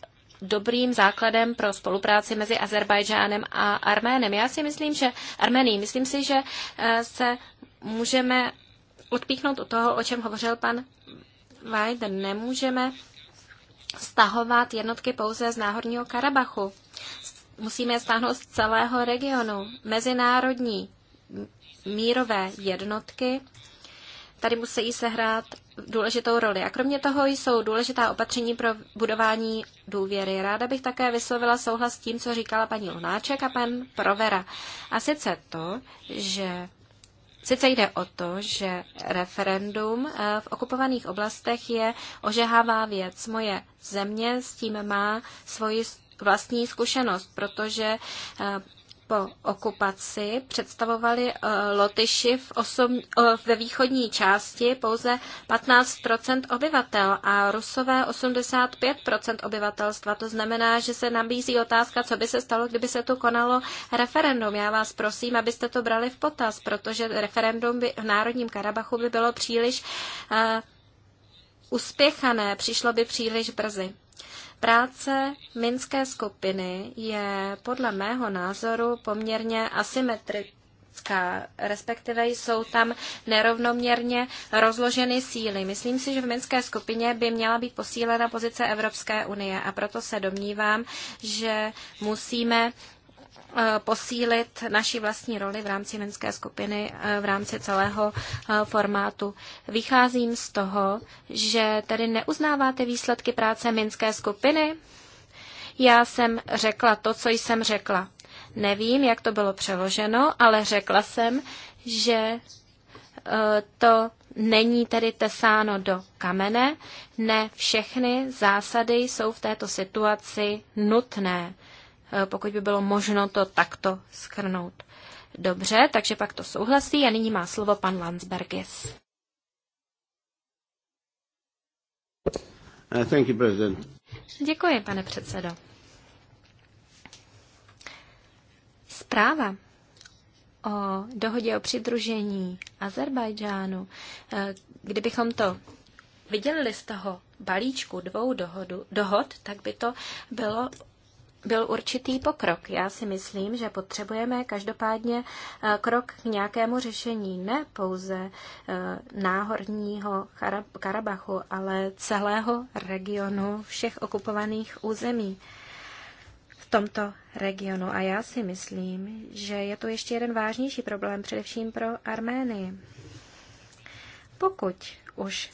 dobrým základem pro spolupráci mezi Azerbajdžánem a Arménem. Já si myslím, že Arménií, myslím si, že eh, se můžeme odpíchnout od toho, o čem hovořil pan Vajd, Nemůžeme stahovat jednotky pouze z Náhorního Karabachu. Musíme je stáhnout z celého regionu. Mezinárodní mírové jednotky tady musí sehrát důležitou roli. A kromě toho jsou důležitá opatření pro budování důvěry. Ráda bych také vyslovila souhlas s tím, co říkala paní Lunáček a pan Provera. A sice to, že Sice jde o to, že referendum eh, v okupovaných oblastech je ožehává věc. Moje země s tím má svoji vlastní zkušenost, protože eh, po okupaci představovali eh, Lotyši v osm, eh, ve východní části pouze 15 obyvatel a Rusové 85 obyvatelstva. To znamená, že se nabízí otázka, co by se stalo, kdyby se tu konalo referendum. Já vás prosím, abyste to brali v potaz, protože referendum by, v Národním Karabachu by bylo příliš uh, uspěchané, přišlo by příliš brzy. Práce Minské skupiny je podle mého názoru poměrně asymetrická, respektive jsou tam nerovnoměrně rozloženy síly. Myslím si, že v Minské skupině by měla být posílena pozice Evropské unie a proto se domnívám, že musíme Eh, posílit naši vlastní roli v rámci Minské skupiny, eh, v rámci celého eh, formátu. Vycházím z toho, že tedy neuznáváte výsledky práce Minské skupiny. Já jsem řekla to, co jsem řekla. Nevím, jak to bylo přeloženo, ale řekla jsem, že to není tedy tesáno do kamene, ne všechny zásady jsou v této situaci nutné. Eh, pokud by bylo možno to takto skrnout. Dobře, takže pak to souhlasí a nyní má slovo pan Landsbergis. Eh, thank you, President. Děkuji, pane předsedo. Zpráva o dohodě o přidružení Azerbajdžánu, eh, kdybychom to vydělili z toho balíčku dvou dohodu, dohod, tak by to bylo byl určitý pokrok. Já si myslím, že potřebujeme každopádně eh, krok k nějakému řešení, ne pouze eh, náhorního Karabachu, ale celého regionu všech okupovaných území v tomto regionu. A já si myslím, že je tu ještě jeden vážnější problém, především pro Arménii. Pokud už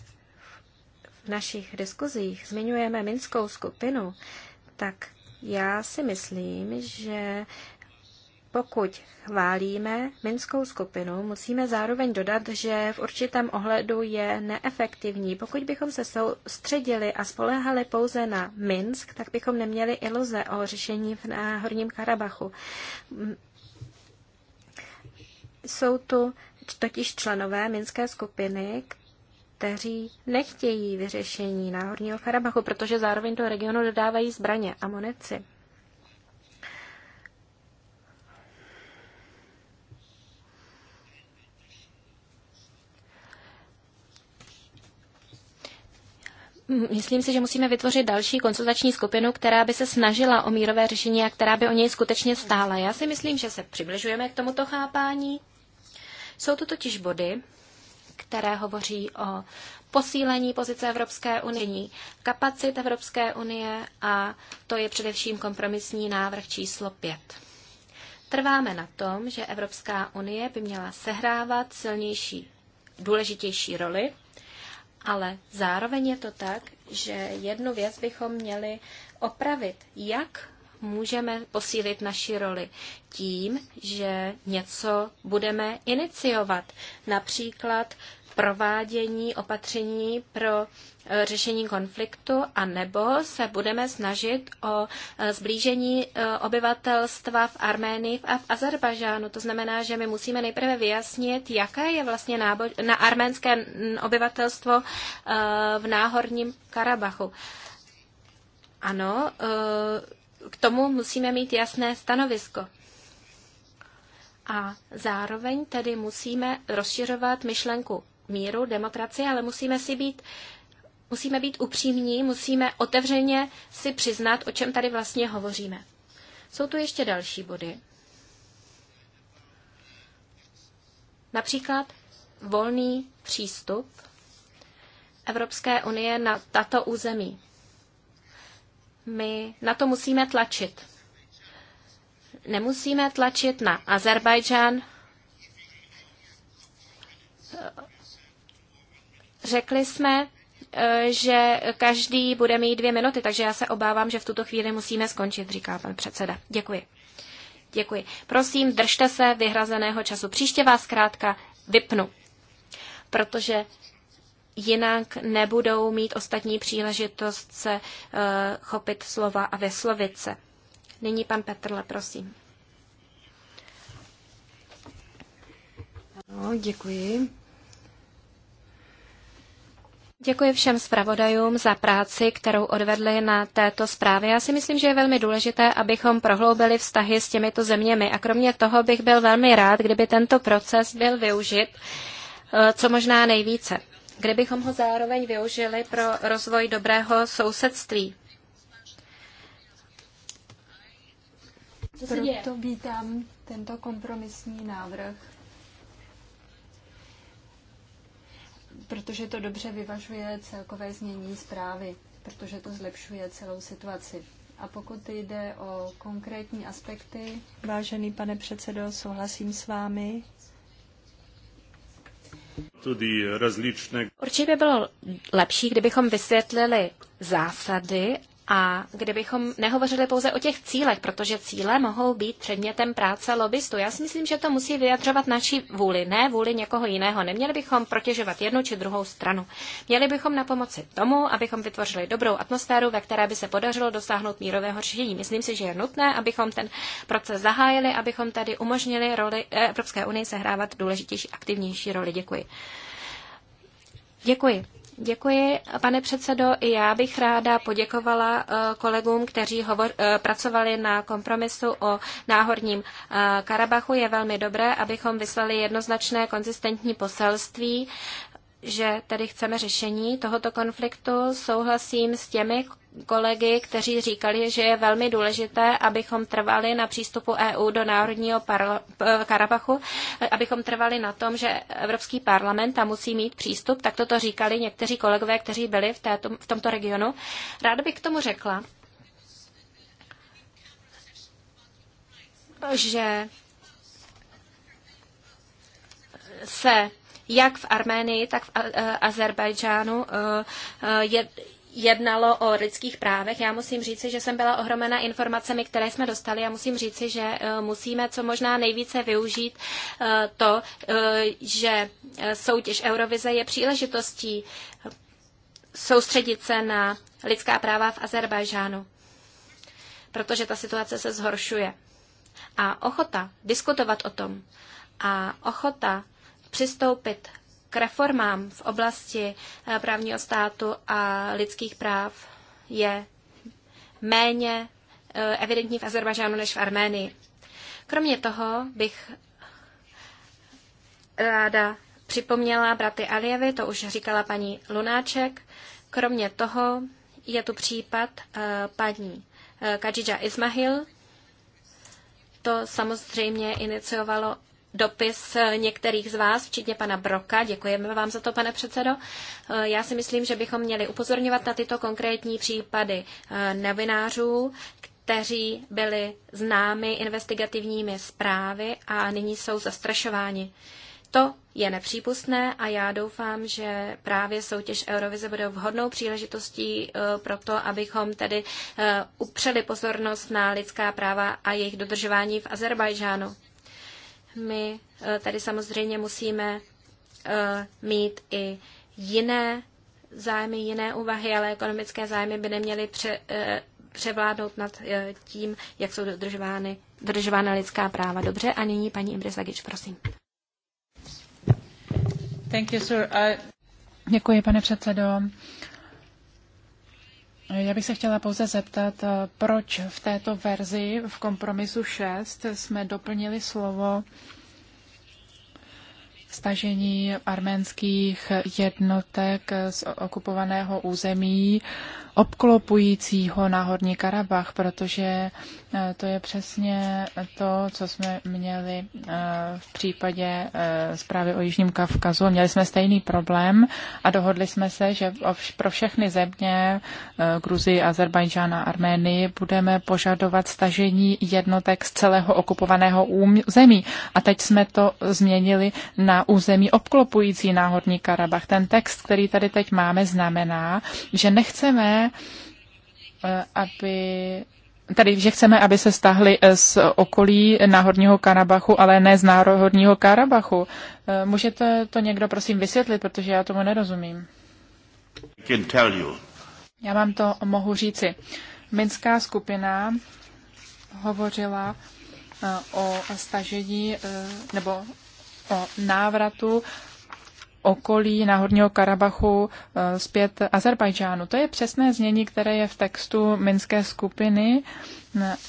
v našich diskuzích zmiňujeme Minskou skupinu, tak já si myslím, že pokud chválíme minskou skupinu, musíme zároveň dodat, že v určitém ohledu je neefektivní. Pokud bychom se soustředili a spolehali pouze na Minsk, tak bychom neměli iluze o řešení v Horním Karabachu. Jsou tu totiž členové minské skupiny, kteří nechtějí vyřešení Náhorního Karabachu, protože zároveň do regionu dodávají zbraně a munici. Myslím si, že musíme vytvořit další konsultační skupinu, která by se snažila o mírové řešení a která by o něj skutečně stála. Já si myslím, že se přibližujeme k tomuto chápání. Jsou to totiž body, které hovoří o posílení pozice Evropské unie, kapacit Evropské unie a to je především kompromisní návrh číslo 5. Trváme na tom, že Evropská unie by měla sehrávat silnější, důležitější roli, ale zároveň je to tak, že jednu věc bychom měli opravit, jak můžeme posílit naši roli tím, že něco budeme iniciovat. Například provádění opatření pro e, řešení konfliktu a nebo se budeme snažit o e, zblížení e, obyvatelstva v Arménii a v Azerbažánu. To znamená, že my musíme nejprve vyjasnit, jaké je vlastně nábo- na arménské obyvatelstvo v náhorním Karabachu. Ano, k tomu musíme mít jasné stanovisko. A zároveň tedy musíme rozšiřovat myšlenku míru, demokracie, ale musíme si být musíme být upřímní, musíme otevřeně si přiznat, o čem tady vlastně hovoříme. Jsou tu ještě další body. Například volný přístup Evropské unie na tato území my na to musíme tlačit. Nemusíme tlačit na Azerbajdžán. Řekli jsme, eh, že každý bude mít dvě minuty, takže já se obávám, že v tuto chvíli musíme skončit, říká pan předseda. Děkuji. Děkuji. Prosím, držte se vyhrazeného času. Příště vás krátka vypnu, protože jinak nebudou mít ostatní příležitost se eh, chopit slova a vyslovit se. Nyní pan Petrle, prosím. No, děkuji. Děkuji všem zpravodajům za práci, kterou odvedli na této zprávě. Já si myslím, že je velmi důležité, abychom prohloubili vztahy s těmito zeměmi. A kromě toho bych byl velmi rád, kdyby tento proces byl využit eh, co možná nejvíce. Kde bychom ho zároveň využili pro rozvoj dobrého sousedství. Proto vítám tento kompromisní návrh, protože to dobře vyvažuje celkové znění zprávy, protože to zlepšuje celou situaci. A pokud jde o konkrétní aspekty, vážený pane předsedo, souhlasím s vámi, Tudy različné. Určitě by bylo lepší, kdybychom vysvětlili zásady a kdybychom nehovořili pouze o těch cílech, protože cíle mohou být předmětem práce lobbystů, Já si myslím, že to musí vyjadřovat naší vůli, ne vůli někoho jiného. Neměli bychom protěžovat jednu či druhou stranu. Měli bychom na pomoci tomu, abychom vytvořili dobrou atmosféru, ve které by se podařilo dosáhnout mírového řešení. Myslím si, že je nutné, abychom ten proces zahájili, abychom tady umožnili roli Evropské unii sehrávat důležitější, aktivnější roli. Děkuji. Děkuji. Děkuji, pane předsedo. I já bych ráda poděkovala eh, kolegům, kteří hovor, eh, pracovali na kompromisu o náhorním eh, Karabachu. Je velmi dobré, abychom vyslali jednoznačné konzistentní poselství že tedy chceme řešení tohoto konfliktu. Souhlasím s těmi kolegy, kteří říkali, že je velmi důležité, abychom trvali na přístupu EU do Národního parla- Karabachu, abychom trvali na tom, že Evropský parlament tam musí mít přístup. Tak toto říkali někteří kolegové, kteří byli v, této, v tomto regionu. Ráda bych k tomu řekla, že se jak v Arménii, tak v e, Azerbajdžánu e, e, jednalo o lidských právech. Já musím říci, že jsem byla ohromena informacemi, které jsme dostali a musím říci, že musíme co možná nejvíce využít to, že soutěž Eurovize je příležitostí soustředit se na lidská práva v Azerbajžánu, protože ta situace se zhoršuje. A ochota diskutovat o tom a ochota přistoupit k reformám v oblasti eh, právního státu a lidských práv je méně eh, evidentní v Azerbajdžánu než v Arménii. Kromě toho bych ráda připomněla braty Alievy, to už říkala paní Lunáček. Kromě toho je tu případ eh, paní Kadžidža Ismahil. To samozřejmě iniciovalo dopis eh, některých z vás, včetně pana Broka. Děkujeme vám za to, pane předsedo. Eh, já si myslím, že bychom měli upozorňovat na tyto konkrétní případy eh, novinářů, kteří byli známi investigativními zprávy a nyní jsou zastrašováni. To je nepřípustné a já doufám, že právě soutěž Eurovize bude vhodnou příležitostí pro to, abychom tedy upřeli pozornost na lidská práva a jejich dodržování v Azerbajžánu my eh, tady samozřejmě musíme eh, mít i jiné zájmy, jiné úvahy, ale ekonomické zájmy by neměly pře, eh, převládnout nad tím, jak jsou dodržovány, dodržována lidská práva. Dobře, a nyní paní Imre Zagič, prosím. Thank you, sir. I... Děkuji, pane předsedo. Já bych se chtěla pouze zeptat, eh, proč v této verzi v kompromisu 6 jsme doplnili slovo stažení arménských jednotek z okupovaného území obklopujícího náhorní Karabach, protože e, to je přesně to, co jsme měli e, v případě e, zprávy o Jižním Kavkazu. Měli jsme stejný problém a dohodli jsme se, že pro všechny země, Gruzii, Azerbajdžán Arménii, budeme požadovat stažení jednotek z celého okupovaného území. A teď jsme to změnili na území obklopující náhodní Karabach. Ten text, který tady teď máme, znamená, že nechceme Eh, aby tady, že chceme, aby se stáhli eh, z okolí náhodního Karabachu, ale ne z náhorního Karabachu. Eh, můžete to někdo prosím vysvětlit, protože já tomu nerozumím. Já vám to mohu říci. Minská skupina hovořila o stažení nebo o návratu okolí Náhorního Karabachu eh, zpět Azerbajdžánu. To je přesné znění, které je v textu Minské skupiny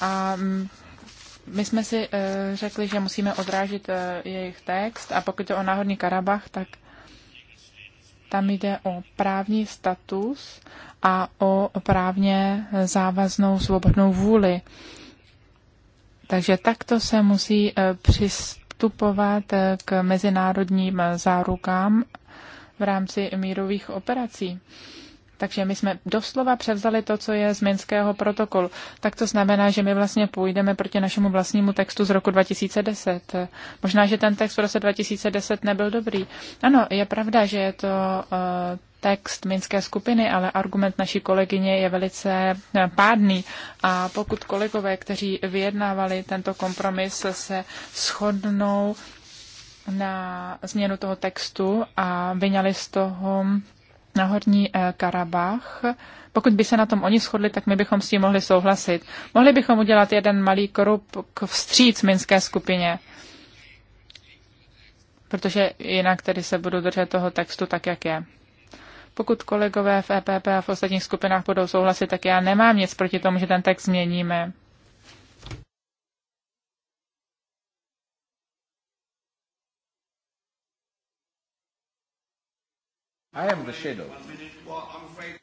a mm, my jsme si eh, řekli, že musíme odrážit eh, jejich text a pokud je o Náhorní Karabach, tak tam jde o právní status a o právně závaznou svobodnou vůli. Takže takto se musí přistupovat přistupovat eh, k mezinárodním eh, zárukám v rámci mírových operací. Takže my jsme doslova převzali to, co je z Minského protokolu. Tak to znamená, že my vlastně půjdeme proti našemu vlastnímu textu z roku 2010. Možná, že ten text v roce 2010 nebyl dobrý. Ano, je pravda, že je to eh, text Minské skupiny, ale argument naší kolegyně je velice eh, pádný. A pokud kolegové, kteří vyjednávali tento kompromis, se shodnou na změnu toho textu a vyňali z toho na Horní eh, Karabach. Pokud by se na tom oni shodli, tak my bychom s tím mohli souhlasit. Mohli bychom udělat jeden malý k vstříc minské skupině, protože jinak tedy se budu držet toho textu tak, jak je. Pokud kolegové v EPP a v ostatních skupinách budou souhlasit, tak já nemám nic proti tomu, že ten text změníme. I am the shadow. One minute. Well, I'm afraid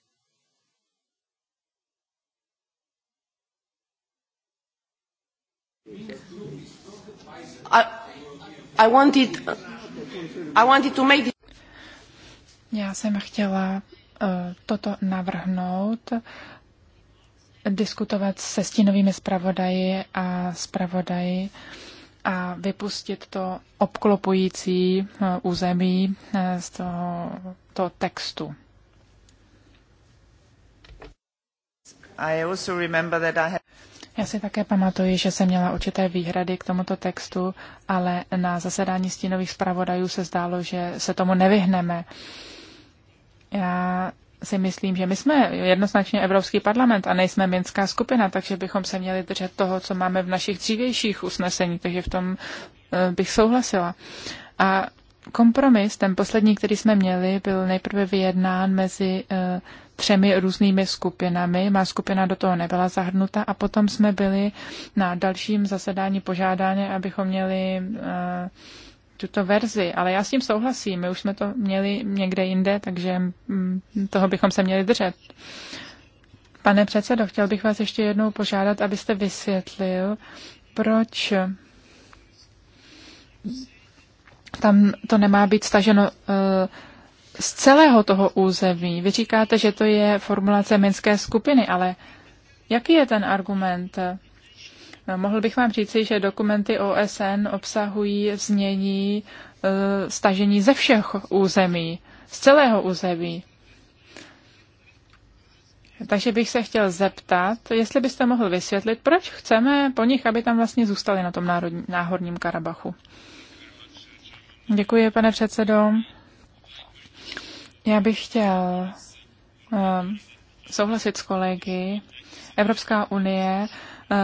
Já jsem chtěla eh, toto navrhnout, diskutovat se stínovými zpravodaji a zpravodaji a vypustit to obklopující eh, území eh, z toho, toho textu. I also remember that I Já si také pamatuji, že jsem měla určité výhrady k tomuto textu, ale na zasedání stínových zpravodajů se zdálo, že se tomu nevyhneme. Já si myslím, že my jsme jednoznačně Evropský parlament a nejsme Minská skupina, takže bychom se měli držet toho, co máme v našich dřívějších usnesení, takže v tom eh, bych souhlasila. A kompromis, ten poslední, který jsme měli, byl nejprve vyjednán mezi eh, třemi různými skupinami. Má skupina do toho nebyla zahrnuta a potom jsme byli na dalším zasedání požádáni, abychom měli eh, tuto verzi, ale já s tím souhlasím. My už jsme to měli někde jinde, takže mm, toho bychom se měli držet. Pane předsedo, chtěl bych vás ještě jednou požádat, abyste vysvětlil, proč tam to nemá být staženo eh, z celého toho území. Vy říkáte, že to je formulace minské skupiny, ale jaký je ten argument? Mohl bych vám říci, že dokumenty OSN obsahují znění e, stažení ze všech území, z celého území. Takže bych se chtěl zeptat, jestli byste mohl vysvětlit, proč chceme po nich, aby tam vlastně zůstali na tom národní, náhorním Karabachu. Děkuji, pane předsedo. Já bych chtěl um, souhlasit s kolegy. Evropská unie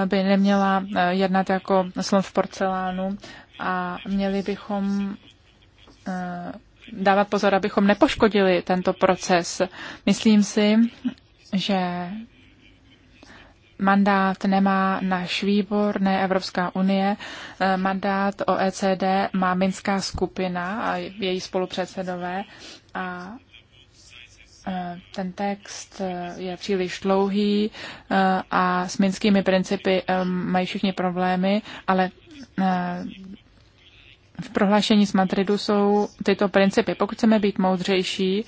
by neměla eh, jednat jako slon v porcelánu a měli bychom eh, dávat pozor, abychom nepoškodili tento proces. Myslím si, že mandát nemá náš výbor, ne Evropská unie. Eh, mandát OECD má Minská skupina a její spolupředsedové a Eh, ten text eh, je příliš dlouhý eh, a s minskými principy mají všichni problémy, ale v prohlášení z Madridu jsou tyto principy. Pokud chceme být moudřejší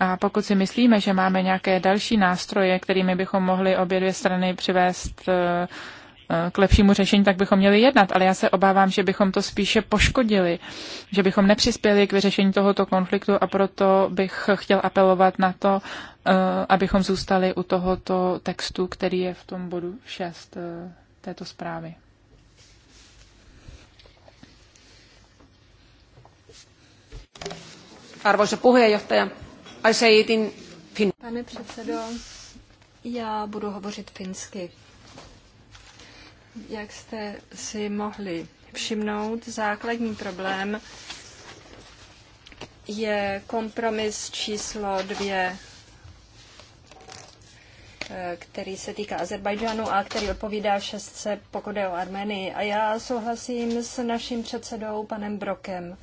a pokud si myslíme, že máme nějaké další nástroje, kterými bychom mohli obě dvě strany přivést Eh, k lepšímu řešení, tak bychom měli jednat, ale já se obávám, že bychom to spíše poškodili, že bychom nepřispěli k vyřešení tohoto konfliktu a proto bych chtěl apelovat na to, eh, abychom zůstali u tohoto textu, který je v tom bodu 6 eh, této zprávy. Arvoisa puheenjohtaja, fin. Pane předsedo, já budu hovořit finsky. Jak jste si mohli všimnout, základní problém je kompromis číslo dvě, eh, který se týká Azerbajdžánu a který odpovídá šestce, pokud je o Armenii. A já souhlasím s naším předsedou, panem Brokem.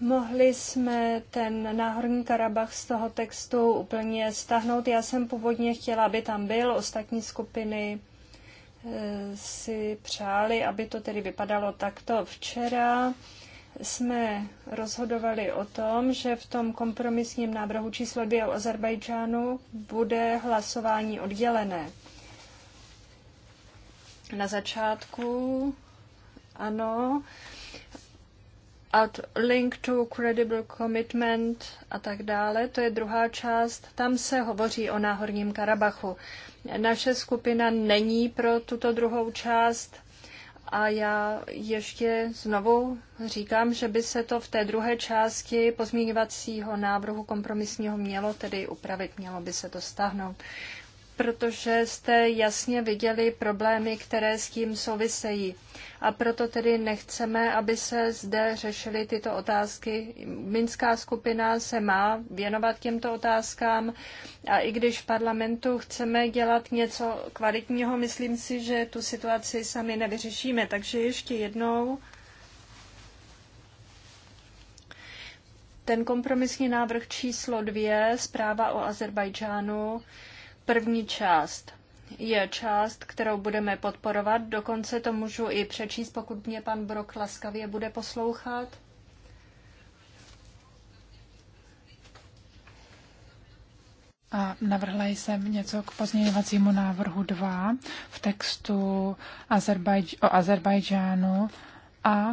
Mohli jsme ten náhorní Karabach z toho textu úplně stahnout. Já jsem původně chtěla, aby tam byl. Ostatní skupiny e, si přáli, aby to tedy vypadalo takto. Včera jsme rozhodovali o tom, že v tom kompromisním návrhu číslo 2 o Azerbajdžánu bude hlasování oddělené. Na začátku ano, at link to credible commitment a tak dále. To je druhá část. Tam se hovoří o náhorním Karabachu. Naše skupina není pro tuto druhou část a já ještě znovu říkám, že by se to v té druhé části pozměňovacího návrhu kompromisního mělo tedy upravit, mělo by se to stáhnout protože jste jasně viděli problémy, které s tím souvisejí. A proto tedy nechceme, aby se zde řešily tyto otázky. Minská skupina se má věnovat těmto otázkám a i když v parlamentu chceme dělat něco kvalitního, myslím si, že tu situaci sami nevyřešíme. Takže ještě jednou. Ten kompromisní návrh číslo dvě, zpráva o Azerbajdžánu, První část je část, kterou budeme podporovat. Dokonce to můžu i přečíst, pokud mě pan Brok laskavě bude poslouchat. A navrhla jsem něco k pozměňovacímu návrhu 2 v textu Azerbajdž- o Azerbajdžánu a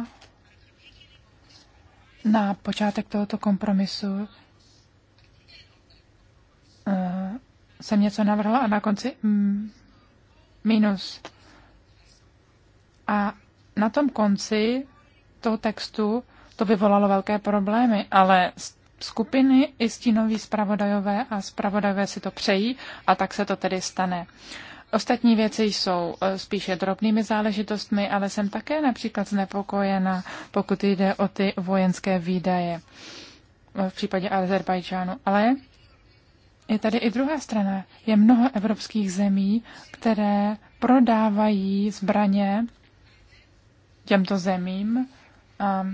na počátek tohoto kompromisu eh, jsem něco navrhla a na konci mm, minus. A na tom konci toho textu to vyvolalo velké problémy, ale skupiny i stínoví zpravodajové a zpravodajové si to přejí a tak se to tedy stane. Ostatní věci jsou eh, spíše drobnými záležitostmi, ale jsem také například znepokojena, pokud jde o ty vojenské výdaje v případě Azerbajdžánu. Ale je tady i druhá strana. Je mnoho evropských zemí, které prodávají zbraně těmto zemím. A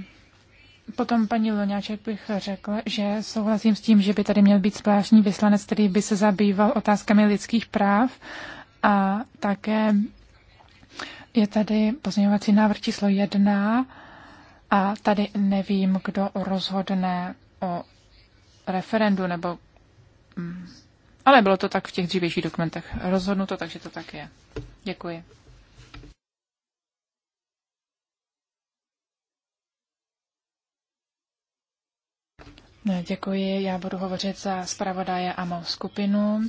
potom paní Loňáček bych řekla, že souhlasím s tím, že by tady měl být zvláštní vyslanec, který by se zabýval otázkami lidských práv a také je tady pozměňovací návrh číslo jedna a tady nevím, kdo rozhodne o referendu nebo Hmm. Ale bylo to tak v těch dřívějších dokumentech rozhodnuto, takže to tak je. Děkuji. Děkuji, já budu hovořit za zpravodaje a mou skupinu.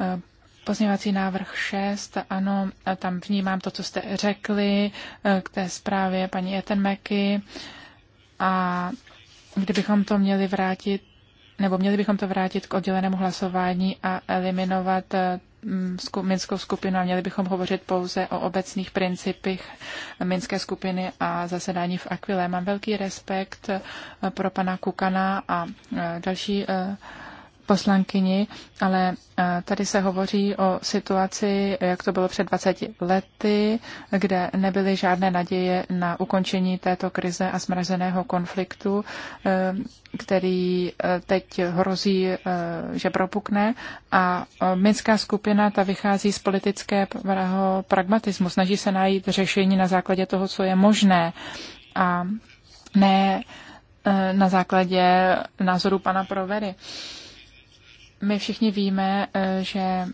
Eh, pozměňovací návrh 6, ano, tam vnímám to, co jste řekli eh, k té zprávě paní Etenmeky. A kdybychom to měli vrátit nebo měli bychom to vrátit k oddělenému hlasování a eliminovat eh, mm, Minskou skupinu a měli bychom hovořit pouze o obecných principech Minské skupiny a zasedání v Akvile. Mám velký respekt eh, pro pana Kukana a eh, další poslankyni, ale eh, tady se hovoří o situaci, jak to bylo před 20 lety, kde nebyly žádné naděje na ukončení této krize a zmrazeného konfliktu, eh, který eh, teď hrozí, že propukne. A minská skupina ta vychází z politického pragmatismu, snaží se najít řešení na základě toho, co je možné. A ne na základě názoru pana Provery my všichni víme, eh, že eh,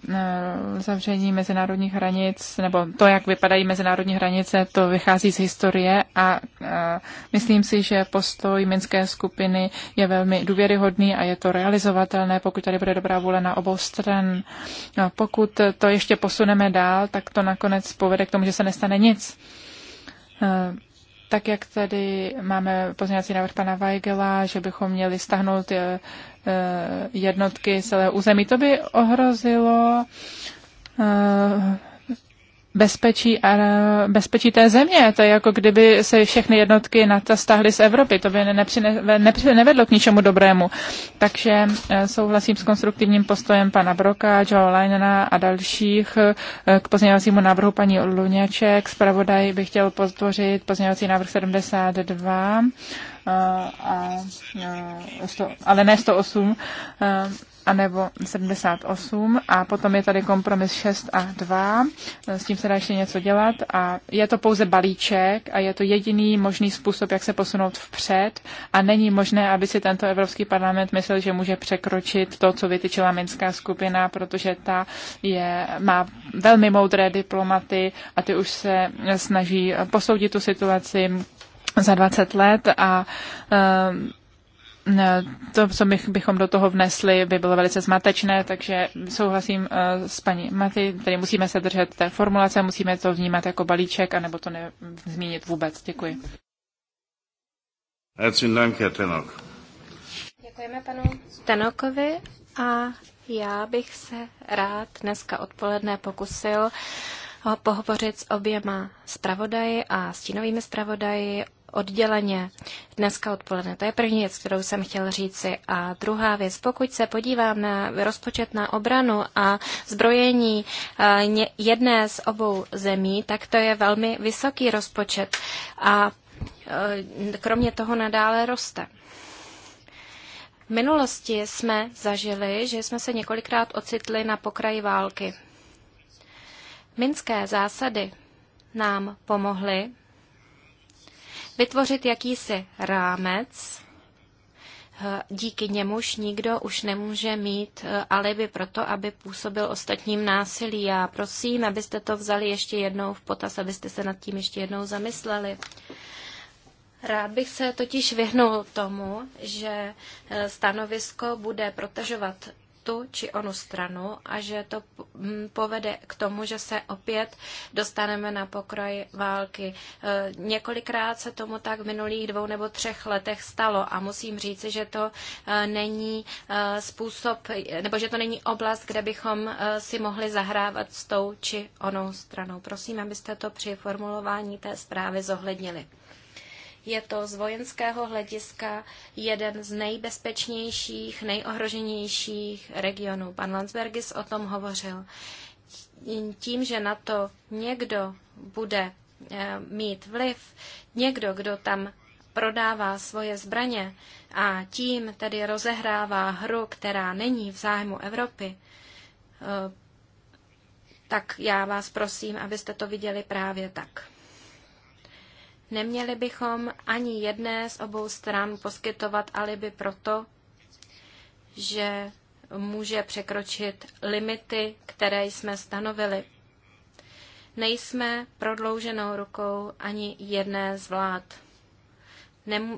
zavření mezinárodních hranic, nebo to, jak vypadají mezinárodní hranice, to vychází z historie a eh, myslím si, že postoj minské skupiny je velmi důvěryhodný a je to realizovatelné, pokud tady bude dobrá vůle na obou stran. No, pokud to ještě posuneme dál, tak to nakonec povede k tomu, že se nestane nic tak jak tady máme pozměňovací návrh pana Weigela, že bychom měli stahnout eh, eh, jednotky celého území, to by ohrozilo eh, bezpečí, a bezpečí té země. To je jako kdyby se všechny jednotky NATO stáhly z Evropy. To by nepřine, nepřine, nevedlo k ničemu dobrému. Takže eh, souhlasím s konstruktivním postojem pana Broka, Joe Linena a dalších eh, k pozměňovacímu návrhu paní Luněček. Zpravodaj bych chtěl podpořit pozměňovací návrh 72 eh, a, a, 100, ale ne 108 anebo 78 a potom je tady kompromis 6 a 2. S tím se dá ještě něco dělat a je to pouze balíček a je to jediný možný způsob, jak se posunout vpřed a není možné, aby si tento Evropský parlament myslel, že může překročit to, co vytyčila Minská skupina, protože ta je, má velmi moudré diplomaty a ty už se snaží posoudit tu situaci za 20 let a um, Eh, to, co bych, bychom do toho vnesli, by bylo velice zmatečné, takže souhlasím eh, s paní Maty, tedy musíme se držet té formulace, musíme to vnímat jako balíček, anebo to nezmínit vůbec. Děkuji. Děkujeme panu Tanokovi a já bych se rád dneska odpoledne pokusil pohovořit s oběma zpravodaji a stínovými zpravodaji odděleně dneska odpoledne. To je první věc, kterou jsem chtěl říci. A druhá věc, pokud se podívám na rozpočet na obranu a zbrojení eh, jedné z obou zemí, tak to je velmi vysoký rozpočet a eh, kromě toho nadále roste. V minulosti jsme zažili, že jsme se několikrát ocitli na pokraji války. Minské zásady nám pomohly vytvořit jakýsi rámec, eh, díky němuž nikdo už nemůže mít eh, alibi pro to, aby působil ostatním násilí. Já prosím, abyste to vzali ještě jednou v potaz, abyste se nad tím ještě jednou zamysleli. Rád bych se totiž vyhnul tomu, že eh, stanovisko bude protažovat tu či onu stranu a že to povede k tomu, že se opět dostaneme na pokroj války. E, několikrát se tomu tak v minulých dvou nebo třech letech stalo a musím říci, že to e, není e, způsob, nebo že to není oblast, kde bychom si mohli zahrávat s tou či onou stranou. Prosím, abyste to při formulování té zprávy zohlednili. Je to z vojenského hlediska jeden z nejbezpečnějších, nejohroženějších regionů. Pan Landsbergis o tom hovořil. Tím, že na to někdo bude eh, mít vliv, někdo, kdo tam prodává svoje zbraně a tím tedy rozehrává hru, která není v zájmu Evropy, eh, tak já vás prosím, abyste to viděli právě tak. Neměli bychom ani jedné z obou stran poskytovat alibi proto, že může překročit limity, které jsme stanovili. Nejsme prodlouženou rukou ani jedné z vlád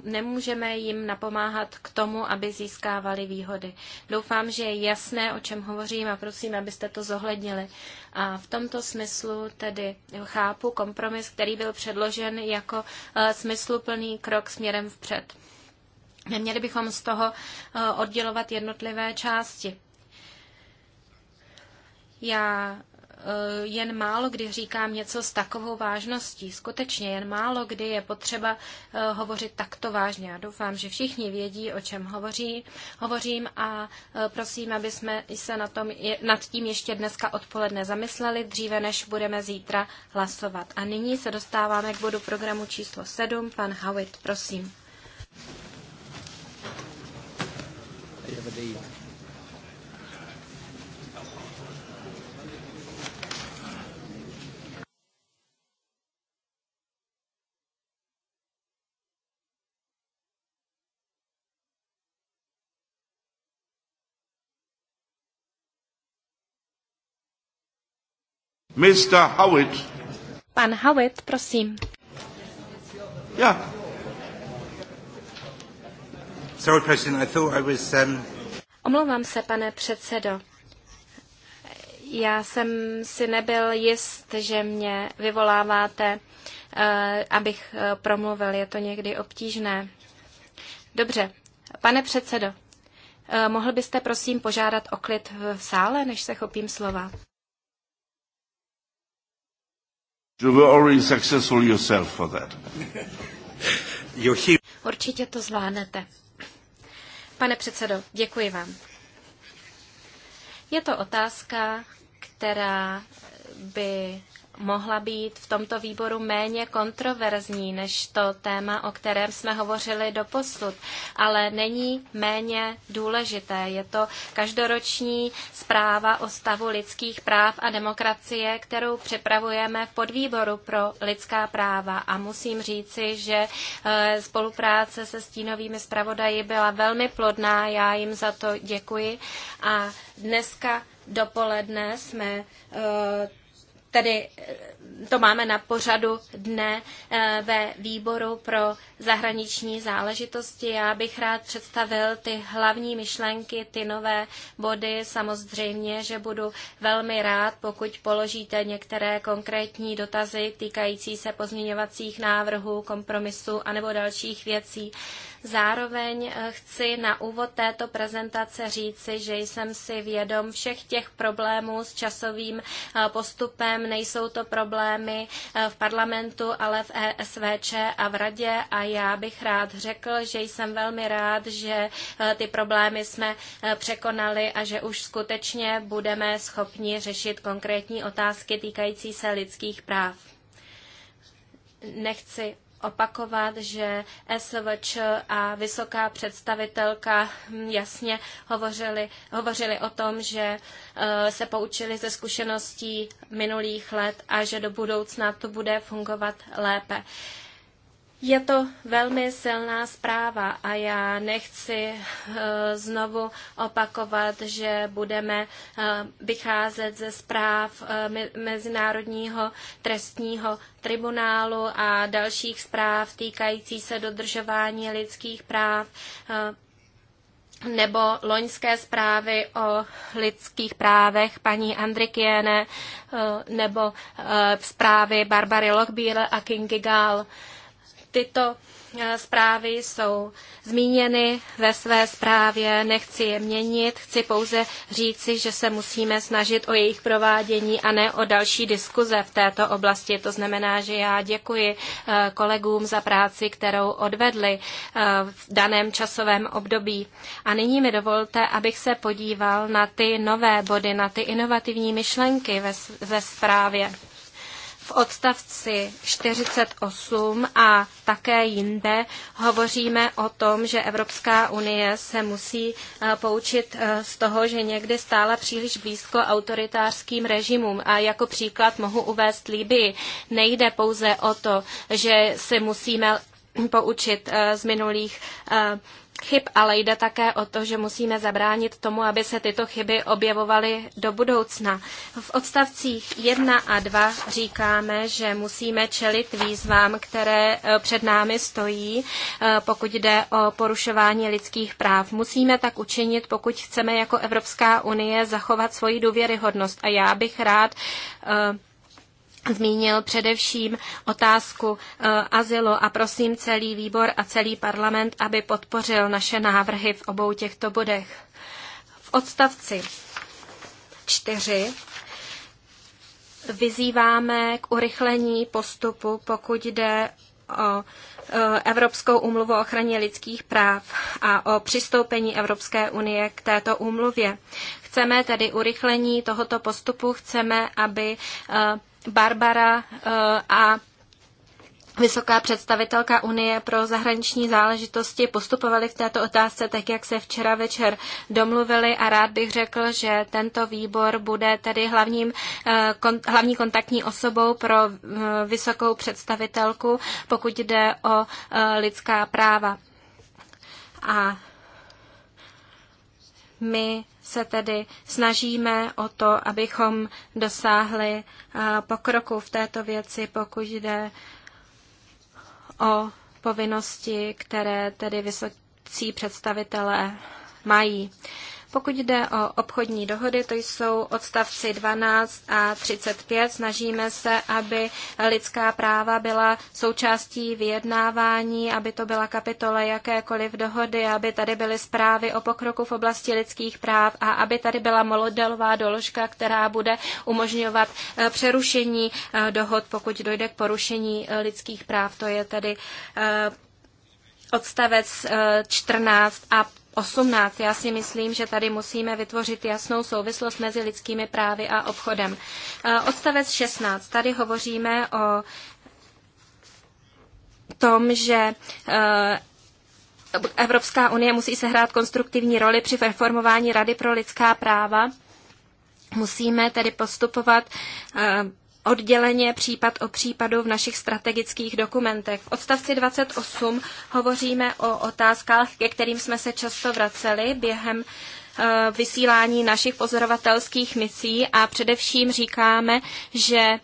nemůžeme jim napomáhat k tomu, aby získávali výhody. Doufám, že je jasné, o čem hovořím a prosím, abyste to zohlednili. A v tomto smyslu tedy chápu kompromis, který byl předložen jako eh, smysluplný krok směrem vpřed. Neměli bychom z toho eh, oddělovat jednotlivé části. Já Eh, jen málo kdy říkám něco s takovou vážností. Skutečně jen málo kdy je potřeba eh, hovořit takto vážně. Já doufám, že všichni vědí, o čem hovoří, hovořím a eh, prosím, aby jsme se na tom, nad tím ještě dneska odpoledne zamysleli, dříve než budeme zítra hlasovat. A nyní se dostáváme k bodu programu číslo 7. Pan Howitt, prosím. I have Mr. Howitt. Pan Howitt, prosím. Yeah. Sorry, President, I thought I was, um... Omlouvám se, pane předsedo. Já jsem si nebyl jist, že mě vyvoláváte, uh, abych eh, promluvil. Je to někdy obtížné. Dobře, pane předsedo, uh, mohl byste prosím požádat o klid v sále, než se chopím slova? You were already successful yourself for that. [laughs] Určitě to zvládnete. Pane předsedo, děkuji vám. Je to otázka, která by mohla být v tomto výboru méně kontroverzní než to téma, o kterém jsme hovořili do posud, ale není méně důležité. Je to každoroční zpráva o stavu lidských práv a demokracie, kterou připravujeme v podvýboru pro lidská práva. A musím říci, že e, spolupráce se stínovými zpravodaji byla velmi plodná. Já jim za to děkuji. A dneska dopoledne jsme e, tedy eh, to máme na pořadu dne eh, ve výboru pro zahraniční záležitosti. Já bych rád představil ty hlavní myšlenky, ty nové body. Samozřejmě, že budu velmi rád, pokud položíte některé konkrétní dotazy týkající se pozměňovacích návrhů, kompromisu anebo dalších věcí. Zároveň eh, chci na úvod této prezentace říci, že jsem si vědom všech těch problémů s časovým eh, postupem. Nejsou to problémy eh, v parlamentu, ale v ESVČ a v radě a já bych rád řekl, že jsem velmi rád, že ty problémy jsme překonali a že už skutečně budeme schopni řešit konkrétní otázky týkající se lidských práv. Nechci opakovat, že SVČ a vysoká představitelka jasně hovořili, hovořili o tom, že eh, se poučili ze zkušeností minulých let a že do budoucna to bude fungovat lépe. Je to velmi silná zpráva a já nechci eh, znovu opakovat, že budeme eh, vycházet ze zpráv eh, Mezinárodního trestního tribunálu a dalších zpráv týkající se dodržování lidských práv nebo loňské zprávy o lidských právech paní Andrikiene nebo zprávy Barbary Lochbíl a Kingy Gall. Tyto eh, zprávy jsou zmíněny ve své zprávě, nechci je měnit, chci pouze říci, že se musíme snažit o jejich provádění a ne o další diskuze v této oblasti. To znamená, že já děkuji eh, kolegům za práci, kterou odvedli eh, v daném časovém období. A nyní mi dovolte, abych se podíval na ty nové body, na ty inovativní myšlenky ve, ve zprávě v odstavci 48 a také jinde hovoříme o tom, že Evropská unie se musí eh, poučit eh, z toho, že někdy stála příliš blízko autoritářským režimům. A jako příklad mohu uvést Libii. Nejde pouze o to, že se musíme poučit eh, z minulých chyb, ale jde také o to, že musíme zabránit tomu, aby se tyto chyby objevovaly do budoucna. V odstavcích 1 a 2 říkáme, že musíme čelit výzvám, které e, před námi stojí, e, pokud jde o porušování lidských práv. Musíme tak učinit, pokud chceme jako Evropská unie zachovat svoji důvěryhodnost. A já bych rád e, zmínil především otázku e, azylu a prosím celý výbor a celý parlament, aby podpořil naše návrhy v obou těchto bodech. V odstavci 4 vyzýváme k urychlení postupu, pokud jde o eh, Evropskou úmluvu o ochraně lidských práv a o přistoupení Evropské unie k této úmluvě. Chceme tedy urychlení tohoto postupu, chceme, aby eh, Barbara eh, a Vysoká představitelka Unie pro zahraniční záležitosti postupovali v této otázce tak, jak se včera večer domluvili a rád bych řekl, že tento výbor bude tedy hlavním, eh, kon, hlavní kontaktní osobou pro eh, vysokou představitelku, pokud jde o lidská práva. A my se tedy snažíme o to, abychom dosáhli eh, pokroku v této věci, pokud jde o povinnosti, které tedy vysocí představitelé mají. Pokud jde o obchodní dohody, to jsou odstavci 12 a 35. Snažíme se, aby lidská práva byla součástí vyjednávání, aby to byla kapitola jakékoliv dohody, aby tady byly zprávy o pokroku v oblasti lidských práv a aby tady byla modelová doložka, která bude umožňovat eh, přerušení eh, dohod, pokud dojde k porušení eh, lidských práv. To je tedy odstavec 14 eh, a 18. Já si myslím, že tady musíme vytvořit jasnou souvislost mezi lidskými právy a obchodem. Eh, odstavec 16. Tady hovoříme o tom, že eh, Evropská unie musí sehrát konstruktivní roli při reformování Rady pro lidská práva. Musíme tedy postupovat odděleně případ o případu v našich strategických dokumentech. V odstavci 28 hovoříme o otázkách, ke kterým jsme se často vraceli během eh, vysílání našich pozorovatelských misí a především říkáme, že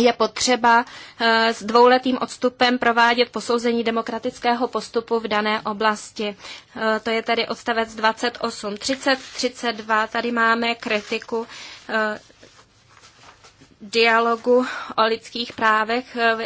je potřeba eh, s dvouletým odstupem provádět posouzení demokratického postupu v dané oblasti. Eh, to je tady odstavec 28. 30, 32, tady máme kritiku dialogu o lidských právech eh,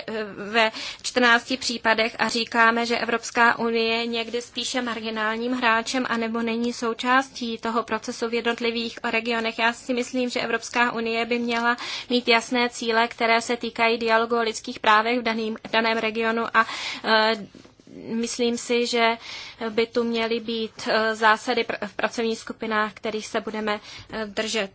ve 14 případech a říkáme, že Evropská unie je někdy spíše marginálním hráčem anebo není součástí toho procesu v jednotlivých regionech. Já si myslím, že Evropská unie by měla mít jasné cíle, které se týkají dialogu o lidských právech v, daným, v daném regionu a eh, myslím si, že by tu měly být eh, zásady v pracovních skupinách, kterých se budeme držet.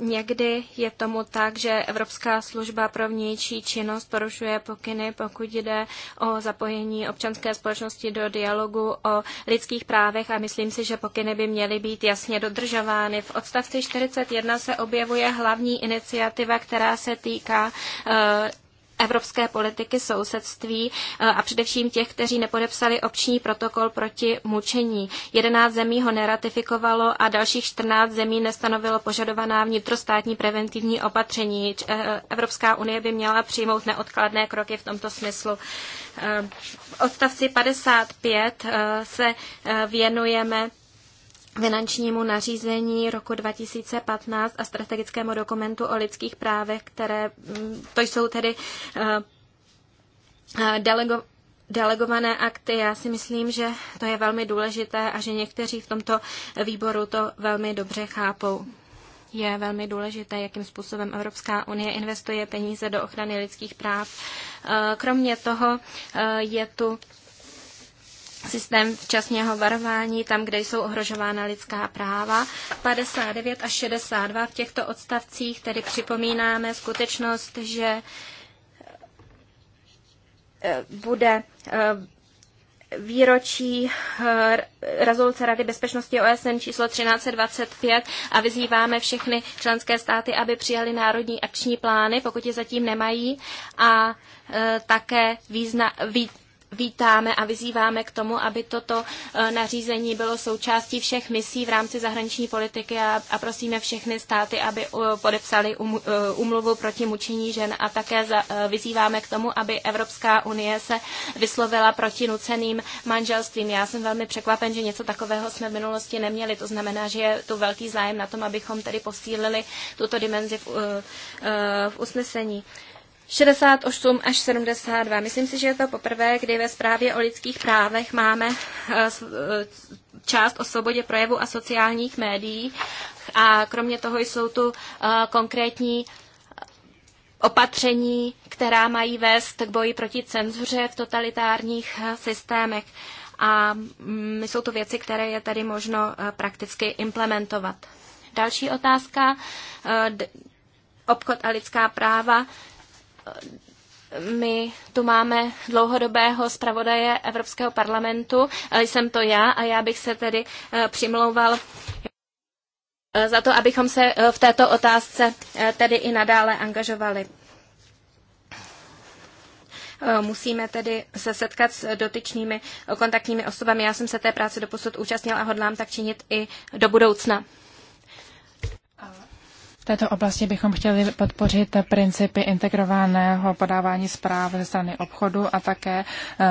Někdy je tomu tak, že Evropská služba pro vnější činnost porušuje pokyny, pokud jde o zapojení občanské společnosti do dialogu o lidských právech a myslím si, že pokyny by měly být jasně dodržovány. V odstavci 41 se objevuje hlavní iniciativa, která se týká eh, evropské politiky sousedství eh, a především těch, kteří nepodepsali obční protokol proti mučení. 11 zemí ho neratifikovalo a dalších 14 zemí nestanovilo požadovaná vnitrostátní preventivní opatření. Eh, Evropská unie by měla přijmout neodkladné kroky v tomto smyslu. Eh, v odstavci 55 se věnujeme finančnímu nařízení roku 2015 a strategickému dokumentu o lidských právech, které mm, to jsou tedy eh, eh, delego, delegované akty. Já si myslím, že to je velmi důležité a že někteří v tomto výboru to velmi dobře chápou. Je velmi důležité, jakým způsobem Evropská unie investuje peníze do ochrany lidských práv. Eh, kromě toho je tu systém včasného varování tam, kde jsou ohrožována lidská práva. 59 a 62 v těchto odstavcích tedy připomínáme skutečnost, že eh, bude eh, výročí eh, rezoluce Rady bezpečnosti OSN číslo 1325 a vyzýváme všechny členské státy, aby přijali národní akční plány, pokud je zatím nemají, a také význa, vý, vítáme a vyzýváme k tomu, aby toto eh, nařízení bylo součástí všech misí v rámci zahraniční politiky a, a prosíme všechny státy, aby eh, podepsali um, umluvu proti mučení žen a také za, vyzýváme k tomu, aby Evropská unie se vyslovila proti nuceným manželstvím. Já jsem velmi překvapen, že něco takového jsme v minulosti neměli. To znamená, že je tu velký zájem na tom, abychom tedy posílili tuto dimenzi v, v usnesení. 68 až 72. Myslím si, že je to poprvé, kdy ve zprávě o lidských právech máme eh, eh, část o svobodě projevu a sociálních médií a kromě toho jsou tu eh, konkrétní opatření, která mají vést k boji proti cenzuře v totalitárních systémech. A mm, jsou to věci, které je tady možno prakticky implementovat. Další otázka obchod a lidská práva my tu máme dlouhodobého zpravodaje Evropského parlamentu, jsem to já a já bych se tedy eh, přimlouval eh, za to, abychom se eh, v této otázce tedy i nadále angažovali. Musíme tedy se setkat s dotyčnými kontaktními osobami. Já jsem se té práce doposud účastnil a hodlám tak činit i do budoucna této oblasti bychom chtěli podpořit principy integrovaného podávání zpráv ze strany obchodu a také eh,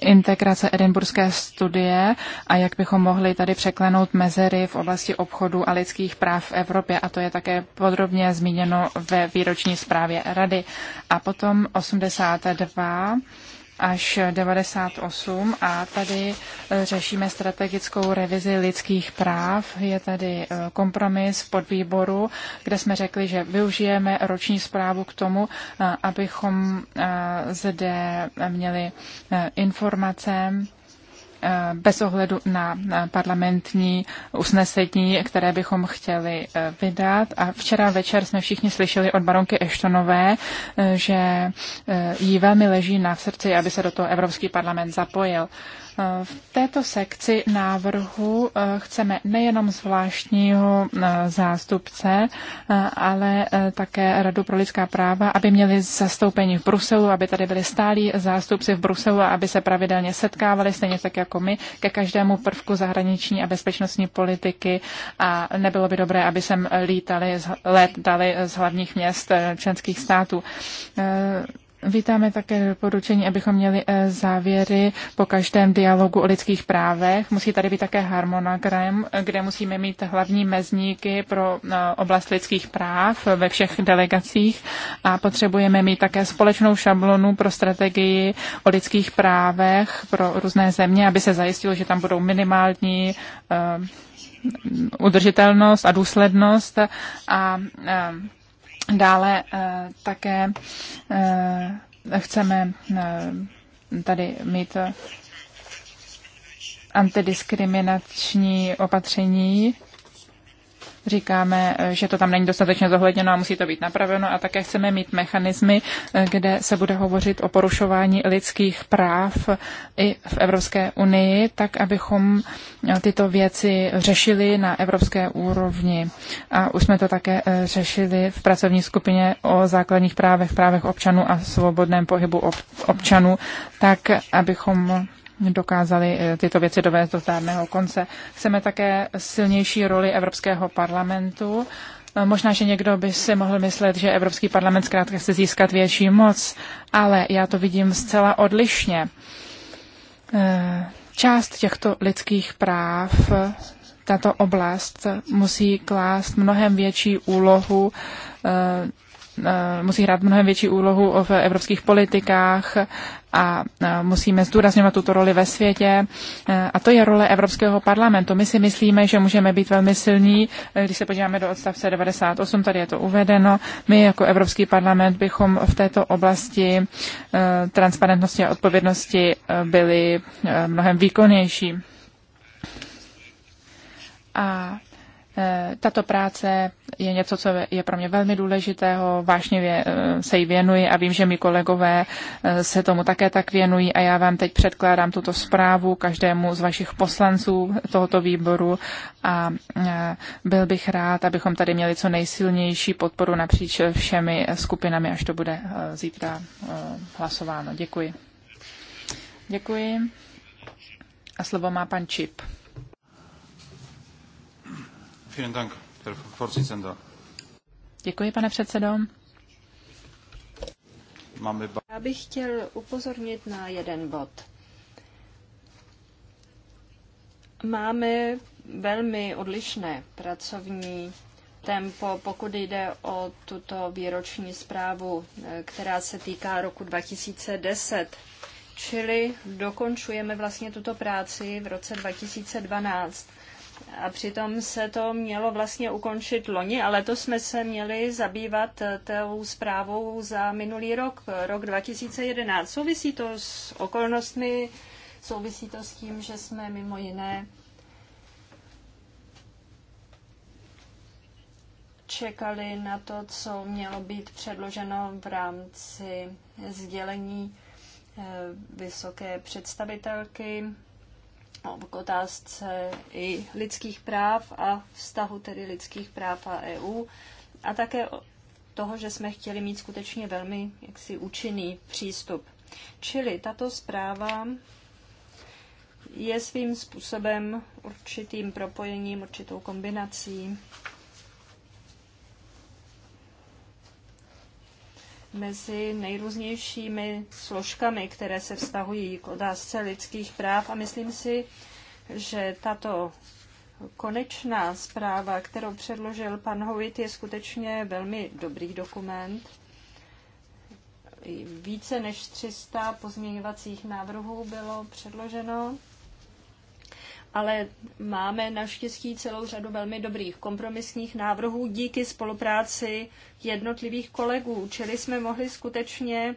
integrace edinburské studie a jak bychom mohli tady překlenout mezery v oblasti obchodu a lidských práv v Evropě a to je také podrobně zmíněno ve výroční zprávě Rady. A potom 82 až 98 a tady eh, řešíme strategickou revizi lidských práv. Je tady eh, kompromis v podvýboru, kde jsme řekli, že využijeme roční zprávu k tomu, eh, abychom zde měli informace bez ohledu na parlamentní usnesení, které bychom chtěli eh, vydat. A včera večer jsme všichni slyšeli od baronky Eštonové, eh, že eh, jí velmi leží na srdci, aby se do toho Evropský parlament zapojil. V této sekci návrhu eh, chceme nejenom zvláštního eh, zástupce, eh, ale také Radu pro lidská práva, aby měli zastoupení v Bruselu, aby tady byli stálí zástupci v Bruselu a aby se pravidelně setkávali, stejně tak jako my, ke každému prvku zahraniční a bezpečnostní politiky a nebylo by dobré, aby sem lítali, létali z hlavních měst členských států. Vítáme také doporučení, abychom měli eh, závěry po každém dialogu o lidských právech. Musí tady být také harmonogram, kde musíme mít hlavní mezníky pro eh, oblast lidských práv ve všech delegacích a potřebujeme mít také společnou šablonu pro strategii o lidských právech pro různé země, aby se zajistilo, že tam budou minimální eh, udržitelnost a důslednost a Dále eh, také eh, chceme eh, tady mít antidiskriminační opatření říkáme, že to tam není dostatečně zohledněno a musí to být napraveno a také chceme mít mechanismy, kde se bude hovořit o porušování lidských práv i v Evropské unii, tak abychom tyto věci řešili na evropské úrovni. A už jsme to také eh, řešili v pracovní skupině o základních právech, právech občanů a svobodném pohybu občanů, tak abychom dokázali eh, tyto věci dovést do zdárného konce. Chceme také silnější roli Evropského parlamentu. Eh, možná, že někdo by si mohl myslet, že Evropský parlament zkrátka chce získat větší moc, ale já to vidím zcela odlišně. Eh, část těchto lidských práv tato oblast musí klást mnohem větší úlohu Eh, musí hrát mnohem větší úlohu v evropských politikách a eh, musíme zdůrazňovat tuto roli ve světě. Eh, a to je role Evropského parlamentu. My si myslíme, že můžeme být velmi silní. Když se podíváme do odstavce 98, tady je to uvedeno. My jako Evropský parlament bychom v této oblasti transparentnosti a odpovědnosti byli mnohem výkonnější. A Eh, tato práce je něco, co je pro mě velmi důležitého, vážně eh, se jí věnuji a vím, že mi kolegové eh, se tomu také tak věnují a já vám teď předkládám tuto zprávu každému z vašich poslanců tohoto výboru a byl bych rád, abychom tady měli co nejsilnější podporu napříč všemi skupinami, až to bude zítra hlasováno. Děkuji. Děkuji. A slovo má pan Čip. Děkuji, pane předsedo. Já bych chtěl upozornit na jeden bod. Máme velmi odlišné pracovní tempo, pokud jde o tuto výroční zprávu, která se týká roku 2010. Čili dokončujeme vlastně tuto práci v roce 2012 a přitom se to mělo vlastně ukončit loni, ale to jsme se měli zabývat eh, tou zprávou za minulý rok, rok 2011. Souvisí to s okolnostmi, souvisí to s tím, že jsme mimo jiné čekali na to, co mělo být předloženo v rámci sdělení eh, vysoké představitelky k otázce i lidských práv a vztahu tedy lidských práv a EU a také toho, že jsme chtěli mít skutečně velmi jaksi účinný přístup. Čili tato zpráva je svým způsobem určitým propojením, určitou kombinací mezi nejrůznějšími složkami, které se vztahují k otázce lidských práv a myslím si, že tato konečná zpráva, kterou předložil pan Hovit, je skutečně velmi dobrý dokument. Více než 300 pozměňovacích návrhů bylo předloženo ale máme naštěstí celou řadu velmi dobrých kompromisních návrhů díky spolupráci jednotlivých kolegů, čili jsme mohli skutečně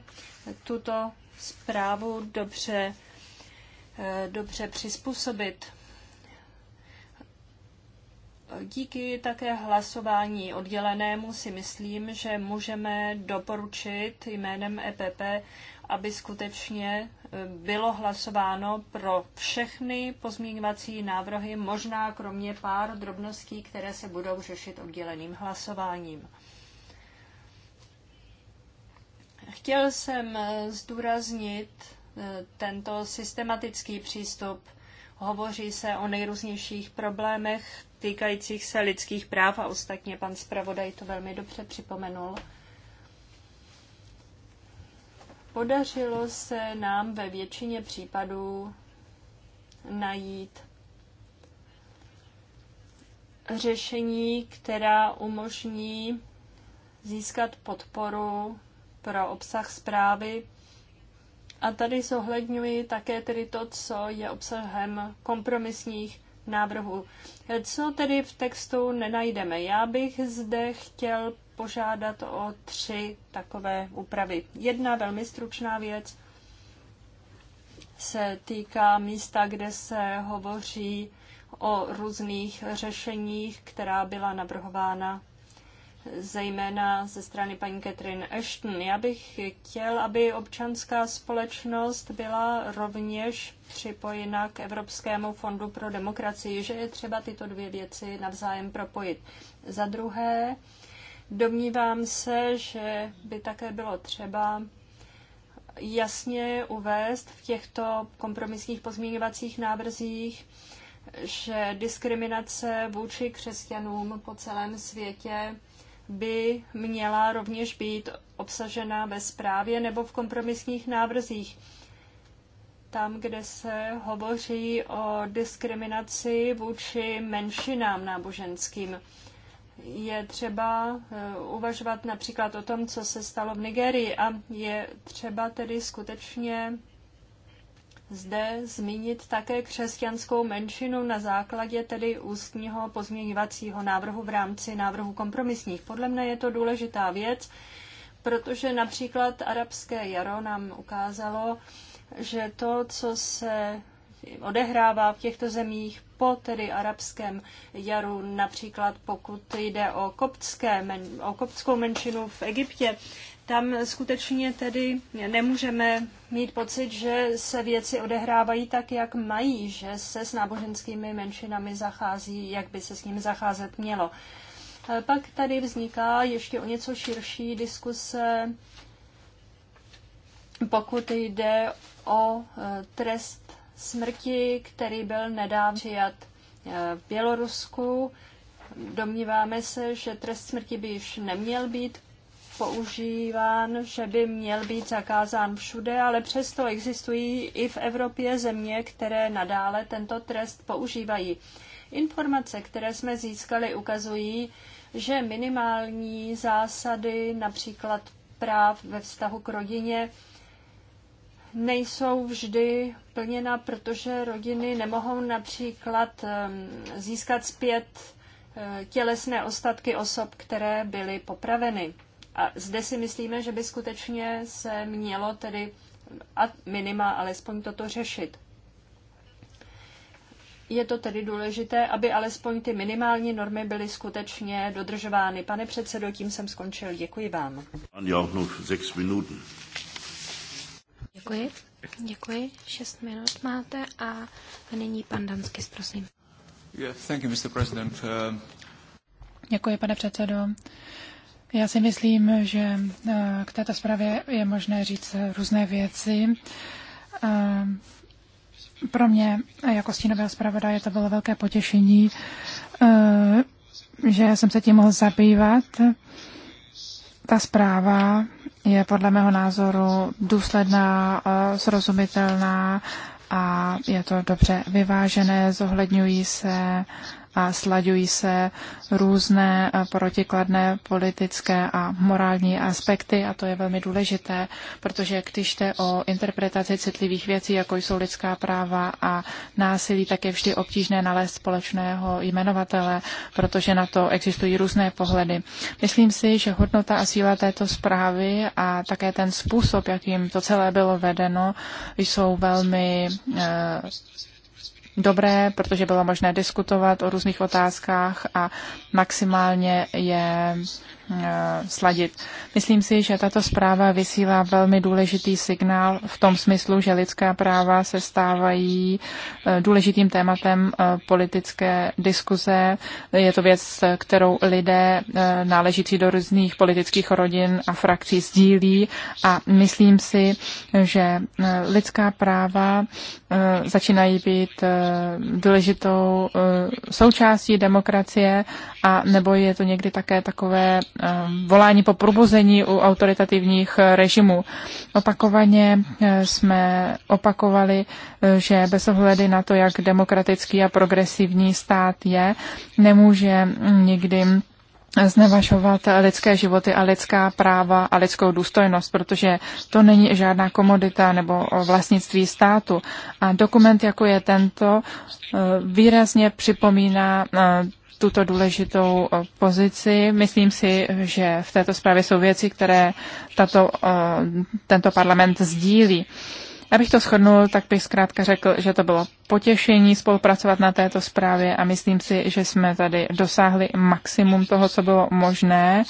tuto zprávu dobře, eh, dobře přizpůsobit. Díky také hlasování oddělenému si myslím, že můžeme doporučit jménem EPP aby skutečně e, bylo hlasováno pro všechny pozměňovací návrhy, možná kromě pár drobností, které se budou řešit odděleným hlasováním. Chtěl jsem e, zdůraznit e, tento systematický přístup. Hovoří se o nejrůznějších problémech týkajících se lidských práv a ostatně pan zpravodaj to velmi dobře připomenul. Podařilo se nám ve většině případů najít řešení, která umožní získat podporu pro obsah zprávy. A tady zohledňuji také tedy to, co je obsahem kompromisních návrhů. Co tedy v textu nenajdeme? Já bych zde chtěl požádat o tři takové úpravy. Jedna velmi stručná věc se týká místa, kde se hovoří o různých řešeních, která byla navrhována zejména ze strany paní Catherine Ashton. Já bych chtěl, aby občanská společnost byla rovněž připojena k Evropskému fondu pro demokracii, že je třeba tyto dvě věci navzájem propojit. Za druhé, Domnívám se, že by také bylo třeba jasně uvést v těchto kompromisních pozměňovacích návrzích, že diskriminace vůči křesťanům po celém světě by měla rovněž být obsažena ve zprávě nebo v kompromisních návrzích. Tam, kde se hovoří o diskriminaci vůči menšinám náboženským je třeba eh, uvažovat například o tom, co se stalo v Nigerii a je třeba tedy skutečně zde zmínit také křesťanskou menšinu na základě tedy ústního pozměňovacího návrhu v rámci návrhu kompromisních. Podle mne je to důležitá věc, protože například arabské jaro nám ukázalo, že to, co se odehrává v těchto zemích po tedy arabském jaru, například pokud jde o, koptské, o koptskou menšinu v Egyptě, tam skutečně tedy nemůžeme mít pocit, že se věci odehrávají tak, jak mají, že se s náboženskými menšinami zachází, jak by se s nimi zacházet mělo. Pak tady vzniká ještě o něco širší diskuse, pokud jde o eh, trest smrti, který byl nedávno přijat eh, v Bělorusku. Domníváme se, že trest smrti by již neměl být používán, že by měl být zakázán všude, ale přesto existují i v Evropě země, které nadále tento trest používají. Informace, které jsme získali, ukazují, že minimální zásady, například práv ve vztahu k rodině, nejsou vždy plněna, protože rodiny nemohou například ehm, získat zpět eh, tělesné ostatky osob, které byly popraveny. A zde si myslíme, že by skutečně se mělo tedy a minima alespoň toto řešit. Je to tedy důležité, aby alespoň ty minimální normy byly skutečně dodržovány. Pane předsedo, tím jsem skončil. Děkuji vám. Děkuji. Děkuji. Šest minut máte a nyní pan Danskis, prosím. Yeah, thank you, Mr. President. Uh... Děkuji, pane předsedo. Já si myslím, že uh, k této zprávě je možné říct různé věci. Uh, pro mě jako stínového zpravodaje to bylo velké potěšení, uh, že jsem se tím mohl zabývat. Ta zpráva je podle mého názoru důsledná, eh, srozumitelná a je to dobře vyvážené, zohledňují se a slaďují se různé eh, protikladné politické a morální aspekty a to je velmi důležité, protože když jde o interpretaci citlivých věcí, jako jsou lidská práva a násilí, tak je vždy obtížné nalézt společného jmenovatele, protože na to existují různé pohledy. Myslím si, že hodnota a síla této zprávy a také ten způsob, jakým to celé bylo vedeno, jsou velmi eh, dobré, protože bylo možné diskutovat o různých otázkách a maximálně je Eh, sladit. Myslím si, že tato zpráva vysílá velmi důležitý signál v tom smyslu, že lidská práva se stávají eh, důležitým tématem eh, politické diskuze. Je to věc, kterou lidé náležící do různých politických rodin a frakcí sdílí a myslím si, že lidská práva začínají být důležitou součástí demokracie a nebo je to někdy také takové Eh, volání po probuzení u autoritativních eh, režimů. Opakovaně eh, jsme opakovali, že bez ohledu na to, jak demokratický a progresivní stát je, nemůže mm, nikdy znevažovat lidské životy a lidská práva a lidskou důstojnost, protože to není žádná komodita nebo vlastnictví státu. A dokument, jako je tento, výrazně připomíná tuto důležitou eh, pozici. Myslím si, že v této zprávě jsou věci, které tato, eh, tento parlament sdílí. Abych to shodnul, tak bych zkrátka řekl, že to bylo potěšení spolupracovat na této zprávě a myslím si, že jsme tady dosáhli maximum toho, co bylo možné,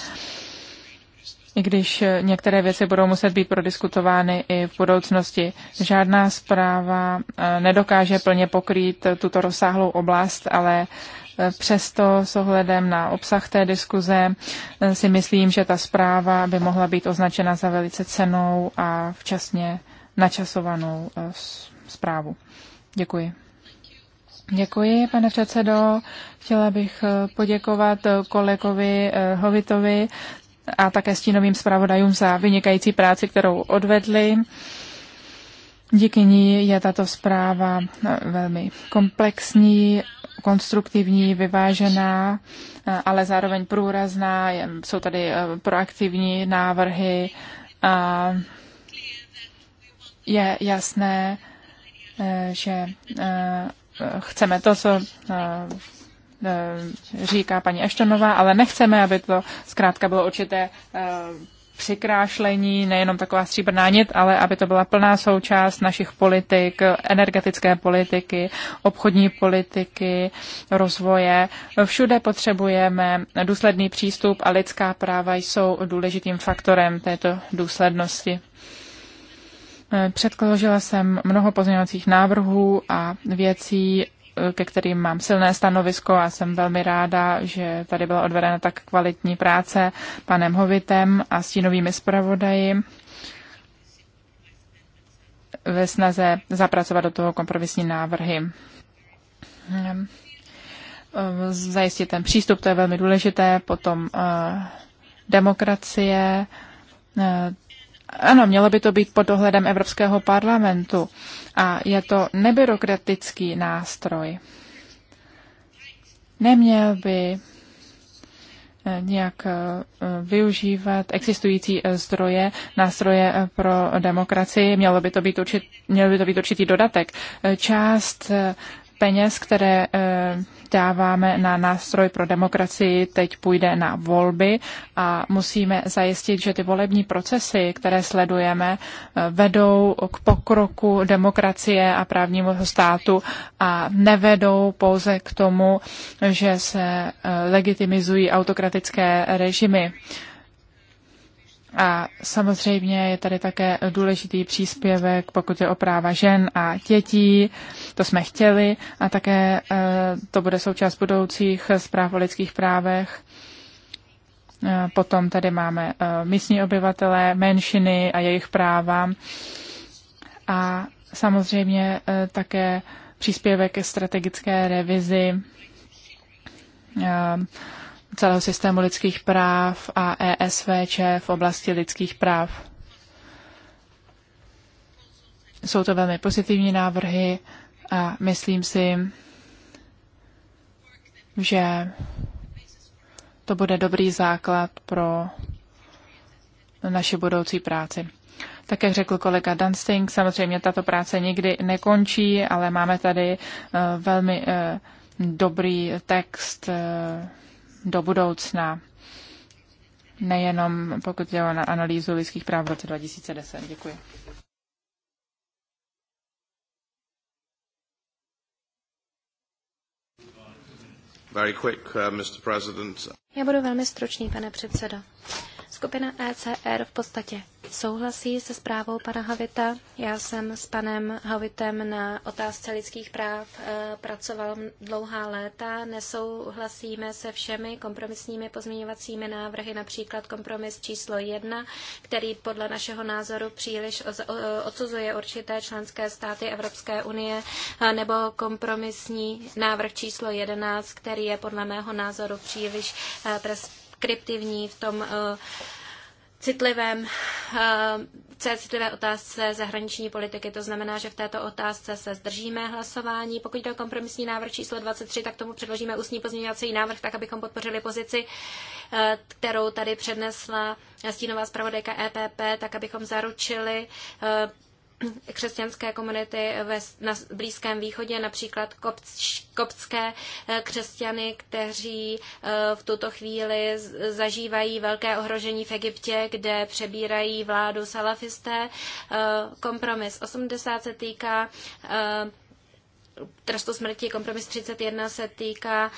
i když eh, některé věci budou muset být prodiskutovány i v budoucnosti. Žádná zpráva nedokáže plně pokrýt tuto rozsáhlou oblast, ale Přesto s ohledem na obsah té diskuze eh, si myslím, že ta zpráva by mohla být označena za velice cenou a včasně načasovanou eh, zprávu. Děkuji. Děkuji, pane předsedo. Chtěla bych eh, poděkovat kolegovi Hovitovi a také stínovým zpravodajům za vynikající práci, kterou odvedli. Díky ní je tato zpráva velmi komplexní konstruktivní, vyvážená, ale zároveň průrazná. Jsou tady eh, proaktivní návrhy. A je jasné, eh, že eh, chceme to, co říká paní Eštonová, ale nechceme, aby to zkrátka bylo určité překrášlení, nejenom taková stříbrná nit, ale aby to byla plná součást našich politik, energetické politiky, obchodní politiky, rozvoje. Všude potřebujeme důsledný přístup a lidská práva jsou důležitým faktorem této důslednosti. Předložila jsem mnoho pozměňovacích návrhů a věcí, ke kterým mám silné stanovisko a jsem velmi ráda, že tady byla odvedena tak kvalitní práce panem Hovitem a stínovými zpravodaji ve snaze zapracovat do toho kompromisní návrhy. Zajistit ten přístup, to je velmi důležité, potom eh, demokracie, eh, ano, mělo by to být pod dohledem Evropského parlamentu a je to nebyrokratický nástroj. Neměl by eh, nějak eh, využívat existující eh, zdroje, nástroje pro demokracii. Mělo by to být, určit, mělo by to být určitý dodatek. Část peněz, které eh, dáváme na nástroj pro demokracii, teď půjde na volby a musíme zajistit, že ty volební procesy, které sledujeme, eh, vedou k pokroku demokracie a právního státu a nevedou pouze k tomu, že se eh, legitimizují autokratické režimy. A samozřejmě je tady také důležitý příspěvek, pokud je o práva žen a dětí, to jsme chtěli, a také e, to bude součást budoucích zpráv o lidských právech. E, potom tady máme e, místní obyvatele, menšiny a jejich práva. A samozřejmě také příspěvek ke strategické revizi celého systému lidských práv a ESVČ v oblasti lidských práv. Jsou to velmi pozitivní návrhy a myslím si, že to bude dobrý základ pro naše budoucí práci. Tak jak řekl kolega Dunsting, samozřejmě tato práce nikdy nekončí, ale máme tady eh, velmi eh, dobrý text eh, do budoucna, nejenom pokud jde o analýzu lidských práv v roce 2010. Děkuji. Very quick, uh, Mr. Já budu velmi stručný, pane předsedo. Skupina ECR v podstatě souhlasí se zprávou pana Havita. Já jsem s panem Havitem na otázce lidských práv eh, pracoval dlouhá léta. Nesouhlasíme se všemi kompromisními pozměňovacími návrhy, například kompromis číslo jedna, který podle našeho názoru příliš odsuzuje určité členské státy Evropské unie, nebo kompromisní návrh číslo 11, který je podle mého názoru příliš eh, deskriptivní v tom eh, citlivém, eh, v citlivé otázce zahraniční politiky. To znamená, že v této otázce se zdržíme hlasování. Pokud jde o kompromisní návrh číslo 23, tak tomu předložíme ústní pozměňovací návrh, tak abychom podpořili pozici, eh, kterou tady přednesla stínová zpravodajka EPP, tak abychom zaručili křesťanské komunity ve, na Blízkém východě, například kopč, koptské eh, křesťany, kteří eh, v tuto chvíli zažívají velké ohrožení v Egyptě, kde přebírají vládu salafisté. Eh, kompromis 80 se týká trestu smrti, kompromis 31 se týká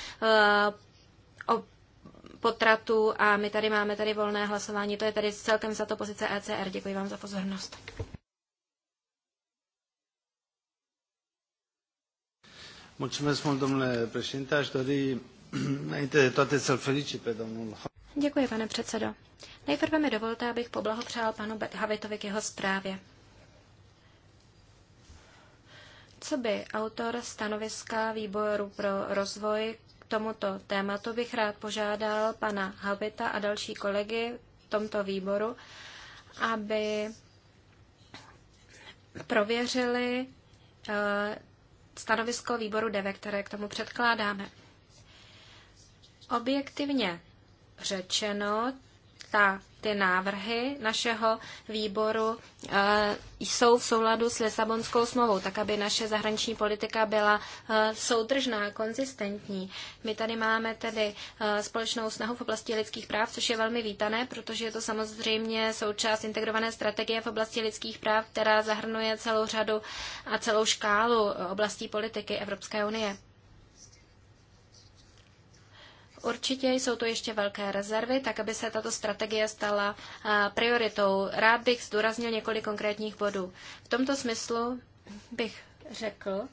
potratu a my tady máme tady volné hlasování. To je tady celkem za to pozice ECR. Děkuji vám za pozornost. Mulțumesc mult, domnule președinte. Aș dori [clears throat] înainte de toate să-l felicit pe domnul Děkuji, pane předsedo. Nejprve mi dovolte, abych poblahopřál panu Havitovi k jeho zprávě. Co by autor stanoviska výboru pro rozvoj k tomuto tématu bych rád požádal pana Havita a další kolegy v tomto výboru, aby prověřili eh, stanovisko výboru DEVE, které k tomu předkládáme. Objektivně řečeno, ta ty návrhy našeho výboru eh, jsou v souladu s Lisabonskou smlouvou, tak aby naše zahraniční politika byla eh, soudržná, konzistentní. My tady máme tedy eh, společnou snahu v oblasti lidských práv, což je velmi vítané, protože je to samozřejmě součást integrované strategie v oblasti lidských práv, která zahrnuje celou řadu a celou škálu oblastí politiky Evropské unie. Určitě jsou to ještě velké rezervy, tak aby se tato strategie stala prioritou. Rád bych zdůraznil několik konkrétních bodů. V tomto smyslu bych řekl,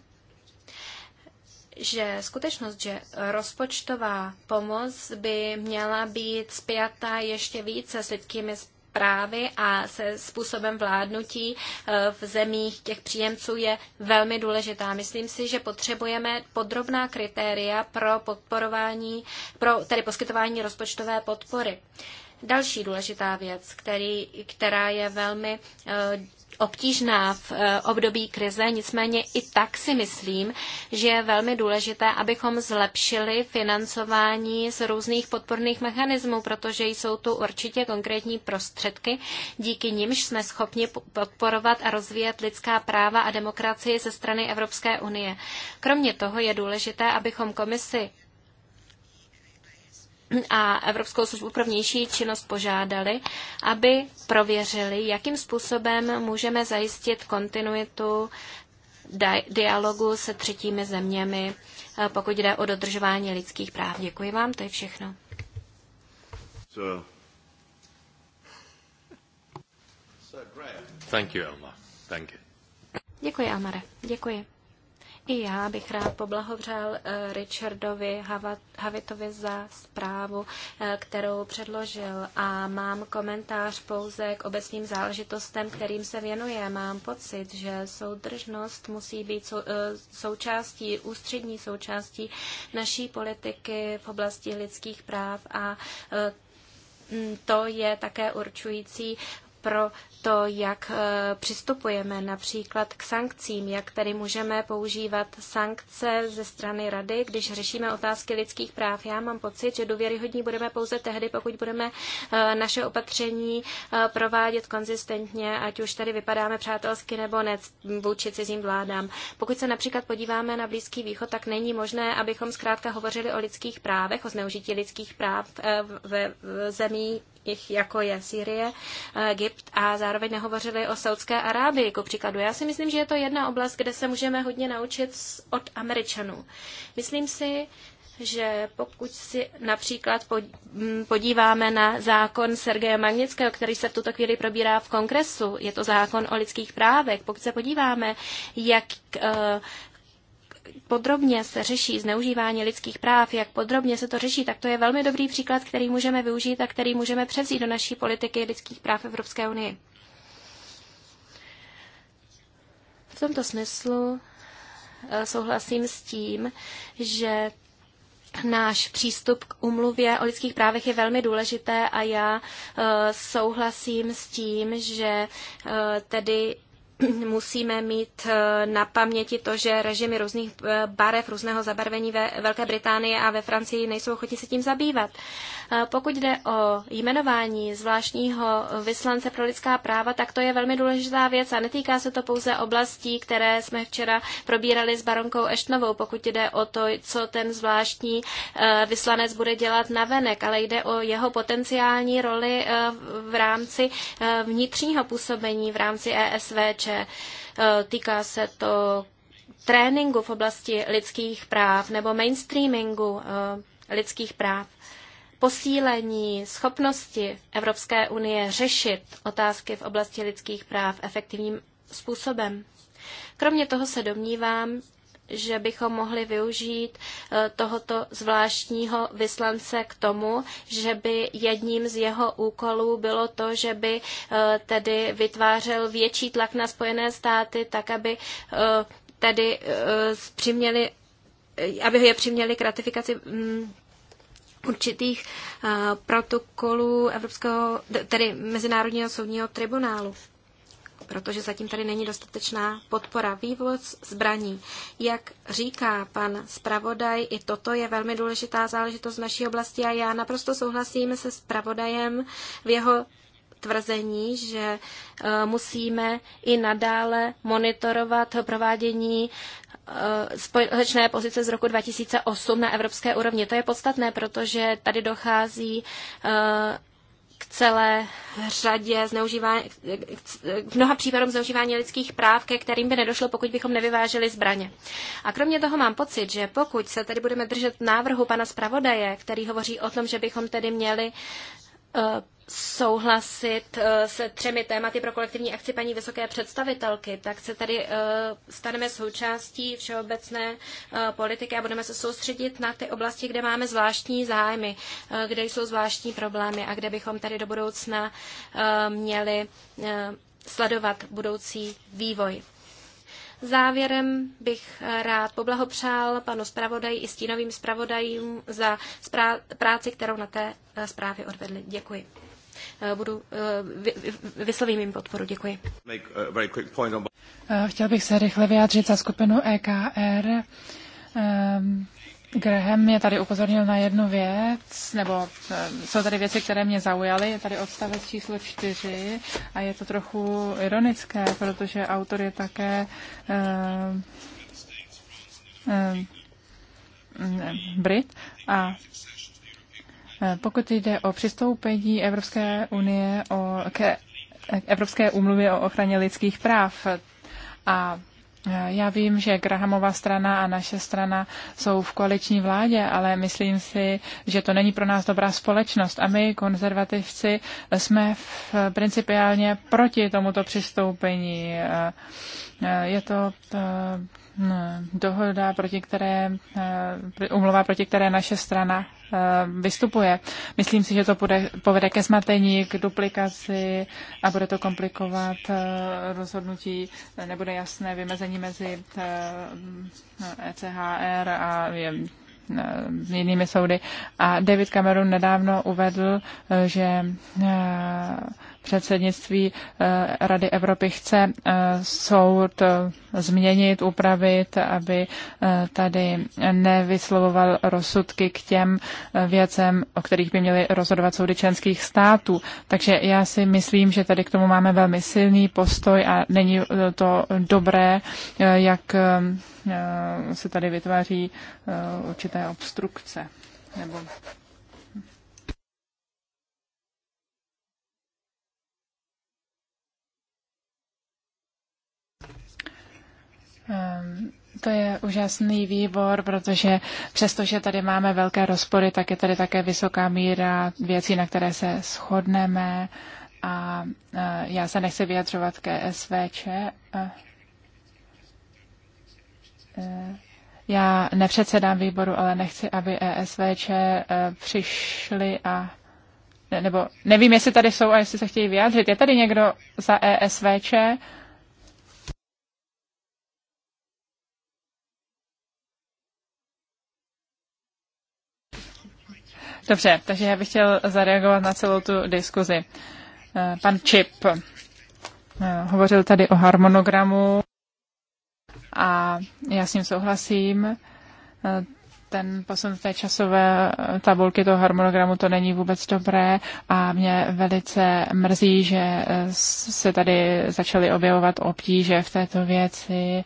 že skutečnost, že rozpočtová pomoc by měla být spjata ještě více s lidskými právy a se způsobem vládnutí eh, v zemích těch příjemců je velmi důležitá. Myslím si, že potřebujeme podrobná kritéria pro podporování, pro tedy poskytování rozpočtové podpory. Další důležitá věc, který, která je velmi eh, obtížná v eh, období krize, nicméně i tak si myslím, že je velmi důležité, abychom zlepšili financování z různých podporných mechanismů, protože jsou tu určitě konkrétní prostředky, díky nimž jsme schopni podporovat a rozvíjet lidská práva a demokracii ze strany Evropské unie. Kromě toho je důležité, abychom komisi a Evropskou službu pro vnější činnost požádali, aby prověřili, jakým způsobem můžeme zajistit kontinuitu dialogu se třetími zeměmi, eh, pokud jde o dodržování lidských práv. Děkuji vám, to je všechno. So. So Thank you, Elmar. Thank you. Děkuji, Amare. Děkuji. I já bych rád poblahovřel eh, Richardovi Havitovi za zprávu, eh, kterou předložil a mám komentář pouze k obecným záležitostem, kterým se věnuje. Mám pocit, že soudržnost musí být eh, součástí, ústřední součástí naší politiky v oblasti lidských práv a to je také určující pro to, jak eh, přistupujeme například k sankcím, jak tedy můžeme používat sankce ze strany rady, když řešíme otázky lidských práv. Já mám pocit, že důvěryhodní budeme pouze tehdy, pokud budeme eh, naše opatření eh, provádět konzistentně, ať už tady vypadáme přátelsky nebo ne vůči cizím vládám. Pokud se například podíváme na Blízký východ, tak není možné, abychom zkrátka hovořili o lidských právech, o zneužití lidských práv ve zemí jich jako je Sýrie, Egypt a zároveň nehovořili o Saudské Arábii, jako příkladu. Já si myslím, že je to jedna oblast, kde se můžeme hodně naučit od Američanů. Myslím si, že pokud si například podíváme na zákon Sergeje Magnického, který se v tuto chvíli probírá v kongresu, je to zákon o lidských právech, pokud se podíváme, jak eh, podrobně se řeší zneužívání lidských práv, jak podrobně se to řeší, tak to je velmi dobrý příklad, který můžeme využít a který můžeme převzít do naší politiky lidských práv Evropské unie. V tomto smyslu eh, souhlasím s tím, že náš přístup k umluvě o lidských právech je velmi důležité a já eh, souhlasím s tím, že eh, tedy [clears throat] musíme mít eh, na paměti to, že režimy různých eh, barev, různého zabarvení ve Velké Británii a ve Francii nejsou ochotni se tím zabývat. Eh, pokud jde o jmenování zvláštního vyslance pro lidská práva, tak to je velmi důležitá věc a netýká se to pouze oblastí, které jsme včera probírali s baronkou Eštnovou, pokud jde o to, co ten zvláštní vyslanec bude dělat na venek, ale jde o jeho potenciální roli v rámci vnitřního působení v rámci ESVČ rodiče. Eh, týká se to tréninku v oblasti lidských práv nebo mainstreamingu eh, lidských práv, posílení schopnosti Evropské unie řešit otázky v oblasti lidských práv efektivním způsobem. Kromě toho se domnívám, že bychom mohli využít eh, tohoto zvláštního vyslance k tomu, že by jedním z jeho úkolů bylo to, že by eh, tedy vytvářel větší tlak na Spojené státy, tak aby eh, tedy přiměli, aby je přiměli k ratifikaci mm, určitých protokolů Evropského, tedy Mezinárodního soudního tribunálu protože zatím tady není dostatečná podpora. Vývoz zbraní. Jak říká pan zpravodaj, i toto je velmi důležitá záležitost v naší oblasti a já naprosto souhlasím se zpravodajem v jeho tvrzení, že e, musíme i nadále monitorovat provádění e, společné pozice z roku 2008 na evropské úrovni. To je podstatné, protože tady dochází e, celé řadě zneužívání, v mnoha případům zneužívání lidských práv, ke kterým by nedošlo, pokud bychom nevyváželi zbraně. A kromě toho mám pocit, že pokud se tedy budeme držet návrhu pana zpravodaje, který hovoří o tom, že bychom tedy měli eh, souhlasit eh, se třemi tématy pro kolektivní akci paní vysoké představitelky, tak se tady eh, staneme součástí všeobecné eh, politiky a budeme se soustředit na ty oblasti, kde máme zvláštní zájmy, kde jsou zvláštní problémy a kde bychom tady do budoucna měli sledovat budoucí vývoj. Závěrem bych rád poblahopřál panu zpravodaji i stínovým zpravodajům za práci, kterou na té zprávě odvedli. Děkuji. Eh, budu, eh, vyslovím jim podporu. Děkuji. Eh, chtěl bych se rychle vyjádřit za skupinu EKR. Ehm, Graham mě tady upozornil na jednu věc, nebo ehm, jsou tady věci, které mě zaujaly. Je tady odstavec číslo čtyři a je to trochu ironické, protože autor je také uh, uh, Brit a pokud jde o přistoupení Evropské unie o, ke Evropské úmluvě o ochraně lidských práv a e, já vím, že Grahamová strana a naše strana jsou v koaliční vládě, ale myslím si, že to není pro nás dobrá společnost. A my, konzervativci, jsme v principiálně proti tomuto přistoupení. E, e, je to No, dohoda, proti které, eh, umluva, proti které naše strana eh, vystupuje. Myslím si, že to bude, povede ke zmatení, k duplikaci a bude to komplikovat eh, rozhodnutí, nebude jasné vymezení mezi ECHR e a jinými soudy. A David Cameron nedávno uvedl, že předsednictví eh, Rady Evropy chce eh, soud eh, změnit, upravit, aby tady nevyslovoval rozsudky k těm věcem, o kterých by měly rozhodovat soudy členských států. Takže já si myslím, že tady k tomu máme velmi silný postoj a není to dobré, jak se tady vytváří určité obstrukce nebo Ehm, to je úžasný výbor, protože přestože tady máme velké rozpory, tak je tady také vysoká míra věcí, na které se shodneme. A eh, já se nechci vyjadřovat ke SVČ. Eh, eh, já nepředsedám výboru, ale nechci, aby ESVČ přišli a nebo nevím, jestli tady jsou a jestli se chtějí vyjádřit. Je tady někdo za ESVČ? Dobře, takže já bych chtěl zareagovat na celou tu diskuzi. Eh, pan Čip eh, hovořil tady o harmonogramu a já s ním souhlasím. Eh, ten posun té časové tabulky toho harmonogramu to není vůbec dobré a mě velice mrzí, že se tady začaly objevovat obtíže v této věci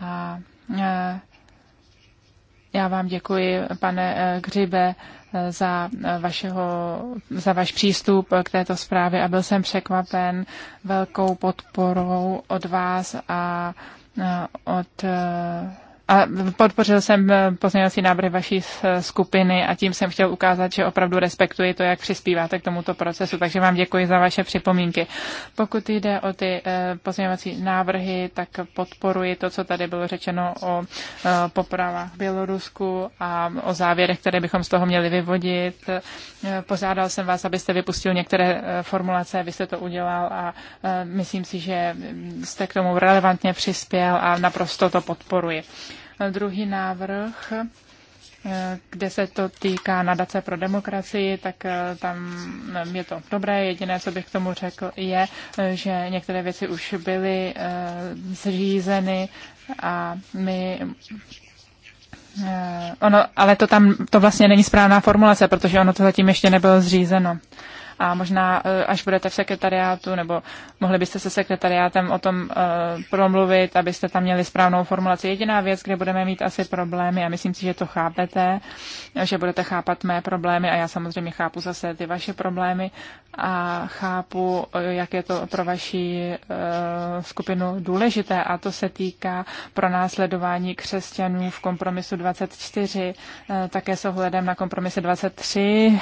a já vám děkuji, pane Gřibe, za, vašeho, za váš přístup k této zprávě a byl jsem překvapen velkou podporou od vás a od a podpořil jsem eh, pozměňovací návrh vaší eh, skupiny a tím jsem chtěl ukázat, že opravdu respektuji to, jak přispíváte k tomuto procesu. Takže vám děkuji za vaše připomínky. Pokud jde o ty eh, pozměňovací návrhy, tak podporuji to, co tady bylo řečeno o popravách v Bělorusku a o závěrech, které bychom z toho měli vyvodit. Požádal jsem vás, abyste vypustil některé formulace, vy jste to udělal a myslím si, že jste k tomu relevantně přispěl a naprosto to podporuji druhý návrh, eh, kde se to týká nadace pro demokracii, tak eh, tam eh, je to dobré. Jediné, co bych k tomu řekl, je, že některé věci už byly zřízeny a my Ono, ale to tam, to vlastně není správná formulace, protože ono to zatím ještě nebylo zřízeno a možná, e, až budete v sekretariátu, nebo mohli byste se sekretariátem o tom e, promluvit, abyste tam měli správnou formulaci. Jediná věc, kde budeme mít asi problémy, a myslím si, že to chápete, že budete chápat mé problémy a já samozřejmě chápu zase ty vaše problémy a chápu, jak je to pro vaši e, skupinu důležité a to se týká pro následování křesťanů v kompromisu 24, také s ohledem na kompromise 23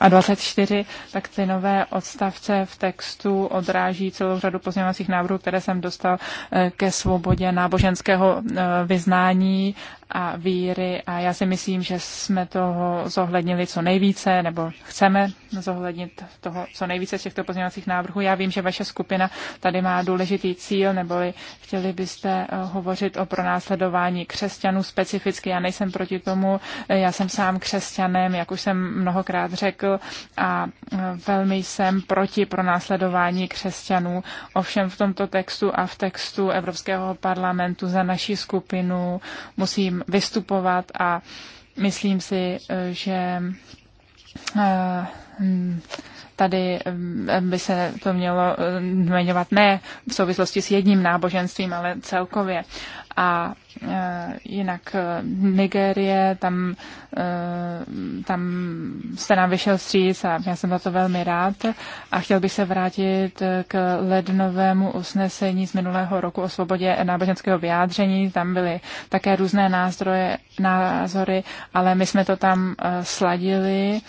a 24, tak ty nové odstavce v textu odráží celou řadu pozměňovacích návrhů, které jsem dostal eh, ke svobodě náboženského eh, vyznání a víry a já si myslím, že jsme toho zohlednili co nejvíce, nebo chceme zohlednit toho co nejvíce z těchto pozměňovacích návrhů. Já vím, že vaše skupina tady má důležitý cíl, neboli chtěli byste eh, hovořit o pronásledování křesťanů specificky. Já nejsem proti tomu, já jsem sám křesťanem, jak už jsem mnohokrát řekl, a eh, velmi jsem proti pronásledování křesťanů. Ovšem v tomto textu a v textu Evropského parlamentu za naší skupinu musím vystupovat a myslím si, že eh, tady by se to mělo zmiňovat ne v souvislosti s jedním náboženstvím, ale celkově. A e, jinak e, Nigérie, tam, e, tam jste nám vyšel stříc a já jsem za to velmi rád. A chtěl bych se vrátit k lednovému usnesení z minulého roku o svobodě náboženského vyjádření. Tam byly také různé názory, ale my jsme to tam sladili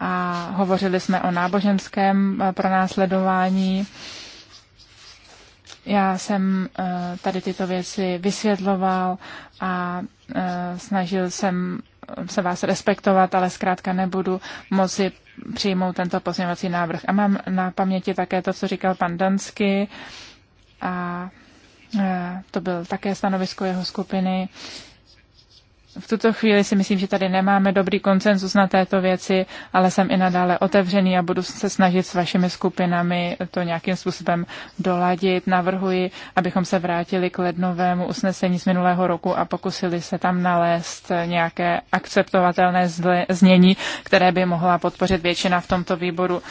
a hovořili jsme o náboženském eh, pronásledování. Já jsem eh, tady tyto věci vysvětloval a eh, snažil jsem se vás respektovat, ale zkrátka nebudu moci přijmout tento pozměňovací návrh. A mám na paměti také to, co říkal pan Dansky a to byl také stanovisko jeho skupiny v tuto chvíli si myslím, že tady nemáme dobrý konsenzus na této věci, ale jsem i nadále otevřený a budu se snažit s vašimi skupinami to nějakým způsobem doladit. Navrhuji, abychom se vrátili k lednovému usnesení z minulého roku a pokusili se tam nalézt nějaké akceptovatelné znění, které by mohla podpořit většina v tomto výboru.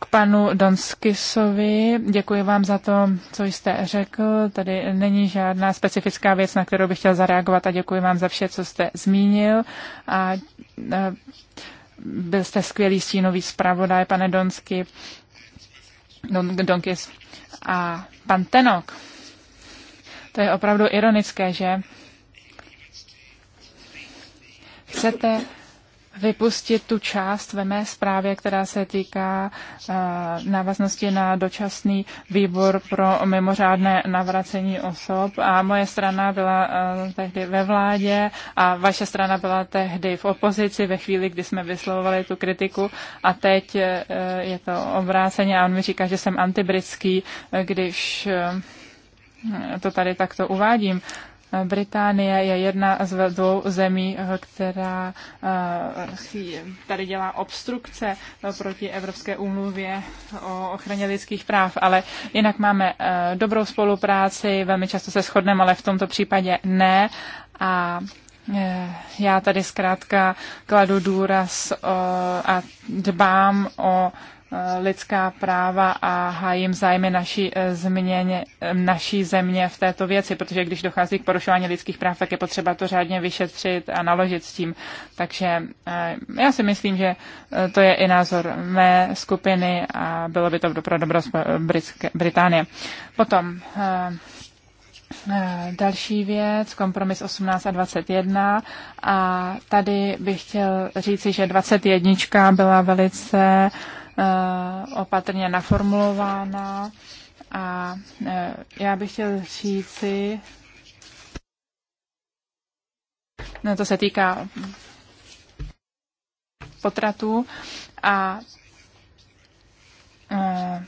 K panu Donskisovi děkuji vám za to, co jste řekl. Tady není žádná specifická věc, na kterou bych chtěl zareagovat a děkuji vám za vše, co jste zmínil a byl jste skvělý stínový zpravodaj, pane Donsky, Don, Donkis a pan Tenok. To je opravdu ironické, že chcete vypustit tu část ve mé zprávě, která se týká eh, návaznosti na dočasný výbor pro mimořádné navracení osob. A moje strana byla eh, tehdy ve vládě a vaše strana byla tehdy v opozici ve chvíli, kdy jsme vyslovovali tu kritiku. A teď eh, je to obráceně a on mi říká, že jsem antibritský, když to tady takto uvádím. Británie je jedna z dvou zemí, eh, která eh, tady dělá obstrukce eh, proti Evropské úmluvě o ochraně lidských práv, ale jinak máme dobrou spolupráci, velmi často se shodneme, ale v tomto případě ne. A já tady zkrátka kladu důraz a dbám o lidská práva a hájím zájmy naší, eh, změně, eh, naší země v této věci, protože když dochází k porušování lidských práv, tak je potřeba to řádně vyšetřit a naložit s tím. Takže eh, já si myslím, že to je i názor mé skupiny a bylo by to pro dobro Británie. Potom Další věc, kompromis 18 a 21. A tady bych chtěl říci, že 21 byla velice Eh, opatrně naformulována a eh, já bych chtěl říci, no, to se týká potratu a eh,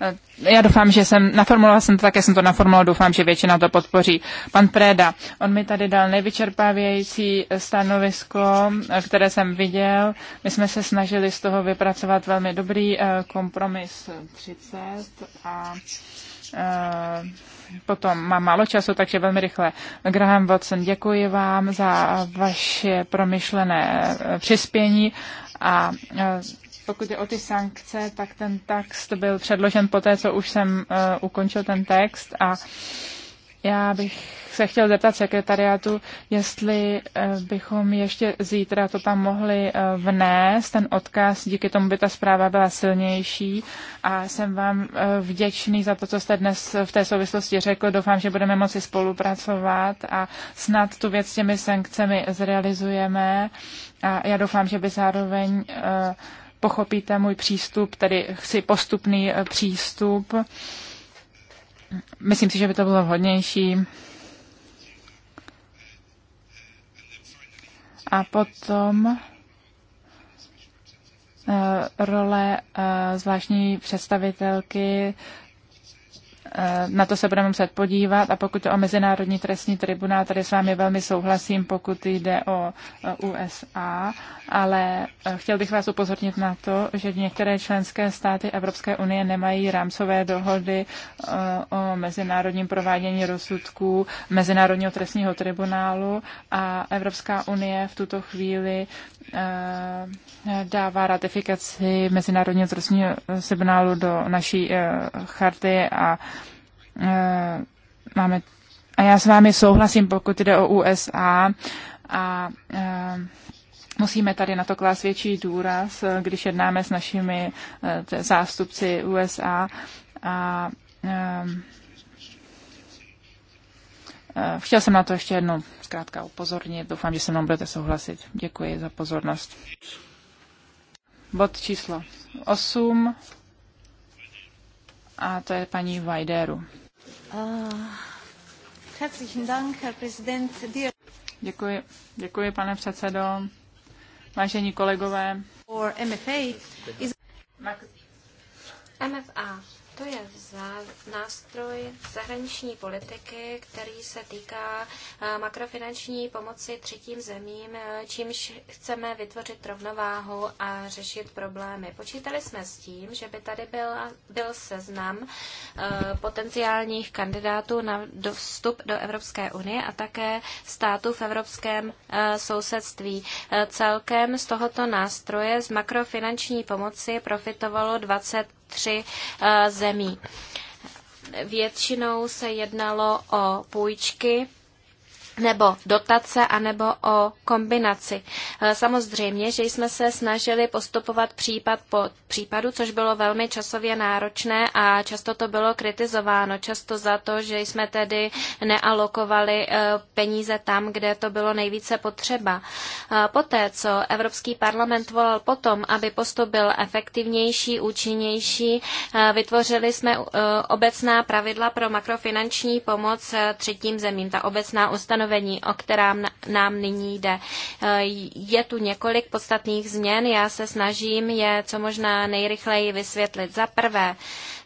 Eh, já doufám, že jsem, naformuloval jsem to tak, jak jsem to naformuloval, doufám, že většina to podpoří. Pan Preda, on mi tady dal nejvyčerpávějící stanovisko, eh, které jsem viděl. My jsme se snažili z toho vypracovat velmi dobrý eh, kompromis 30 a potom mám málo času, takže velmi rychle. Graham Watson, děkuji vám za vaše promyšlené přispění a pokud je o ty sankce, tak ten text byl předložen poté, co už jsem uh, ukončil ten text a já bych se chtěl zeptat sekretariátu, jestli eh, bychom ještě zítra to tam mohli eh, vnést, ten odkaz, díky tomu by ta zpráva byla silnější a jsem vám vděčný za to, co jste dnes v té souvislosti řekl. Doufám, že budeme moci spolupracovat a snad tu věc s těmi sankcemi zrealizujeme a já doufám, že by zároveň uh, pochopíte můj přístup, tedy chci postupný eh, přístup. Myslím si, že by to bylo vhodnější. A potom eh, role eh, zvláštní představitelky Eh, na to se budeme muset podívat a pokud je o Mezinárodní trestní tribunál, tady s vámi velmi souhlasím, pokud jde o eh, USA, ale eh, chtěl bych vás upozornit na to, že některé členské státy Evropské unie nemají rámcové dohody o mezinárodním provádění rozsudků Mezinárodního trestního tribunálu a Evropská unie v tuto chvíli dává ratifikaci Mezinárodního trestního tribunálu do naší charty a Eh, máme, a já s vámi souhlasím, pokud jde o USA a eh, Musíme tady na to klást větší důraz, eh, když jednáme s našimi zástupci USA. A, Chtěl jsem na to ještě jednou zkrátka upozornit. Doufám, že se mnou budete souhlasit. Děkuji za pozornost. Bod číslo 8 a to je paní Vajderu. Ah, herzlichen Dank, Herr Präsident. Děkuji, děkuji, pane předsedo. Vážení kolegové. MFA to je za nástroj zahraniční politiky, který se týká eh, makrofinanční pomoci třetím zemím, eh, čímž chceme vytvořit rovnováhu a řešit problémy. Počítali jsme s tím, že by tady byl, byl seznam eh, potenciálních kandidátů na vstup do Evropské unie a také států v evropském sousedství. Celkem z tohoto nástroje z makrofinanční pomoci profitovalo 20 tři eh, zemí. Většinou se jednalo o půjčky nebo dotace, anebo o kombinaci. Eh, samozřejmě, že jsme se snažili postupovat případ po případu, což bylo velmi časově náročné a často to bylo kritizováno. Často za to, že jsme tedy nealokovali eh, peníze tam, kde to bylo nejvíce potřeba. Eh, poté, co Evropský parlament volal potom, aby postup byl efektivnější, účinnější, vytvořili jsme obecná pravidla pro makrofinanční pomoc třetím zemím, ta obecná ustanovení ustanovení, o která nám nyní jde. Eh, je tu několik podstatných změn, já se snažím je co možná nejrychleji vysvětlit. Za prvé,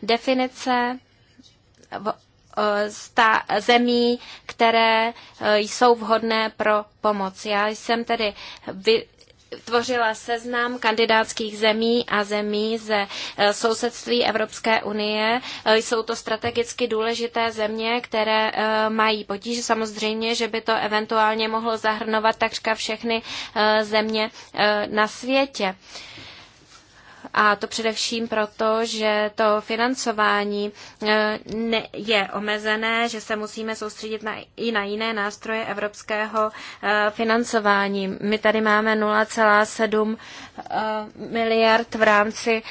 definice eh, zemí, které eh, jsou vhodné pro pomoc. Já jsem tedy vy, tvořila seznam kandidátských zemí a zemí ze eh, sousedství Evropské unie. Eh, jsou to strategicky důležité země, které eh, mají potíže. Samozřejmě, že by to eventuálně mohlo zahrnovat takřka všechny země na světě. A to především proto, že to financování eh, je omezené, že se musíme soustředit na, i na jiné nástroje evropského eh, financování. My tady máme 0,7 eh, miliard v rámci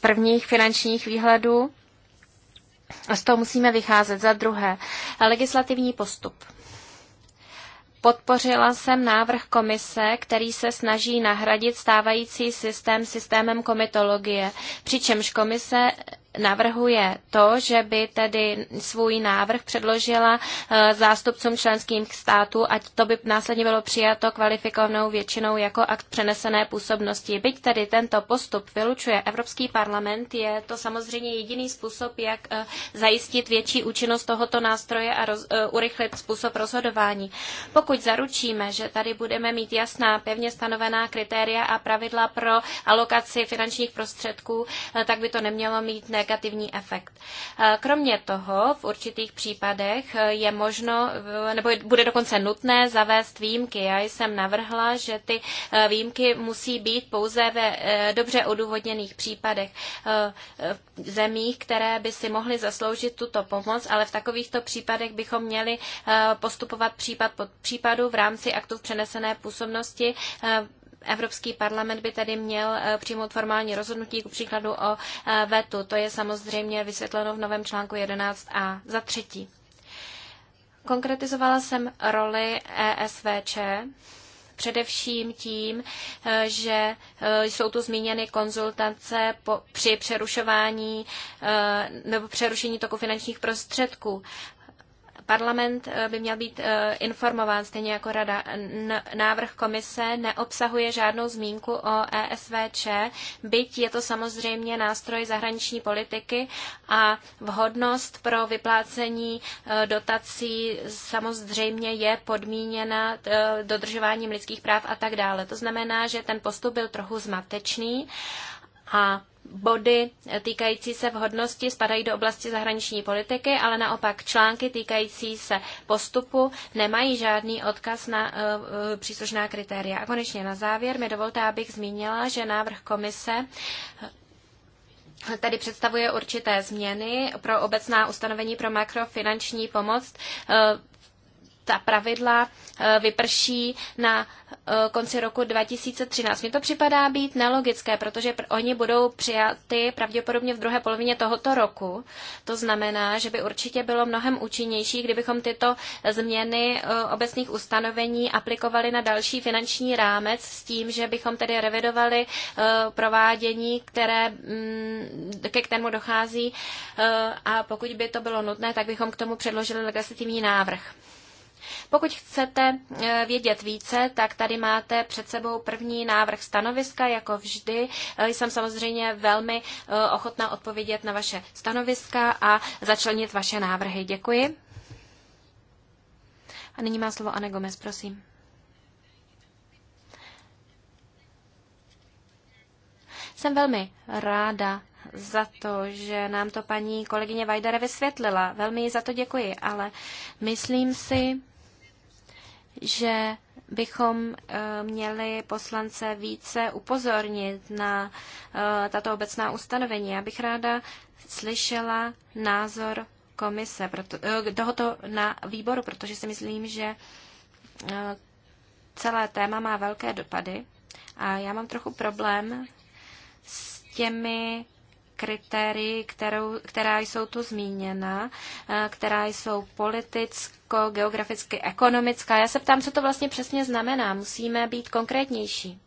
prvních finančních výhledů. A z toho musíme vycházet. Za druhé, legislativní postup. Podpořila jsem návrh komise, který se snaží nahradit stávající systém systémem komitologie, přičemž komise navrhuje to, že by tedy svůj návrh předložila eh, zástupcům členských států, ať to by následně bylo přijato kvalifikovanou většinou jako akt přenesené působnosti. Byť tedy tento postup vylučuje Evropský parlament, je to samozřejmě jediný způsob, jak eh, zajistit větší účinnost tohoto nástroje a roz, eh, urychlit způsob rozhodování. Pokud zaručíme, že tady budeme mít jasná, pevně stanovená kritéria a pravidla pro alokaci finančních prostředků, tak by to nemělo mít ne negativní efekt. Eh, kromě toho v určitých případech eh, je možno, eh, nebo bude dokonce nutné zavést výjimky. Já jsem navrhla, že ty výjimky musí být pouze ve dobře odůvodněných případech zemích, které by si mohly zasloužit tuto pomoc, ale v takovýchto případech bychom měli postupovat případ pod případu v rámci aktu v přenesené působnosti Evropský parlament by tedy měl eh, přijmout formální rozhodnutí, k příkladu o eh, vetu. To je samozřejmě vysvětleno v novém článku 11a. Za třetí. Konkretizovala jsem roli ESVČ především tím, eh, že jsou tu zmíněny konzultace po, při přerušování nebo přerušení toku finančních prostředků. Parlament eh, by měl být eh, informován, stejně jako rada. Návrh komise neobsahuje žádnou zmínku o ESVČ, byť je to samozřejmě nástroj zahraniční politiky a vhodnost pro vyplácení eh, dotací samozřejmě je podmíněna dodržováním lidských práv a tak dále. To znamená, že ten postup byl trochu zmatečný a body týkající se vhodnosti spadají do oblasti zahraniční politiky, ale naopak články týkající se postupu nemají žádný odkaz na uh, příslušná kritéria. A konečně na závěr mi dovolte, abych zmínila, že návrh komise Tady představuje určité změny pro obecná ustanovení pro makrofinanční pomoc eh, ta pravidla eh, vyprší na eh, konci roku 2013. Mně to připadá být nelogické, protože oni budou přijaty pravděpodobně v druhé polovině tohoto roku. To znamená, že by určitě bylo mnohem účinnější, kdybychom tyto změny eh, obecných ustanovení aplikovali na další finanční rámec s tím, že bychom tedy revidovali provádění, které, mm, ke kterému dochází a pokud by to bylo nutné, tak bychom k tomu předložili legislativní návrh. Pokud chcete eh, vědět více, tak tady máte před sebou první návrh stanoviska, jako vždy. Eh, jsem samozřejmě velmi eh, ochotná odpovědět na vaše stanoviska a začlenit vaše návrhy. Děkuji. A nyní má slovo Ane Gomez, prosím. Jsem velmi ráda za to, že nám to paní kolegyně Vajdere vysvětlila. Velmi za to děkuji, ale myslím si, že bychom eh, měli poslance více upozornit na eh, tato obecná ustanovení. Já bych ráda slyšela názor komise proto, eh, tohoto na výboru, protože si myslím, že celé téma má velké dopady a já mám trochu problém s těmi kritérii, kterou, která jsou tu zmíněna, eh, která jsou politicko, geograficky, ekonomická. Já se ptám, co to vlastně přesně znamená. Musíme být konkrétnější.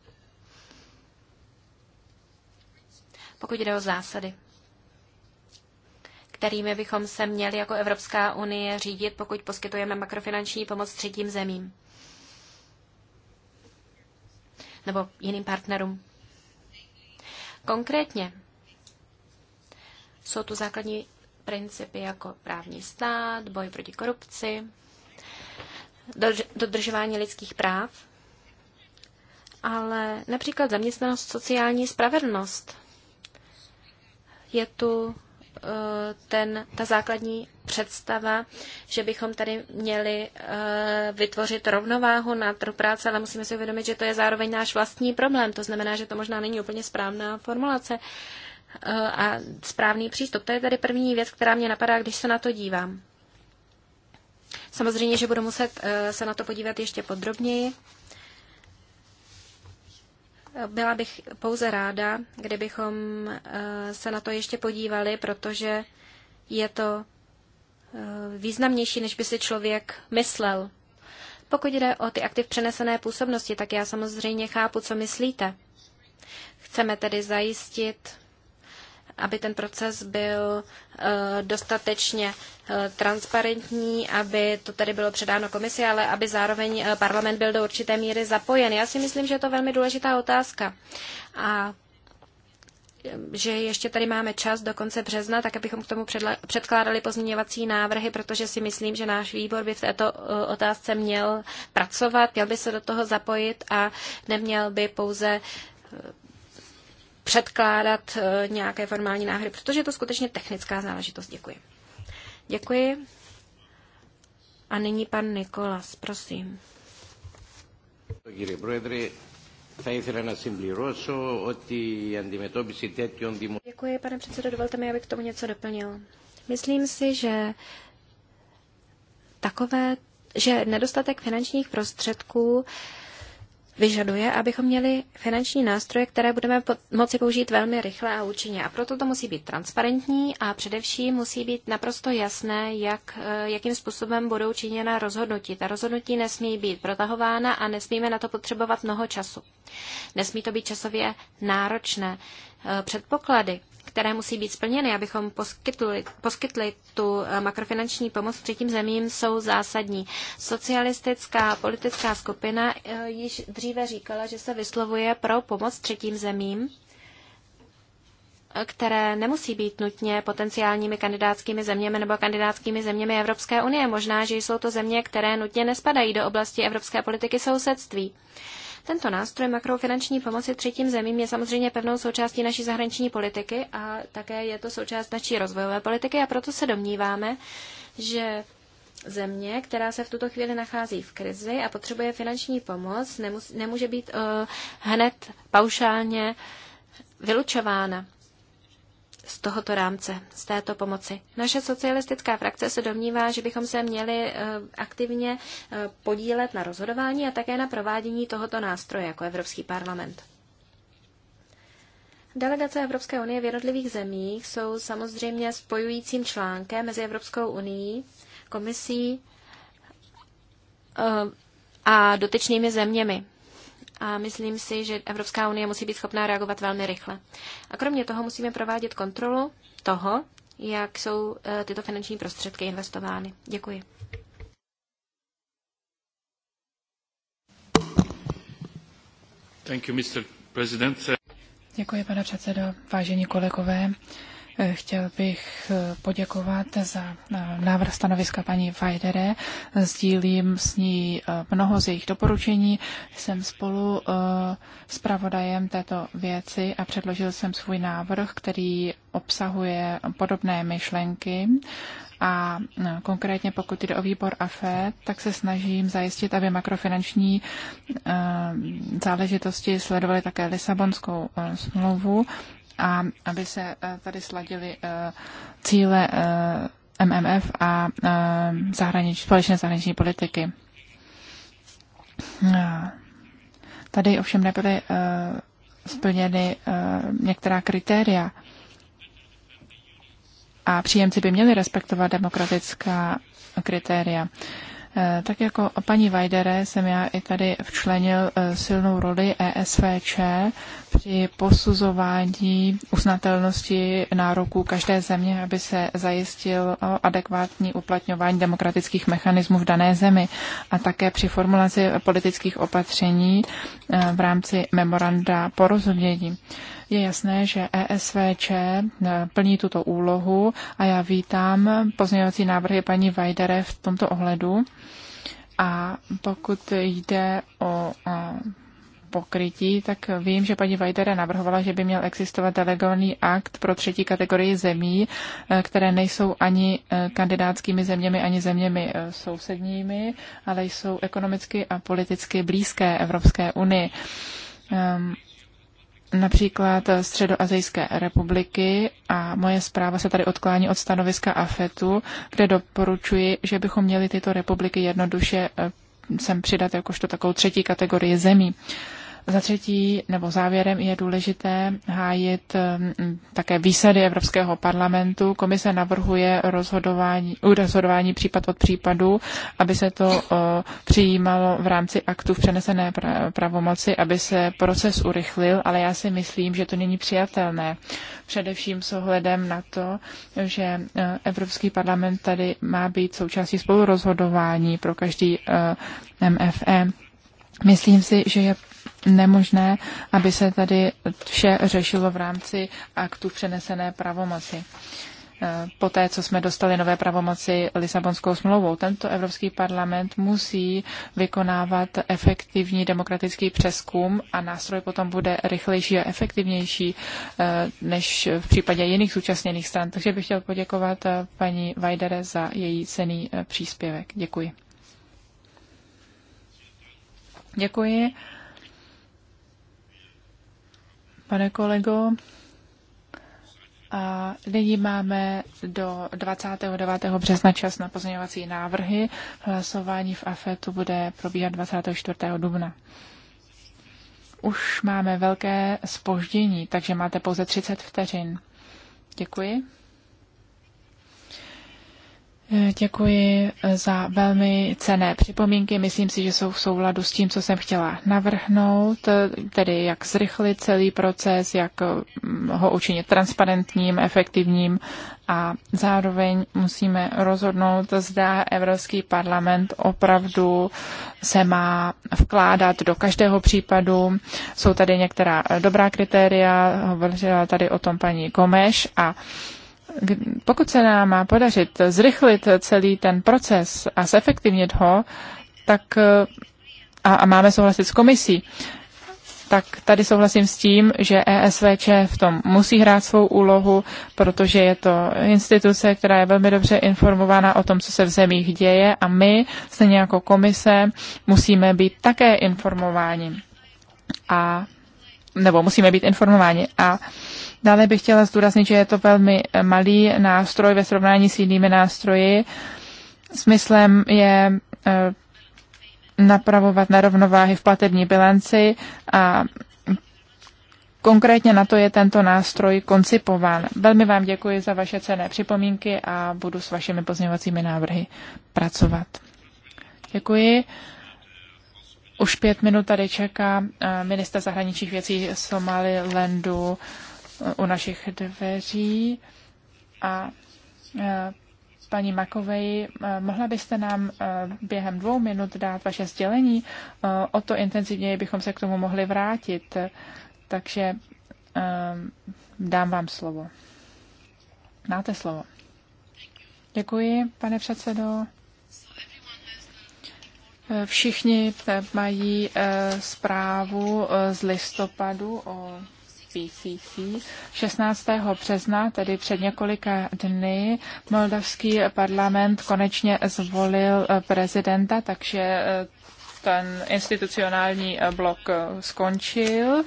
Pokud jde o zásady kterými bychom se měli jako Evropská unie řídit, pokud poskytujeme makrofinanční pomoc třetím zemím nebo jiným partnerům. Konkrétně jsou tu základní principy jako právní stát, boj proti korupci, dodržování lidských práv, ale například zaměstnanost, sociální spravedlnost. Je tu eh, ten, ta základní představa, že bychom tady měli eh, vytvořit rovnováhu na trhu práce, ale musíme si uvědomit, že to je zároveň náš vlastní problém. To znamená, že to možná není úplně správná formulace, Eh, a správný přístup. To je tady první věc, která mě napadá, když se na to dívám. Samozřejmě, že budu muset eh, se na to podívat ještě podrobněji. Byla bych pouze ráda, kdybychom eh, se na to ještě podívali, protože je to významnější, než by si člověk myslel. Pokud jde o ty aktiv přenesené působnosti, tak já samozřejmě chápu, co myslíte. Chceme tedy zajistit aby ten proces byl eh, dostatečně eh, transparentní, aby to tady bylo předáno komisi, ale aby zároveň eh, parlament byl do určité míry zapojen. Já si myslím, že je to velmi důležitá otázka. A že ještě tady máme čas do konce března, tak abychom k tomu předkládali pozměňovací návrhy, protože si myslím, že náš výbor by v této otázce měl pracovat, měl by se do toho zapojit a neměl by pouze předkládat eh, nějaké formální náhry, protože je to skutečně technická záležitost. Děkuji. Děkuji. A nyní pan Nikolas, prosím. Κύριε Πρόεδρε, Děkuji, pane předsedo, dovolte mi, abych k tomu něco doplnil. Myslím si, že takové, že nedostatek finančních prostředků uh, vyžaduje, abychom měli finanční nástroje, které budeme moci použít velmi rychle a účinně. A proto to musí být transparentní a především musí být naprosto jasné, jak, eh, jakým způsobem budou činěna rozhodnutí. Ta rozhodnutí nesmí být protahována a nesmíme na to potřebovat mnoho času. Nesmí to být časově náročné. Eh, předpoklady které musí být splněny, abychom poskytli, poskytli tu eh, makrofinanční pomoc třetím zemím, jsou zásadní. Socialistická politická skupina eh, již dříve říkala, že se vyslovuje pro pomoc třetím zemím eh, které nemusí být nutně potenciálními kandidátskými zeměmi nebo kandidátskými zeměmi Evropské unie. Možná, že jsou to země, které nutně nespadají do oblasti evropské politiky sousedství. Uh, tento nástroj makrofinanční pomoci třetím zemím je samozřejmě pevnou součástí naší zahraniční politiky a také je to součást naší rozvojové politiky a proto se domníváme, že země, která se v tuto chvíli nachází v krizi a potřebuje finanční pomoc, nemus- nemůže být uh, hned paušálně vylučována z tohoto rámce, z této pomoci. Naše socialistická frakce se domnívá, že bychom se měli eh, aktivně eh, podílet na rozhodování a také na provádění tohoto nástroje jako Evropský parlament. Delegace Evropské unie v jednotlivých zemích jsou samozřejmě spojujícím článkem mezi Evropskou unii, komisí eh, a dotyčnými zeměmi a myslím si, že Evropská unie musí být schopná reagovat velmi rychle. A kromě toho musíme provádět kontrolu toho, jak jsou e, tyto finanční prostředky investovány. Děkuji. Thank you, Mr. Děkuji, pane předsedo. Vážení kolegové, Chtěl bych eh, poděkovat za eh, návrh stanoviska paní Fajdere. Sdílím s ní eh, mnoho z jejich doporučení. Jsem spolu s pravodajem této věci a předložil jsem svůj návrh, který obsahuje podobné myšlenky. A konkrétně pokud jde o výbor AFE, tak se snažím zajistit, aby makrofinanční záležitosti sledovaly také Lisabonskou smlouvu a aby se eh, tady sladily eh, cíle eh, MMF a zahraniční, společné zahraniční politiky. Tady ovšem nebyly splněny některá kritéria a příjemci by měli respektovat demokratická kritéria. Eh, tak jako paní Vajdere jsem já i tady včlenil eh, silnou roli ESVČ při posuzování uznatelnosti nároků každé země, aby se zajistil eh, adekvátní uplatňování demokratických mechanismů v dané zemi a také při formulaci politických opatření v rámci memoranda porozumění. Je jasné, že ESVČ eh, plní tuto úlohu a já vítám pozměňovací návrhy paní Vajdere v tomto ohledu. A pokud jde o pokrytí, tak vím, že paní Vajdere navrhovala, že by měl existovat delegovaný akt pro třetí kategorii zemí, eh, které nejsou ani eh, kandidátskými zeměmi, ani zeměmi sousedními, ale jsou ekonomicky a politicky blízké Evropské unii. Ehm, například Středoazijské republiky a moje zpráva se tady odklání od stanoviska AFETu, kde doporučuji, že bychom měli tyto republiky jednoduše eh, sem přidat jakožto takovou třetí kategorii zemí. Uh, za třetí, nebo závěrem je důležité hájit mm, také výsady Evropského parlamentu. Komise navrhuje rozhodování, rozhodování případ od případu, aby se to přijímalo v rámci aktu v přenesené pravomoci, aby se proces urychlil, ale já si myslím, že to není přijatelné. Především s ohledem na to, že e, Evropský parlament tady má být součástí spolurozhodování pro každý MFE. E. Myslím si, že je nemožné, aby se tady vše řešilo v rámci aktu přenesené pravomoci. E, Poté, co jsme dostali nové pravomoci Lisabonskou smlouvou, tento Evropský parlament musí vykonávat efektivní demokratický přeskum a nástroj potom bude rychlejší a efektivnější e, než v případě jiných zúčastněných stran. Takže bych chtěl poděkovat e, paní Vajdere za její cený příspěvek. Děkuji. Děkuji pane kolego. A nyní máme do 29. března čas na pozměňovací návrhy. Hlasování v AFETu bude probíhat 24. dubna. Už máme velké spoždění, takže máte pouze 30 vteřin. Děkuji. Děkuji za velmi cené připomínky. Myslím si, že jsou v souladu s tím, co jsem chtěla navrhnout, tedy jak zrychlit celý proces, jak mm, ho učinit transparentním, efektivním a zároveň musíme rozhodnout, zda Evropský parlament opravdu se má vkládat do každého případu. Jsou tady některá dobrá kritéria, hovořila tady o tom paní Gomeš a pokud se nám má podařit zrychlit celý ten proces a zefektivnit ho, tak a, a máme souhlasit s komisí, tak tady souhlasím s tím, že ESVČ v tom musí hrát svou úlohu, protože je to instituce, která je velmi dobře informována o tom, co se v zemích děje a my, stejně jako komise, musíme být také informováni. A, nebo musíme být informováni. A Dále bych chtěla zdůraznit, že je to velmi eh, malý nástroj ve srovnání s jinými nástroji. Smyslem je eh, napravovat nerovnováhy v platební bilanci a Konkrétně na to je tento nástroj koncipován. Velmi vám děkuji za vaše cené připomínky a budu s vašimi pozměňovacími návrhy pracovat. Děkuji. Už pět minut tady čeká eh, minister zahraničních věcí Somalilandu u našich dveří a e, paní Makovej, e, mohla byste nám e, během dvou minut dát vaše sdělení? O to intenzivněji bychom se k tomu mohli vrátit. Takže dám vám slovo. Máte slovo. Děkuji, pane předsedo. Všichni mají zprávu z listopadu o IPCC 16. března, tedy před několika dny, moldavský parlament konečně zvolil eh, prezidenta, takže eh, ten institucionální eh, blok skončil.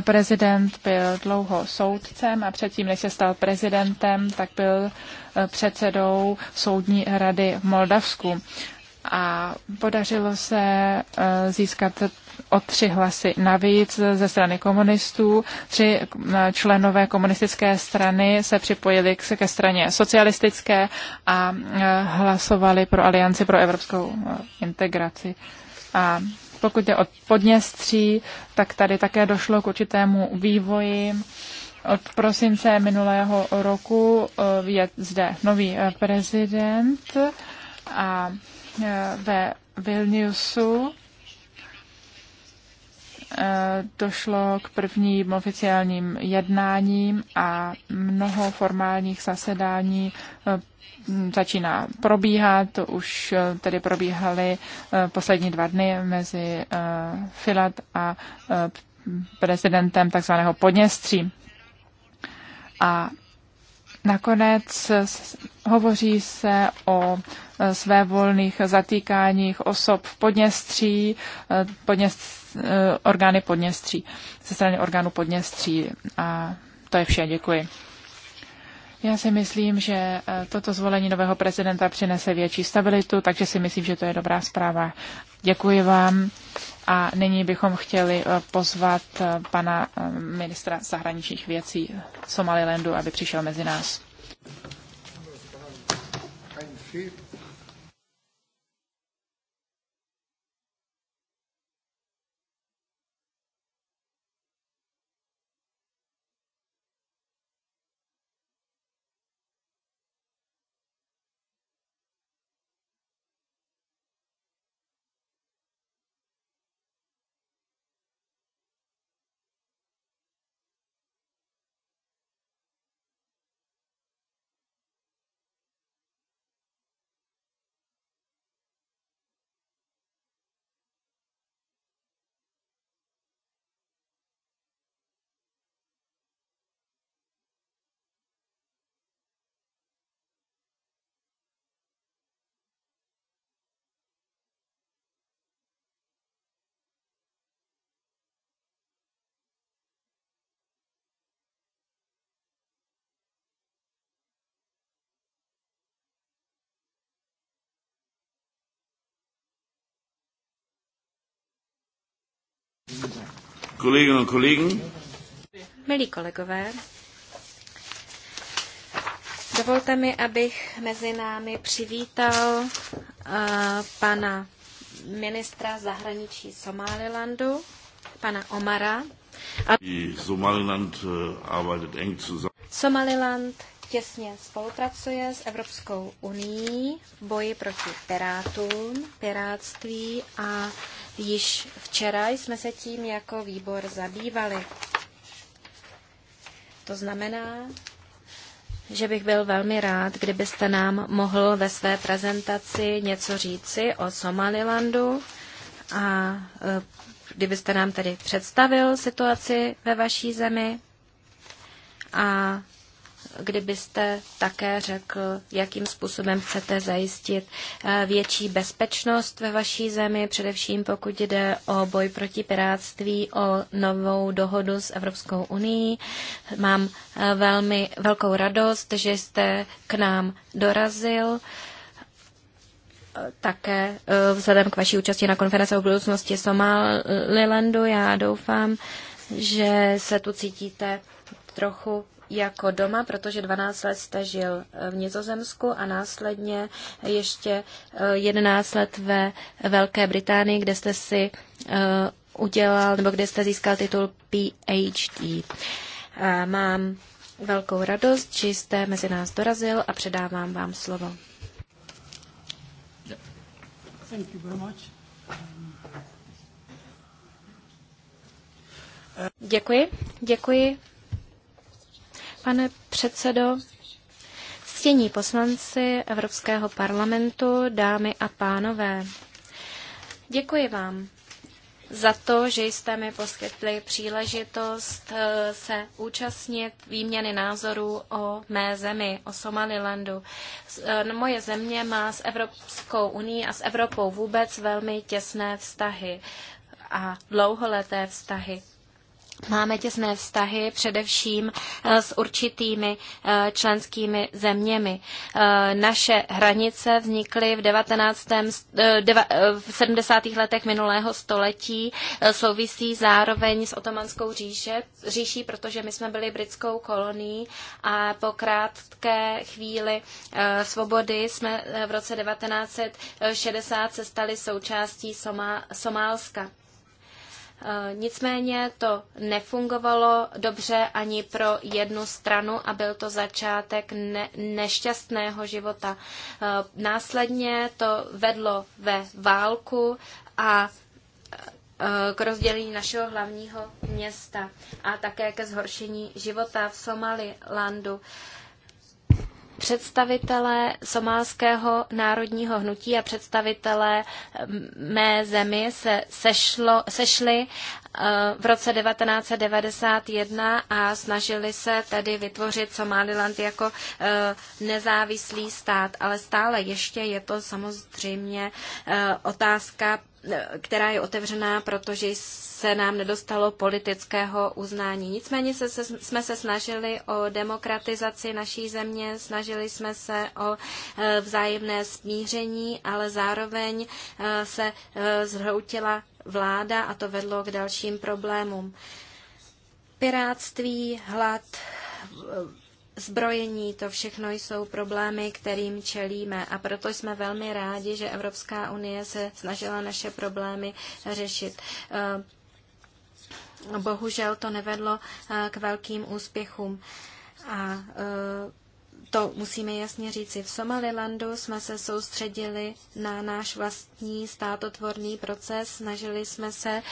Prezident byl dlouho soudcem a předtím, než se stal prezidentem, tak byl předsedou Soudní rady v Moldavsku a podařilo se e, získat o tři hlasy navíc ze strany komunistů. Tři e, členové komunistické strany se připojili k, ke straně socialistické a e, hlasovali pro alianci pro evropskou integraci. A pokud je o Podněstří, tak tady také došlo k určitému vývoji. Od prosince minulého roku je zde nový prezident a Eh, ve Vilniusu eh, došlo k prvním oficiálním jednáním a mnoho formálních zasedání eh, začíná probíhat. Už tedy probíhaly poslední dva dny mezi Filat a prezidentem takzvaného Podněstří. A nakonec hovoří se o své volných zatýkáních osob v Podněstří, eh, podněst, eh, orgány Podněstří, ze strany orgánů Podněstří. A to je vše, děkuji. Já si myslím, že eh, toto zvolení nového prezidenta přinese větší stabilitu, takže si myslím, že to je dobrá zpráva. Děkuji vám. A nyní bychom chtěli pozvat pana ministra zahraničních věcí Somalilandu, aby přišel mezi nás. Thank you. Kolegyně a kolegy. Milí kolegové, dovolte mi, abych mezi námi přivítal uh, pana ministra zahraničí Somalilandu, pana Omara. Somaliland eh, arbeitet eng zusammen. Somaliland těsně spolupracuje s Evropskou unii v boji proti pirátům, pirátství a Již včera jsme se tím jako výbor zabývali. To znamená, že bych byl velmi rád, kdybyste nám mohl ve své prezentaci něco říci o Somalilandu a e, kdybyste nám tedy představil situaci ve vaší zemi a kdybyste také řekl, jakým způsobem chcete zajistit eh, větší bezpečnost ve vaší zemi, především pokud jde o boj proti pirátství, o novou dohodu s Evropskou unii. Mám eh, velmi velkou radost, že jste k nám dorazil eh, také vzhledem k vaší účasti na konferenci o budoucnosti Somalilandu. Já doufám, že se tu cítíte trochu jako doma, protože 12 let jste žil eh, v Nizozemsku a následně ještě 11 eh, let ve Velké Británii, kde jste si eh, udělal, nebo kde jste získal titul PhD. mám velkou radost, že jste mezi nás dorazil a předávám vám slovo. Thank you very much. Děkuji, děkuji pane předsedo. Ctění poslanci Evropského parlamentu, dámy a pánové, děkuji vám za to, že jste mi poskytli příležitost eh, se účastnit výměny názorů o mé zemi, o Somalilandu. Eh, no, moje země má s Evropskou unii a s Evropou vůbec velmi těsné vztahy a dlouholeté vztahy. Máme těsné vztahy především eh, s určitými eh, členskými zeměmi. Eh, naše hranice vznikly v, 19. v 70. letech minulého století, souvisí zároveň s otomanskou říše, říší, protože my jsme byli britskou kolonií a po krátké chvíli svobody jsme v roce 1960 se stali součástí Somálska. Eh, nicméně to nefungovalo dobře ani pro jednu stranu a byl to začátek ne- nešťastného života. Eh, následně to vedlo ve válku a eh, k rozdělení našeho hlavního města a také ke zhoršení života v Somalilandu představitelé somálského národního hnutí a představitelé mé zemi se sešlo, sešli eh, v roce 1991 a snažili se tedy vytvořit Somaliland jako eh, nezávislý stát, ale stále ještě je to samozřejmě eh, otázka která je otevřená, protože se nám nedostalo politického uznání. Nicméně se, se, jsme se snažili o demokratizaci naší země, snažili jsme se o e, vzájemné smíření, ale zároveň e, se e, zhroutila vláda a to vedlo k dalším problémům. Piráctví, hlad, zbrojení, to všechno jsou problémy, kterým čelíme. A proto jsme velmi rádi, že Evropská unie se snažila naše problémy řešit. Eh, bohužel to nevedlo eh, k velkým úspěchům. A eh, to musíme jasně říci. V Somalilandu jsme se soustředili na náš vlastní státotvorný proces, snažili jsme se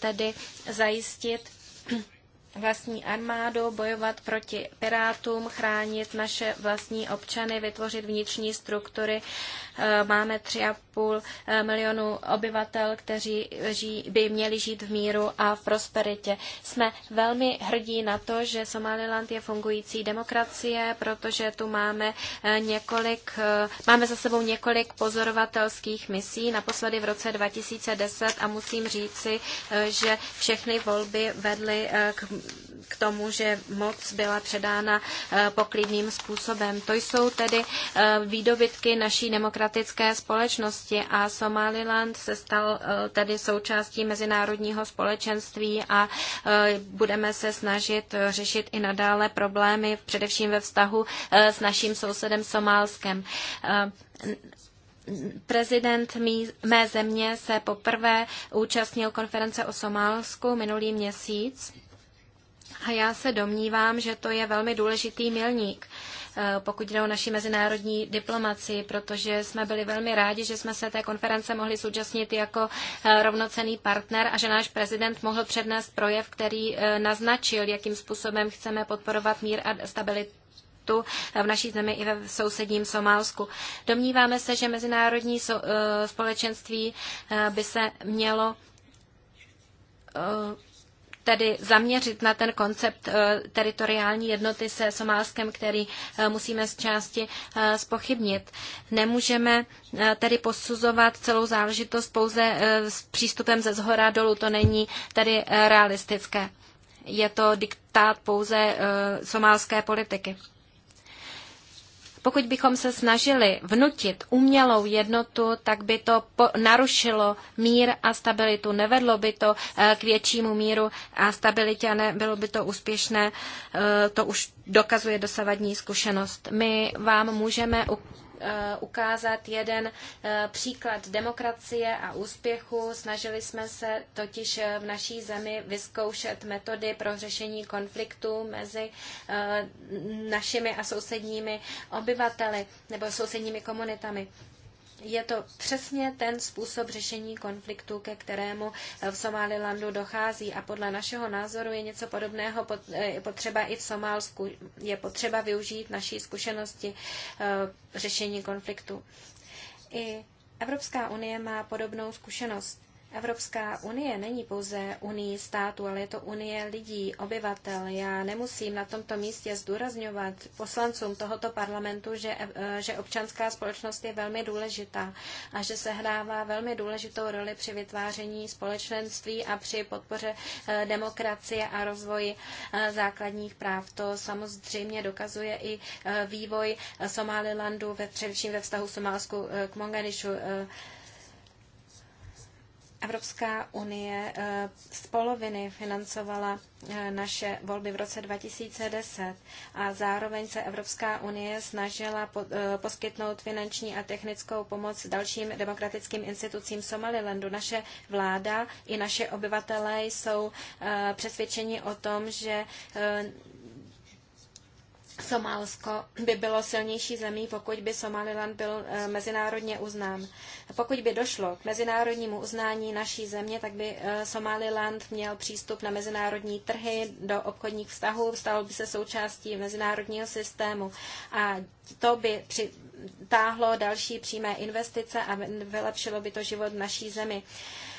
tedy zajistit vlastní armádu, bojovat proti pirátům, chránit naše vlastní občany, vytvořit vnitřní struktury. Eh, máme 3,5 eh, milionu obyvatel, kteří by měli žít v míru a v prosperitě. Jsme velmi hrdí na to, že Somaliland je fungující demokracie, protože tu máme eh, několik, máme za sebou několik pozorovatelských misí, naposledy v roce 2010 a musím říci, že všechny volby vedly k k tomu, že moc byla předána eh, poklidným způsobem. To jsou tedy eh, výdobytky naší demokratické společnosti a Somaliland se stal eh, tedy součástí mezinárodního společenství a budeme se snažit řešit i nadále problémy, především ve vztahu s naším sousedem Somálskem prezident mý, mé země se poprvé účastnil konference o Somálsku minulý měsíc. A já se domnívám, že to je velmi důležitý milník, eh, pokud jde o naši mezinárodní diplomaci, protože jsme byli velmi rádi, že jsme se té konference mohli zúčastnit jako eh, rovnocený partner a že náš prezident mohl přednést projev, který eh, naznačil, jakým způsobem chceme podporovat mír a stabilitu v naší zemi i ve sousedním Somálsku. Domníváme se, že mezinárodní společenství by se mělo tedy zaměřit na ten koncept eh, teritoriální jednoty se Somálskem, který eh, musíme z části eh, spochybnit. Nemůžeme tedy posuzovat celou záležitost pouze s přístupem ze zhora dolů. To není tedy realistické. Je to diktát pouze somálské politiky. Pokud bychom se snažili vnutit umělou jednotu, tak by to narušilo mír a stabilitu, nevedlo by to eh, k většímu míru a stabilitě a nebylo by to úspěšné. Eh, to už dokazuje dosavadní zkušenost. My vám můžeme Eh, ukázat jeden eh, příklad demokracie a úspěchu. Snažili jsme se totiž eh, v naší zemi vyzkoušet metody pro řešení konfliktů mezi našimi a sousedními obyvateli nebo sousedními komunitami je to přesně ten způsob řešení konfliktu, ke kterému v Somalilandu dochází a podle našeho názoru je něco podobného eh, potřeba i v Somálsku. Je potřeba využít naší zkušenosti eh, řešení konfliktu. I Evropská unie má podobnou zkušenost. Evropská unie není pouze unii států, ale je to unie lidí, obyvatel. Já nemusím na tomto místě zdůrazňovat poslancům tohoto parlamentu, že, eh, že občanská společnost je velmi důležitá a že se hrává velmi důležitou roli při vytváření společenství a při podpoře eh, demokracie a rozvoji eh, základních práv. To samozřejmě dokazuje i vývoj Somalilandu, ve, především ve vztahu Somálsku k Monganišu. Evropská unie eh, z poloviny financovala eh, naše volby v roce 2010 a zároveň se Evropská unie snažila eh, poskytnout finanční a technickou pomoc dalším demokratickým institucím Somalilandu. Naše vláda i naše obyvatelé jsou přesvědčeni o tom, že Somálsko by bylo silnější zemí, pokud by Somaliland byl eh, mezinárodně uznán. Pokud by došlo k mezinárodnímu uznání naší země, tak by eh, Somaliland měl přístup na mezinárodní trhy, do obchodních vztahů, stalo by se součástí mezinárodního systému a to by táhlo další přímé investice a vylepšilo by to život v naší zemi.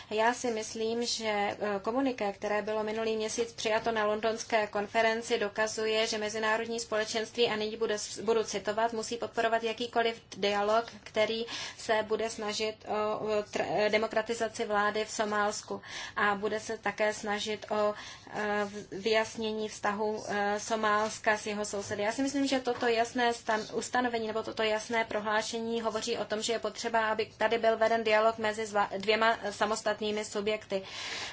Já si myslím, že e, komuniké, které bylo minulý měsíc přijato na londonské konferenci, dokazuje, že mezinárodní společenství, a nyní budu, budu citovat, musí podporovat jakýkoliv dialog, který se bude snažit o demokratizaci vlády v Somálsku a bude se také snažit o e, vyjasnění vztahu e, Somálska s jeho sousedy. Já si myslím, že toto jasné stan, ustanovení nebo toto jasné prohlášení hovoří o tom, že je potřeba, aby tady byl veden dialog mezi dvěma samostatnými samostatnými subjekty,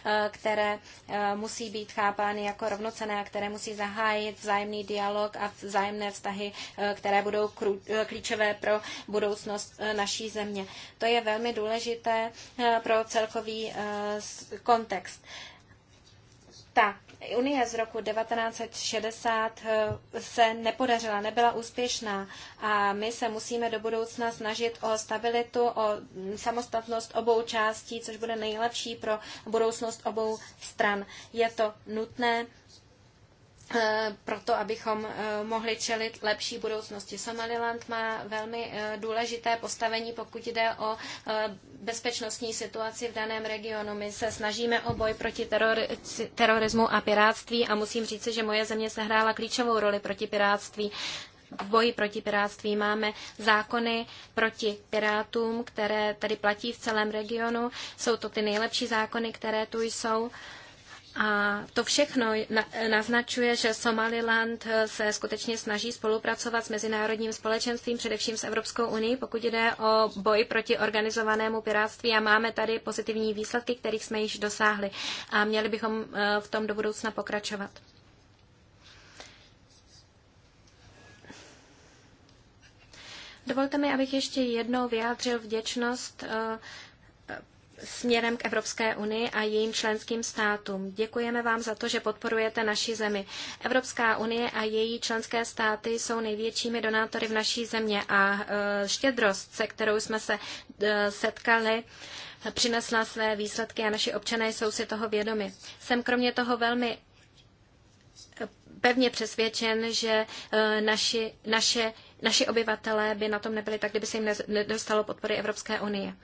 eh, které eh, musí být chápány jako rovnocené a které musí zahájit vzájemný dialog a vzájemné vztahy, eh, které budou klíčové pro budoucnost naší země. To je velmi důležité pro celkový kontext. Tak, Unie z roku 1960 eh, se nepodařila, nebyla úspěšná a my se musíme do budoucna snažit o stabilitu, o samostatnost obou částí, což bude nejlepší pro budoucnost obou stran. Je to nutné Eh, proto abychom eh, mohli čelit lepší budoucnosti. Somaliland má velmi eh, důležité postavení, pokud jde o bezpečnostní situaci v daném regionu. My se snažíme o boj proti terorismu a pirátství a musím říct, že moje země sehrála klíčovou roli proti pirátství. V boji proti pirátství máme zákony proti pirátům, které tady platí v celém regionu. Jsou to ty nejlepší zákony, které tu jsou. A to všechno naznačuje, že Somaliland se skutečně snaží spolupracovat s mezinárodním společenstvím, především s Evropskou unii, pokud jde o boj proti organizovanému pirátství a máme tady pozitivní výsledky, kterých jsme již dosáhli a měli bychom eh, v tom do budoucna pokračovat. Dovolte mi, abych ještě jednou vyjádřil vděčnost eh, směrem k Evropské unii a jejím členským státům. Děkujeme vám za to, že podporujete naši zemi. Evropská unie a její členské státy jsou největšími donátory v naší země a e, štědrost, se kterou jsme se e, setkali, přinesla své výsledky a naši občané jsou si toho vědomi. Jsem kromě toho velmi e, pevně přesvědčen, že naši, naše, naši obyvatelé by na tom nebyli tak, kdyby se jim nedostalo podpory Evropské unie.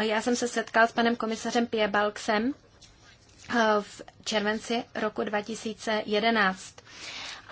Já jsem se setkal s panem komisařem Piebalksem eh, v červenci roku 2011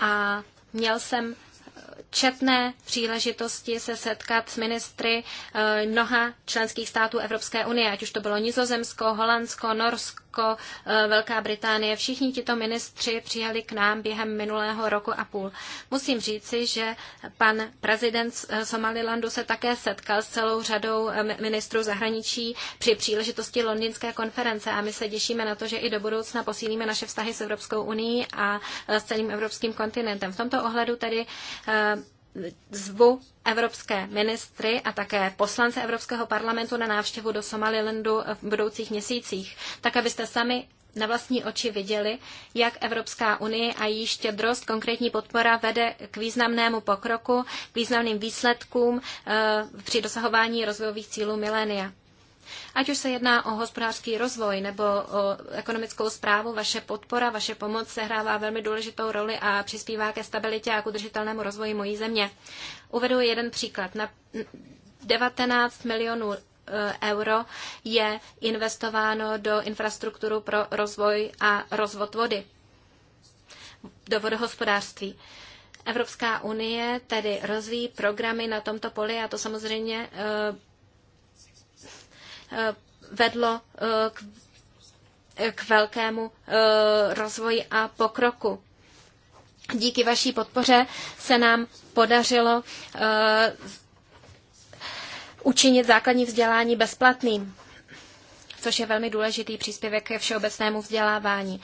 a měl jsem eh, četné příležitosti se setkat s ministry eh, mnoha členských států Evropské unie, ať už to bylo Nizozemsko, Holandsko, Norsko, Norsko, eh, Velká Británie, všichni tito ministři přijeli k nám během minulého roku a půl. Musím říci, že pan prezident eh, Somalilandu se také setkal s celou řadou eh, ministrů zahraničí při příležitosti londýnské konference a my se těšíme na to, že i do budoucna posílíme naše vztahy s Evropskou unii a s celým evropským kontinentem. V tomto ohledu tedy zvu evropské ministry a také poslance Evropského parlamentu na návštěvu do Somalilandu v budoucích měsících, tak abyste sami na vlastní oči viděli, jak Evropská unie a její štědrost, konkrétní podpora vede k významnému pokroku, k významným výsledkům eh, při dosahování rozvojových cílů milénia. Ať už se jedná o hospodářský rozvoj nebo o ekonomickou zprávu, vaše podpora, vaše pomoc sehrává velmi důležitou roli a přispívá ke stabilitě a k udržitelnému rozvoji mojí země. Uvedu jeden příklad. Na 19 milionů eh, euro je investováno do infrastrukturu pro rozvoj a rozvod vody do vodohospodářství. Evropská unie tedy rozvíjí programy na tomto poli a to samozřejmě eh, Eh, vedlo eh, k, k velkému eh, rozvoji a pokroku. Díky vaší podpoře se nám podařilo učinit základní vzdělání bezplatným což je velmi důležitý příspěvek ke všeobecnému vzdělávání.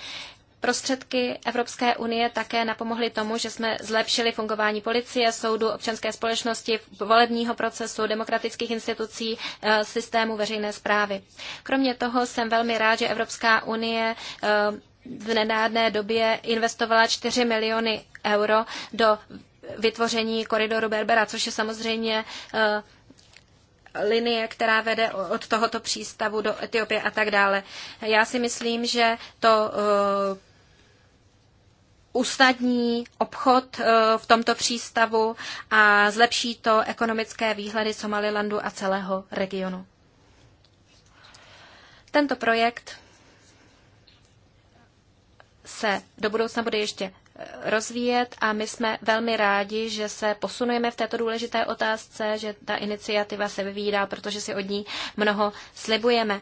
Prostředky Evropské unie také napomohly tomu, že jsme zlepšili fungování policie, soudu, občanské společnosti, volebního procesu, demokratických institucí, eh, systému veřejné zprávy. Kromě toho jsem velmi rád, že Evropská unie eh, v nedávné době investovala 4 miliony euro do vytvoření koridoru Berbera, což je samozřejmě eh, linie, která vede od tohoto přístavu do Etiopie a tak dále. Já si myslím, že to usnadní obchod eh, v tomto přístavu a zlepší to ekonomické výhledy Somalilandu a celého regionu. Tento projekt se do budoucna bude ještě rozvíjet a my jsme velmi rádi, že se posunujeme v této důležité otázce, že ta iniciativa se vyvídá, protože si od ní mnoho slibujeme.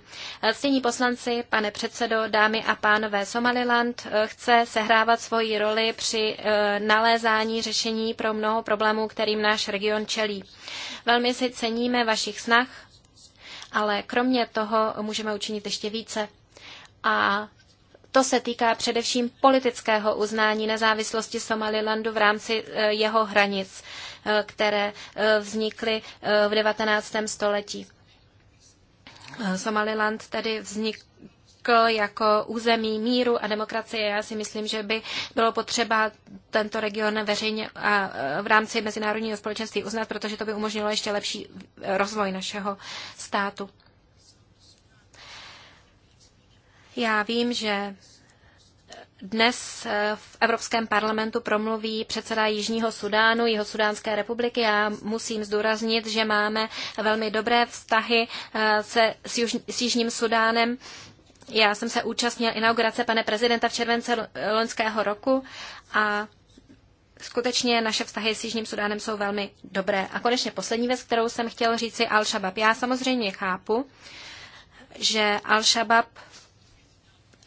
Ctění poslanci, pane předsedo, dámy a pánové, Somaliland eh, chce sehrávat svoji roli při eh, nalézání řešení pro mnoho problémů, kterým náš region čelí. Velmi si ceníme vašich snah, ale kromě toho můžeme učinit ještě více. A to se týká především politického uznání nezávislosti Somalilandu v rámci eh, jeho hranic, eh, které eh, vznikly v 19. století. Somaliland tedy vznikl jako území míru a demokracie. Já si myslím, že by bylo potřeba tento region veřejně a v rámci mezinárodního společenství uznat, protože to by umožnilo ještě lepší rozvoj našeho státu. Já vím, že dnes v Evropském parlamentu promluví předseda Jižního Sudánu, sudánské republiky. Já musím zdůraznit, že máme velmi dobré vztahy eh, se, s, Juž, s Jižním Sudánem. Já jsem se účastnil inaugurace pane prezidenta v července loňského roku a skutečně naše vztahy s Jižním Sudánem jsou velmi dobré. A konečně poslední věc, kterou jsem chtěl říci, Al-Shabaab. Já samozřejmě chápu, že Al-Shabaab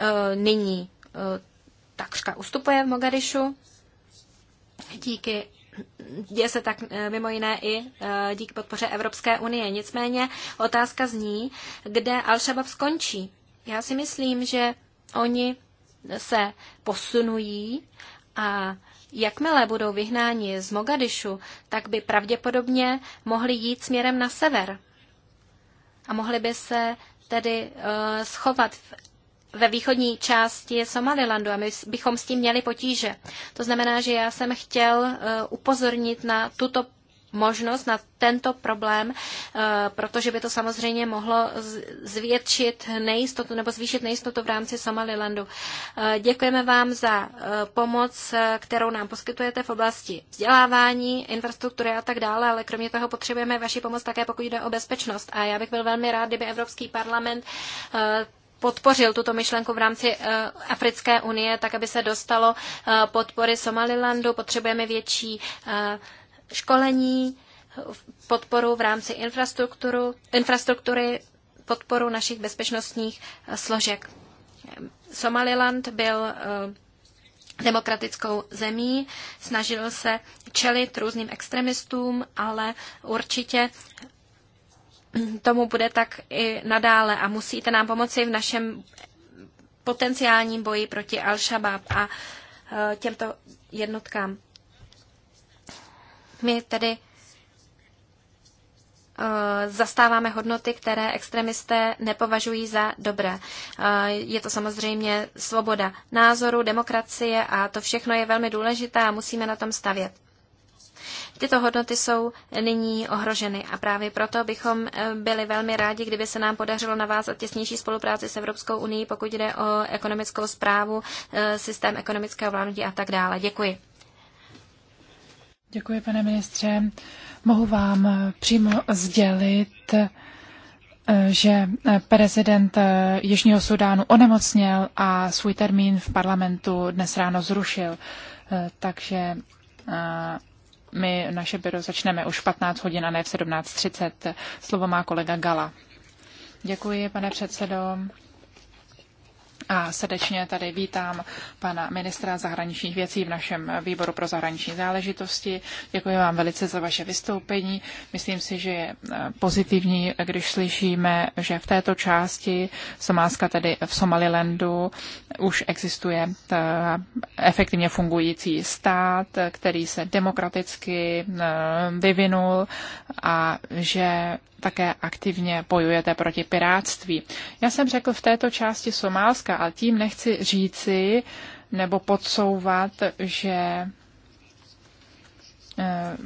Eh, nyní eh, takřka ustupuje v Mogadišu. Díky děje se tak eh, mimo jiné i díky podpoře Evropské unie. Nicméně otázka zní, kde Al-Shabaab skončí. Já si myslím, že oni se posunují a jakmile budou vyhnáni z Mogadišu, tak by pravděpodobně mohli jít směrem na sever. A mohli by se tedy schovat v ve východní části Somalilandu a my bychom s tím měli potíže. To znamená, že já jsem chtěl eh, upozornit na tuto možnost na tento problém, eh, protože by to samozřejmě mohlo zvětšit nejistotu nebo zvýšit nejistotu v rámci Somalilandu. Eh, děkujeme vám za pomoc, kterou nám poskytujete v oblasti vzdělávání, infrastruktury a tak dále, ale kromě toho potřebujeme vaši pomoc také, pokud jde o bezpečnost. A já bych byl velmi rád, kdyby Evropský parlament podpořil tuto myšlenku v rámci eh, Africké unie, tak aby se dostalo eh, podpory Somalilandu. Potřebujeme větší eh, školení, podporu v rámci infrastruktury, podporu našich bezpečnostních složek. Somaliland byl demokratickou zemí, snažil se čelit různým extremistům, ale určitě tomu bude tak i nadále a musíte nám pomoci v našem potenciálním boji proti Al-Shabaab a eh, těmto jednotkám. My tedy eh, zastáváme hodnoty, které extremisté nepovažují za dobré. Eh, je to samozřejmě svoboda názoru, demokracie a to všechno je velmi důležité a musíme na tom stavět. Tyto hodnoty jsou nyní ohroženy a právě proto bychom eh, byli velmi rádi, kdyby se nám podařilo navázat těsnější spolupráci s Evropskou unii, pokud jde o ekonomickou zprávu, eh, systém ekonomického vládnutí a tak dále. Děkuji. Děkuji, pane ministře. Mohu vám eh, přímo sdělit, že prezident Jižního Sudánu onemocněl a svůj termín v parlamentu dnes ráno zrušil. Takže my naše byro začneme už 15 hodin a ne v 17.30. Slovo má kolega Gala. Děkuji, pane předsedo. A srdečně tady vítám pana ministra zahraničních věcí v našem výboru pro zahraniční záležitosti. Děkuji vám velice za vaše vystoupení. Myslím si, že je eh, pozitivní, když slyšíme, že v této části Somálska, tedy v Somalilandu, už existuje eh, efektivně fungující stát, který se demokraticky eh, vyvinul a že také aktivně bojujete proti piráctví. Já jsem řekl v této části Somálska, ale tím nechci říci nebo podsouvat, že eh,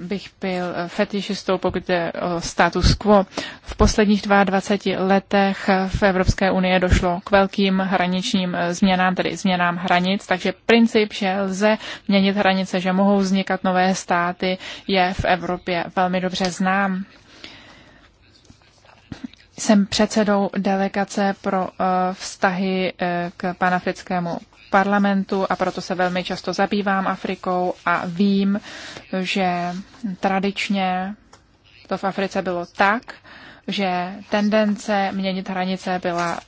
bych byl fetišistou, pokud je o status quo. V posledních 22 letech v Evropské unii došlo k velkým hraničním eh, změnám, tedy změnám hranic, takže princip, že lze měnit hranice, že mohou vznikat nové státy, je v Evropě velmi dobře znám. Jsem předsedou delegace pro eh, vztahy eh, k panafrickému parlamentu a proto se velmi často zabývám Afrikou a vím, že tradičně to v Africe bylo tak, že tendence měnit hranice byla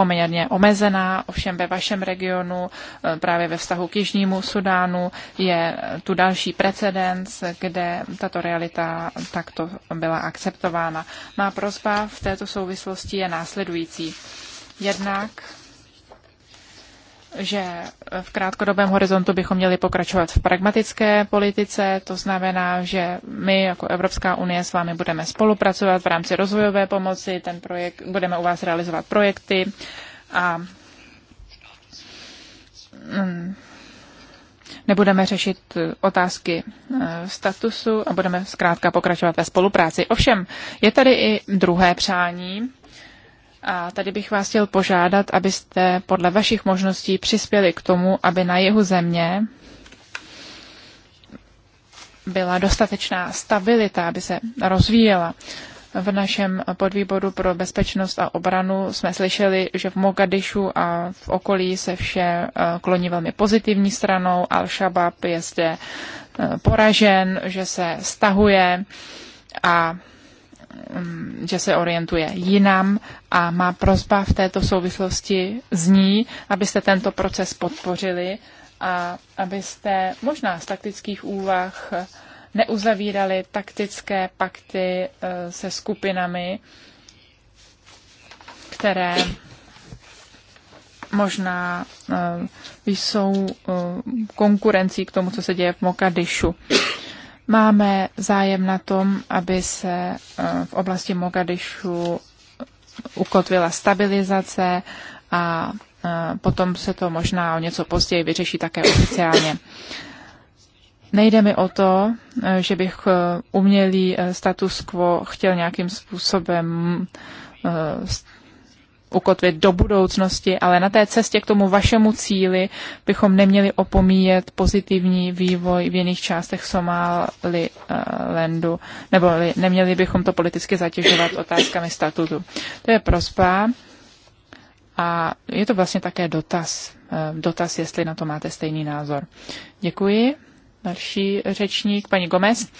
poměrně omezená, ovšem ve vašem regionu, eh, právě ve vztahu k Jižnímu Sudánu, je tu další precedens, kde tato realita takto byla akceptována. Má prozba v této souvislosti je následující. Jednak že v krátkodobém horizontu bychom měli pokračovat v pragmatické politice, to znamená, že my jako Evropská unie s vámi budeme spolupracovat v rámci rozvojové pomoci, ten projekt, budeme u vás realizovat projekty a mm, nebudeme řešit otázky eh, statusu a budeme zkrátka pokračovat ve spolupráci. Ovšem, je tady i druhé přání, a tady bych vás chtěl požádat, abyste podle vašich možností přispěli k tomu, aby na jihu země byla dostatečná stabilita, aby se rozvíjela. V našem podvýboru pro bezpečnost a obranu jsme slyšeli, že v Mogadišu a v okolí se vše eh, kloní velmi pozitivní stranou. Al-Shabaab je zde eh, poražen, že se stahuje a Mm, že se orientuje jinam a má prozba v této souvislosti zní, abyste tento proces podpořili a abyste možná z taktických úvah neuzavírali taktické pakty eh, se skupinami, které možná eh, jsou eh, konkurencí k tomu, co se děje v Mokadišu. Máme zájem na tom, aby se eh, v oblasti Mogadišu ukotvila stabilizace a eh, potom se to možná o něco později vyřeší také oficiálně. Nejde mi o to, eh, že bych umělý status quo chtěl nějakým způsobem ukotvit do budoucnosti, ale na té cestě k tomu vašemu cíli bychom neměli opomíjet pozitivní vývoj v jiných částech Somálendu, nebo neměli bychom to politicky zatěžovat otázkami statutu. To je prospa a je to vlastně také dotaz. Eh, dotaz, jestli na to máte stejný názor. Děkuji. Další řečník, paní Gomez.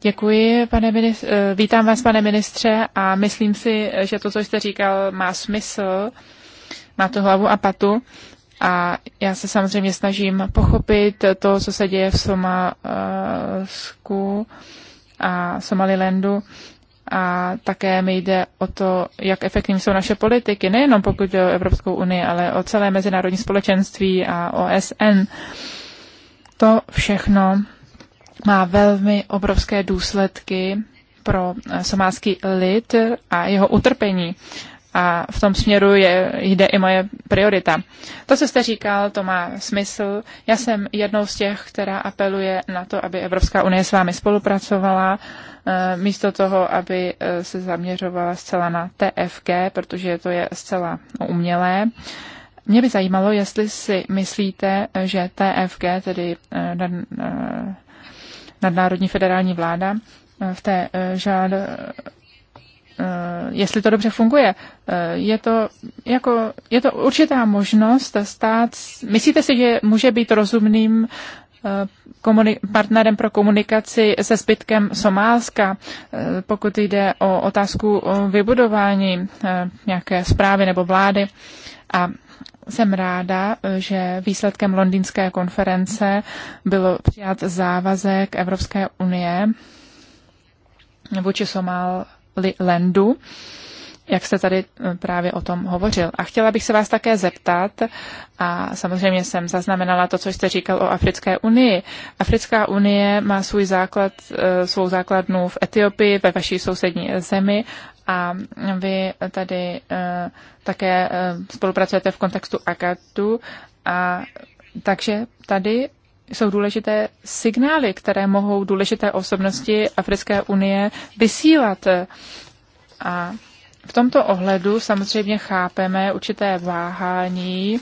Děkuji, pane ministře. Eh, vítám vás, pane ministře, a myslím si, že to, co jste říkal, má smysl, má to hlavu a patu. A já se samozřejmě snažím pochopit to, co se děje v Somalsku eh, a Somalilandu. A také mi jde o to, jak efektivní jsou naše politiky, nejenom pokud jde o Evropskou unii, ale o celé mezinárodní společenství a OSN. To všechno má velmi obrovské důsledky pro eh, somálský lid a jeho utrpení. A v tom směru je, jde i moje priorita. To, co jste říkal, to má smysl. Já jsem jednou z těch, která apeluje na to, aby Evropská unie s vámi spolupracovala, eh, místo toho, aby eh, se zaměřovala zcela na TFG, protože to je zcela umělé. Mě by zajímalo, jestli si myslíte, že TFG, tedy nadnárodní federální vláda eh, v té eh, žád, eh, jestli to dobře funguje. Je to, jako, je to určitá možnost stát, myslíte si, že může být rozumným partnerem pro komunikaci se zbytkem Somálska, pokud jde o otázku o vybudování nějaké zprávy nebo vlády. A jsem ráda, že výsledkem londýnské konference byl přijat závazek Evropské unie vůči Somalilandu, jak jste tady eh, právě o tom hovořil. A chtěla bych se vás také zeptat, a samozřejmě jsem zaznamenala to, co jste říkal o Africké unii. Africká unie má svůj základ, eh, svou základnu v Etiopii, ve vaší sousední zemi a vy tady eh, také eh, spolupracujete v kontextu AKATu a takže tady jsou důležité signály, které mohou důležité osobnosti Africké unie vysílat. A v tomto ohledu samozřejmě chápeme určité váhání,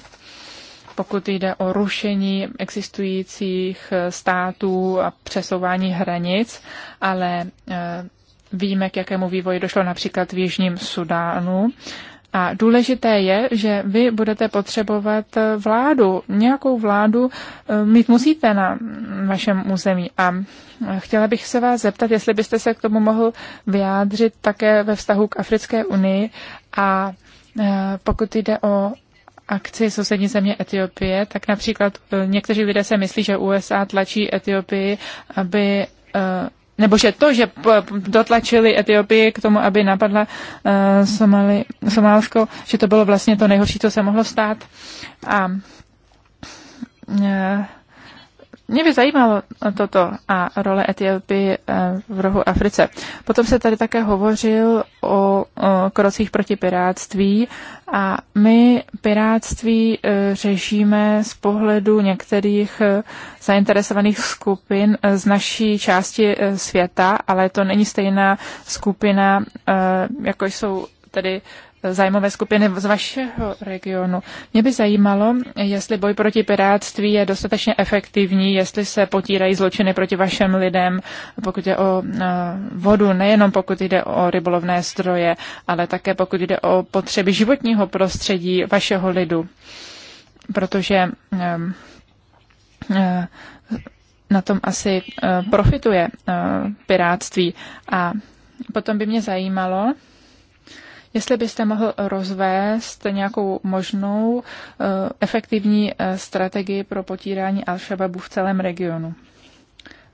pokud jde o rušení existujících států a přesouvání hranic, ale eh, Víme, k jakému vývoji došlo například v Jižním Sudánu. A důležité je, že vy budete potřebovat vládu. Nějakou vládu eh, mít musíte na vašem území. A chtěla bych se vás zeptat, jestli byste se k tomu mohl vyjádřit také ve vztahu k Africké unii a eh, pokud jde o akci sousední země Etiopie, tak například eh, někteří lidé se myslí, že USA tlačí Etiopii, aby nebo že to, že dotlačili Etiopii k tomu, aby napadla eh, Somali, Somálsko, že to bylo vlastně to nejhorší, co se mohlo stát. A eh, mě by zajímalo toto a role Etiopie eh, v rohu Africe. Potom se tady také hovořil o, o krocích proti piráctví a my piráctví eh, řešíme z pohledu některých eh, zainteresovaných skupin z naší části světa, ale to není stejná skupina, jako jsou tedy zájmové skupiny z vašeho regionu. Mě by zajímalo, jestli boj proti pirátství je dostatečně efektivní, jestli se potírají zločiny proti vašem lidem, pokud je o e, vodu, nejenom pokud jde o rybolovné stroje, ale také pokud jde o potřeby životního prostředí vašeho lidu. Protože e, e, na tom asi profituje pirátství. A potom by mě zajímalo, Jestli byste mohl rozvést nějakou možnou eh, efektivní eh, strategii pro potírání al v celém regionu.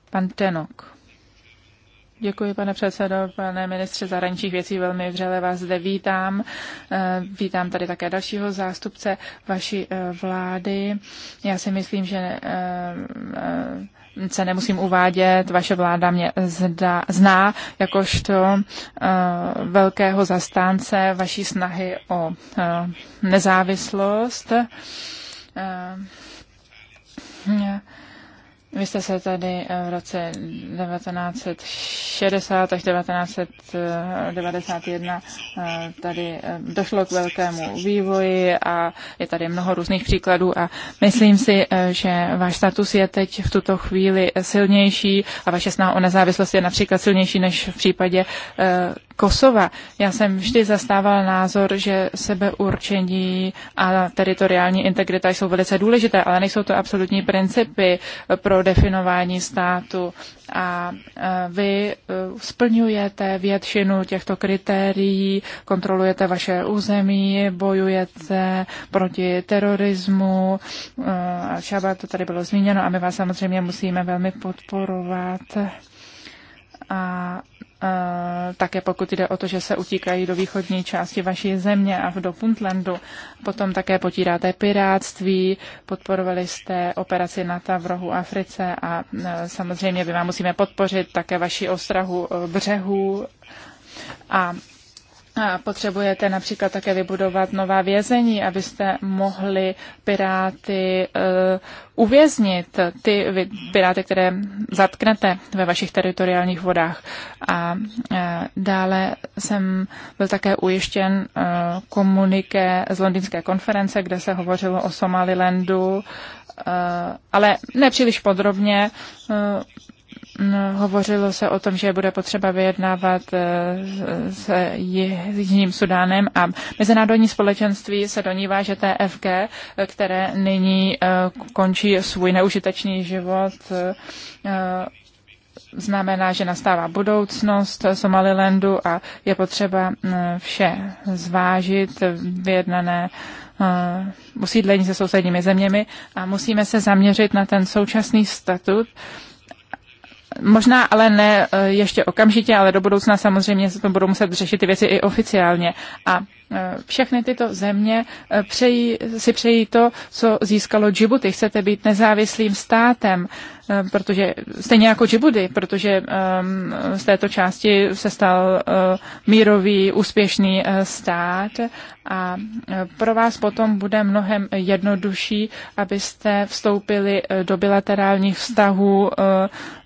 Pan Tenok. Děkuji, pane předsedo, pane ministře zahraničních věcí, velmi vřele vás zde vítám. Eh, vítám tady také dalšího zástupce vaší vlády. Já si myslím, že se nemusím uvádět, vaše vláda mě zda, zná jakožto uh, velkého zastánce vaší snahy o uh, nezávislost. Uh, vy jste se tady eh, v roce 1960 až 1991 eh, tady eh, došlo k velkému vývoji a je tady mnoho různých příkladů a myslím si, že váš status je teď v tuto chvíli silnější a vaše snaha o nezávislost je například silnější než v případě Kosova. Já jsem vždy zastával názor, že sebeurčení a teritoriální integrita jsou velice důležité, ale nejsou to absolutní principy pro definování státu. A e, vy e, splňujete většinu těchto kritérií, kontrolujete vaše území, bojujete proti terorismu. E, Šaba to tady bylo zmíněno a my vás samozřejmě musíme velmi podporovat a také pokud jde o to, že se utíkají do východní části vaší země a do Puntlandu. Potom také potíráte piráctví, podporovali jste operaci NATO v rohu Africe a e, samozřejmě my vám musíme podpořit také vaši ostrahu e, břehů a Potřebujete například také vybudovat nová vězení, abyste mohli piráty uh, uvěznit, ty vy, piráty, které zatknete ve vašich teritoriálních vodách. A uh, dále jsem byl také ujištěn uh, komuniké z londýnské konference, kde se hovořilo o Somalilandu, ale nepříliš podrobně. No, hovořilo se o tom, že bude potřeba vyjednávat eh, s Jižním Sudánem a mezinárodní společenství se donívá, že TFG, eh, které nyní eh, končí svůj neužitečný život, znamená, že nastává budoucnost Somalilandu a je potřeba vše zvážit, vyjednané usídlení se sousedními zeměmi a musíme se zaměřit na ten současný statut, Možná ale ne eh, ještě okamžitě, ale do budoucna samozřejmě se to budou muset řešit ty věci i oficiálně. A Eh, všechny tyto země eh, přejí, si přejí to, co získalo Djibouti. Chcete být nezávislým státem, eh, protože stejně jako Djibouti, protože ehm, z této části se stal mírový, úspěšný stát a pro vás potom bude mnohem jednodušší, abyste vstoupili do bilaterálních vztahů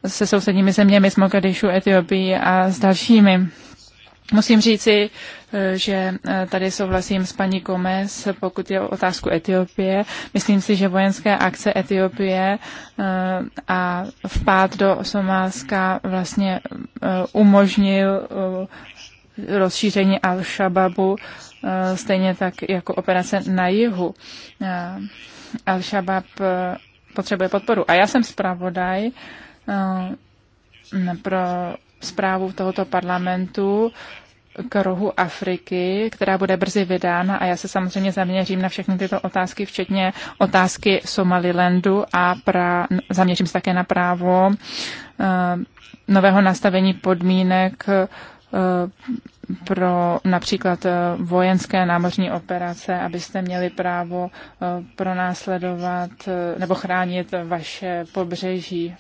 se sousedními zeměmi, z Mogadishu, Etiopii a s dalšími. Musím říci, že eh, tady souhlasím s paní Gomez, pokud je o otázku Etiopie. Myslím si, že vojenské akce Etiopie eh, a vpád do Somálska vlastně eh, umožnil rozšíření Al-Shababu, stejně tak jako operace na jihu. Al-Shabab potřebuje podporu. A já jsem zpravodaj pro zprávu tohoto parlamentu k rohu Afriky, která bude brzy vydána a já se samozřejmě zaměřím na všechny tyto otázky, včetně otázky Somalilandu a pra, zaměřím se také na právo eh, nového nastavení podmínek eh, pro například eh, vojenské námořní operace, abyste měli právo pronásledovat nebo chránit vaše pobřeží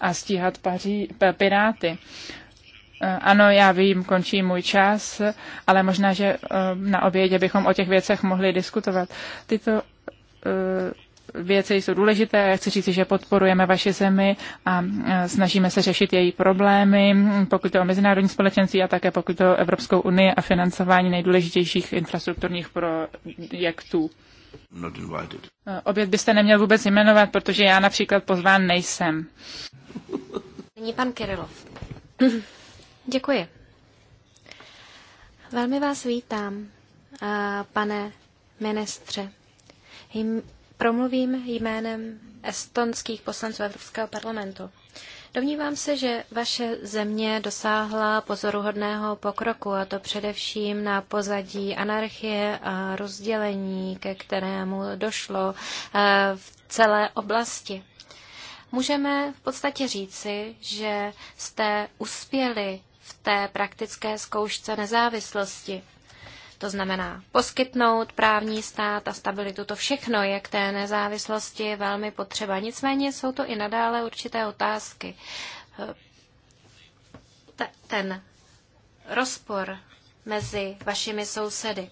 a stíhat paří, piráty. Eh, ano, já vím, končí můj čas, ale možná, že eh, na obědě bychom o těch věcech mohli diskutovat. Tyto eh, věci jsou důležité. Já chci říct, že podporujeme vaše zemi a snažíme se řešit její problémy, pokud to o mezinárodní společenství a také pokud to o Evropskou unii a financování nejdůležitějších infrastrukturních projektů. Oběd byste neměl vůbec jmenovat, protože já například pozván nejsem. Není pan Kirilov. Děkuji. Velmi vás vítám, eh, pane ministře. Promluvím jménem estonských poslanců Evropského parlamentu. Domnívám se, že vaše země dosáhla pozoruhodného pokroku, a to především na pozadí anarchie a rozdělení, ke kterému došlo eh, v celé oblasti. Můžeme v podstatě říci, že jste uspěli v té praktické zkoušce nezávislosti. To znamená poskytnout právní stát a stabilitu. To všechno je k té nezávislosti velmi potřeba. Nicméně jsou to i nadále určité otázky. Ten rozpor mezi vašimi sousedy.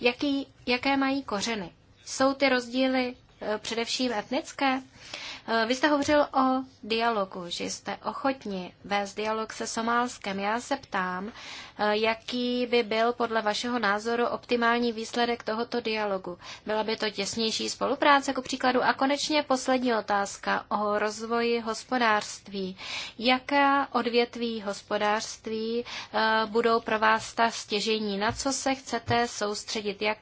Jaký, jaké mají kořeny? Jsou ty rozdíly eh, především etnické? Vy jste hovořil o dialogu, že jste ochotni vést dialog se Somálskem. Já se ptám, eh, jaký by byl podle vašeho názoru optimální výsledek tohoto dialogu. Byla by to těsnější spolupráce, jako příkladu. A konečně poslední otázka o rozvoji hospodářství. Jaká odvětví hospodářství eh, budou pro vás ta stěžení? Na co se chcete soustředit? Jak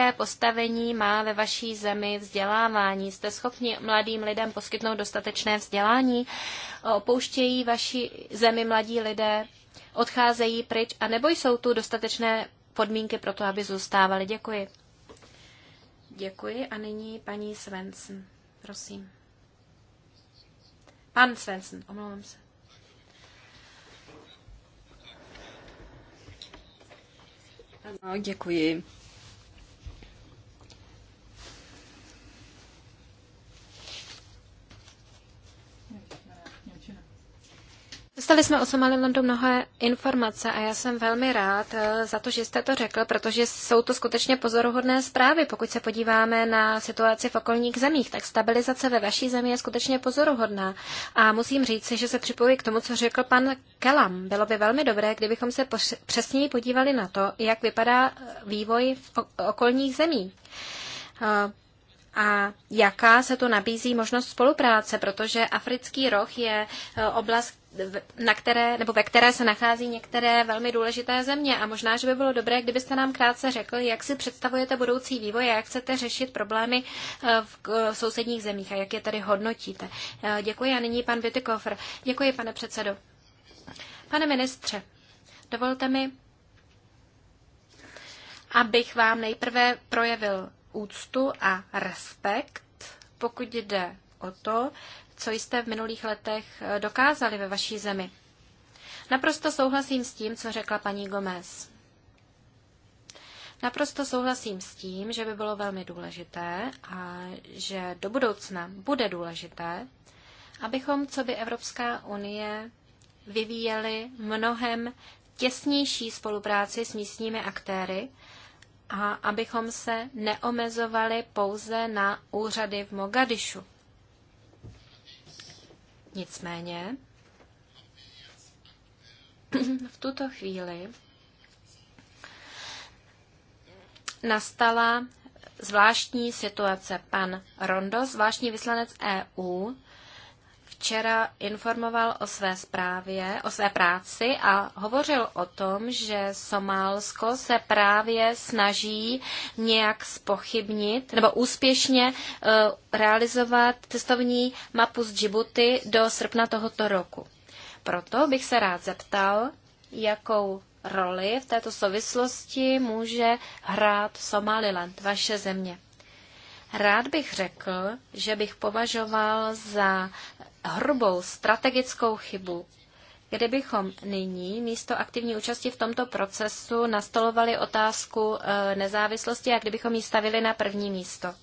jaké postavení má ve vaší zemi vzdělávání? Jste schopni mladým lidem poskytnout dostatečné vzdělání? Opouštějí vaši zemi mladí lidé? Odcházejí pryč? A nebo jsou tu dostatečné podmínky pro to, aby zůstávali? Děkuji. Děkuji a nyní paní Svensson. Prosím. Pan Svensson, omlouvám se. Ano, děkuji. Dostali jsme o Somalilandu mnohé informace a já jsem velmi rád eh, za to, že jste to řekl, protože jsou to skutečně pozoruhodné zprávy. Pokud se podíváme na situaci v okolních zemích, tak stabilizace ve vaší zemi je skutečně pozoruhodná. A musím říct, že se připojuji k tomu, co řekl pan Kelam. Bylo by velmi dobré, kdybychom se přesněji podívali na to, jak vypadá eh, vývoj v okolních zemích eh, a jaká se tu nabízí možnost spolupráce, protože africký roh je oblast, na které, nebo ve které se nachází některé velmi důležité země. A možná, že by bylo dobré, kdybyste nám krátce řekl, jak si představujete budoucí vývoj a jak chcete řešit problémy eh, v, sousedních zemích a jak je tady hodnotíte. Eh, děkuji a nyní pan Vitykofr. Děkuji, pane předsedo. Pane ministře, dovolte mi, abych vám nejprve projevil úctu a respekt, pokud jde o to, co jste v minulých letech eh, dokázali ve vaší zemi. Naprosto souhlasím s tím, co řekla paní Gomez. Naprosto souhlasím s tím, že by bylo velmi důležité a že do budoucna bude důležité, abychom, co by Evropská unie, vyvíjeli mnohem těsnější spolupráci s místními aktéry a abychom se neomezovali pouze na úřady v Mogadišu. Nicméně [clears throat] v tuto chvíli nastala zvláštní situace. Pan Rondo, zvláštní vyslanec EU, včera informoval o své zprávě, o své práci a hovořil o tom, že Somálsko se právě snaží nějak spochybnit nebo úspěšně eh, realizovat cestovní mapu z Djibouti do srpna tohoto roku. Proto bych se rád zeptal, jakou roli v této souvislosti může hrát Somaliland, vaše země. Rád bych řekl, že bych považoval za hrubou strategickou chybu, kdybychom nyní místo aktivní účasti v tomto procesu nastolovali otázku e, nezávislosti a kdybychom ji stavili na první místo.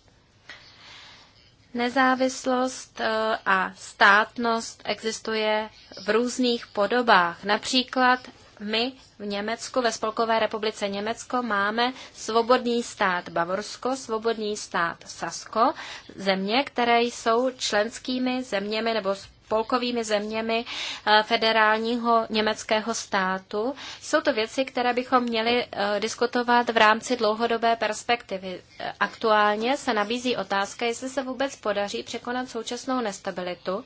Nezávislost e, a státnost existuje v různých podobách. Například my v Německu, ve Spolkové republice Německo, máme svobodný stát Bavorsko, svobodný stát Sasko, země, které jsou členskými zeměmi nebo spolkovými zeměmi eh, federálního německého státu. Jsou to věci, které bychom měli eh, diskutovat v rámci dlouhodobé perspektivy. Eh, aktuálně se nabízí otázka, jestli se vůbec podaří překonat současnou nestabilitu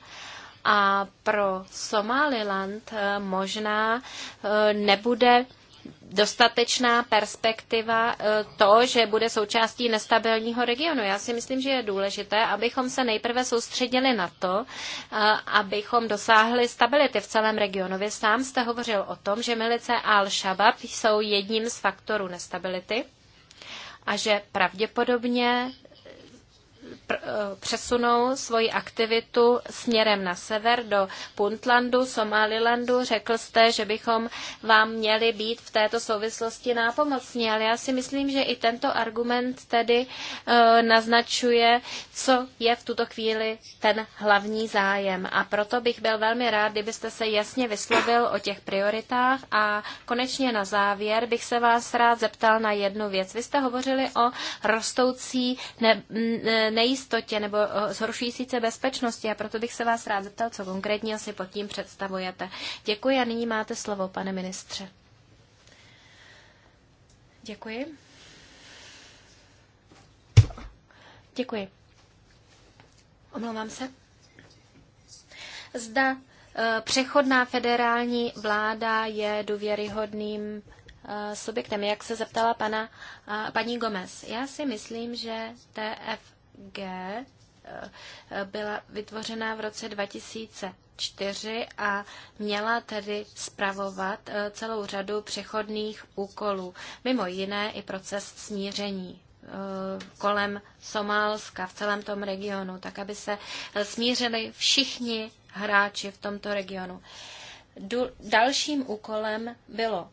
a pro Somaliland eh, možná eh, nebude dostatečná perspektiva eh, to, že bude součástí nestabilního regionu. Já si myslím, že je důležité, abychom se nejprve soustředili na to, abychom dosáhli stability v celém regionu. Vy sám jste hovořil o tom, že milice Al-Shabaab jsou jedním z faktorů nestability a že pravděpodobně Eh, přesunou svoji aktivitu směrem na sever do Puntlandu, Somalilandu. Řekl jste, že bychom vám měli být v této souvislosti nápomocní, ale já si myslím, že i tento argument tedy e, naznačuje, co je v tuto chvíli ten hlavní zájem. A proto bych byl velmi rád, kdybyste se jasně vyslovil o těch prioritách a konečně na závěr bych se vás rád zeptal na jednu věc. Vy jste hovořili o rostoucí ne, nej nejistotě nebo eh, zhoršující se bezpečnosti a proto bych se vás rád zeptal, co konkrétně si pod tím představujete. Děkuji a nyní máte slovo, pane ministře. Děkuji. Děkuji. Omlouvám se. Zda eh, přechodná federální vláda je důvěryhodným eh, subjektem, jak se zeptala pana, paní Gomez. Já si myslím, že TF G eh, byla vytvořena v roce 2004 a měla tedy spravovat eh, celou řadu přechodných úkolů, mimo jiné i proces smíření eh, kolem Somálska, v celém tom regionu, tak aby se smířili všichni hráči v tomto regionu. Dalším úkolem bylo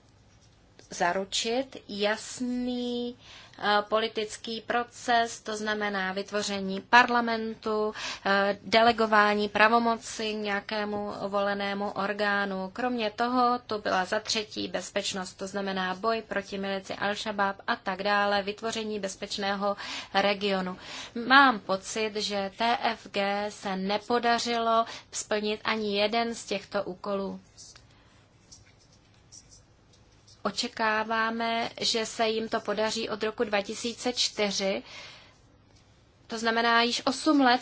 zaručit jasný Eh, politický proces, to znamená vytvoření parlamentu, eh, delegování pravomoci nějakému volenému orgánu. Kromě toho to byla za třetí bezpečnost, to znamená boj proti milici Al-Shabaab a tak dále, vytvoření bezpečného regionu. Mám pocit, že TFG se nepodařilo splnit ani jeden z těchto úkolů. Očekáváme, že se jim to podaří od roku 2004. To znamená, již 8 let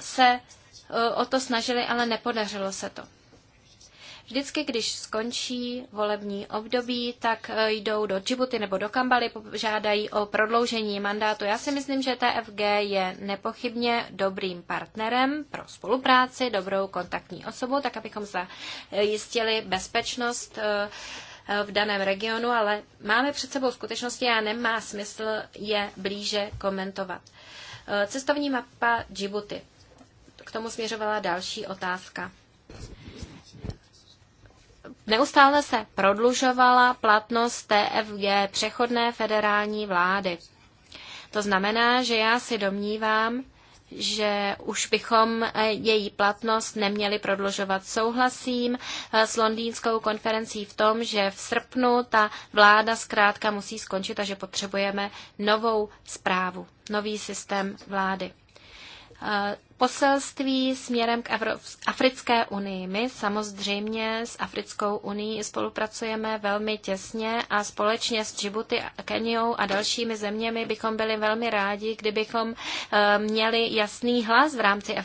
se eh, o to snažili, ale nepodařilo se to. Vždycky, když skončí volební období, tak e, jdou do Džibuty nebo do Kambaly, žádají o prodloužení mandátu. Já si myslím, že TFG je nepochybně dobrým partnerem pro spolupráci, dobrou kontaktní osobou, tak abychom zajistili e, bezpečnost e, v daném regionu, ale máme před sebou skutečnosti a nemá smysl je blíže komentovat. Cestovní mapa Djibouti. K tomu směřovala další otázka. Neustále se prodlužovala platnost TFG přechodné federální vlády. To znamená, že já si domnívám, že už bychom eh, její platnost neměli prodlužovat. Souhlasím eh, s londýnskou konferencí v tom, že v srpnu ta vláda zkrátka musí skončit a že potřebujeme novou zprávu, nový systém vlády. Eh, poselství směrem k Africké unii. My samozřejmě s Africkou unii spolupracujeme velmi těsně a společně s Djibouti, Keniou a dalšími zeměmi bychom byli velmi rádi, kdybychom eh, měli jasný hlas v rámci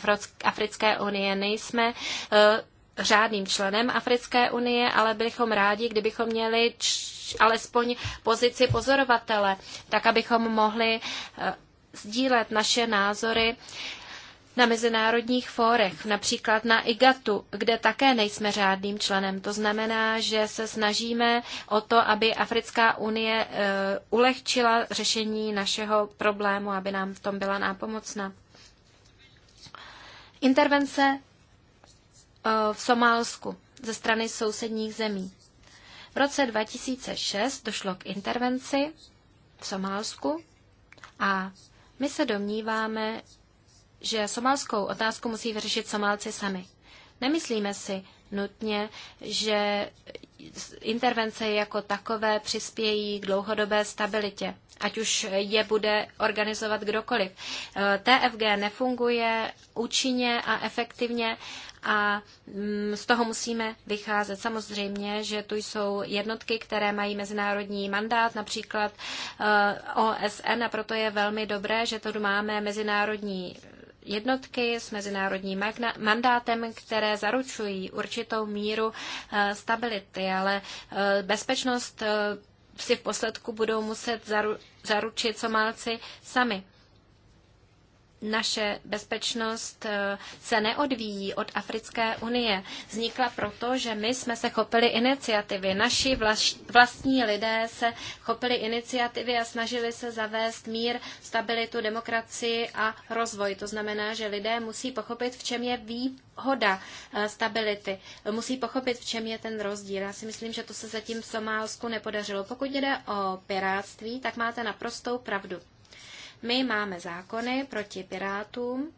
Africké unie. Nejsme eh, řádným členem Africké unie, ale bychom rádi, kdybychom měli alespoň pozici pozorovatele, tak abychom mohli eh, sdílet naše názory na mezinárodních fórech, například na IGATu, kde také nejsme řádným členem. To znamená, že se snažíme o to, aby Africká unie eh, ulehčila řešení našeho problému, aby nám v tom byla nápomocna. Intervence eh, v Somálsku ze strany sousedních zemí. V roce 2006 došlo k intervenci v Somálsku a my se domníváme, že somalskou otázku musí vyřešit Somálci sami. Nemyslíme si nutně, že intervence jako takové přispějí k dlouhodobé stabilitě, ať už je bude organizovat kdokoliv. Eh, TFG nefunguje účinně a efektivně a mm, z toho musíme vycházet. Samozřejmě, že tu jsou jednotky, které mají mezinárodní mandát, například eh, OSN, a proto je velmi dobré, že tu máme mezinárodní jednotky s mezinárodním mandátem, které zaručují určitou míru eh, stability, ale eh, bezpečnost eh, si v posledku budou muset zaručit Somálci sami naše bezpečnost eh, se neodvíjí od Africké unie. Vznikla proto, že my jsme se chopili iniciativy. Naši vlastní lidé se chopili iniciativy a snažili se zavést mír, stabilitu, demokracii a rozvoj. To znamená, že lidé musí pochopit, v čem je výhoda eh, stability. Musí pochopit, v čem je ten rozdíl. Já si myslím, že to se zatím v Somálsku nepodařilo. Pokud jde o piráctví, tak máte naprostou pravdu. My máme zákony proti pirátům,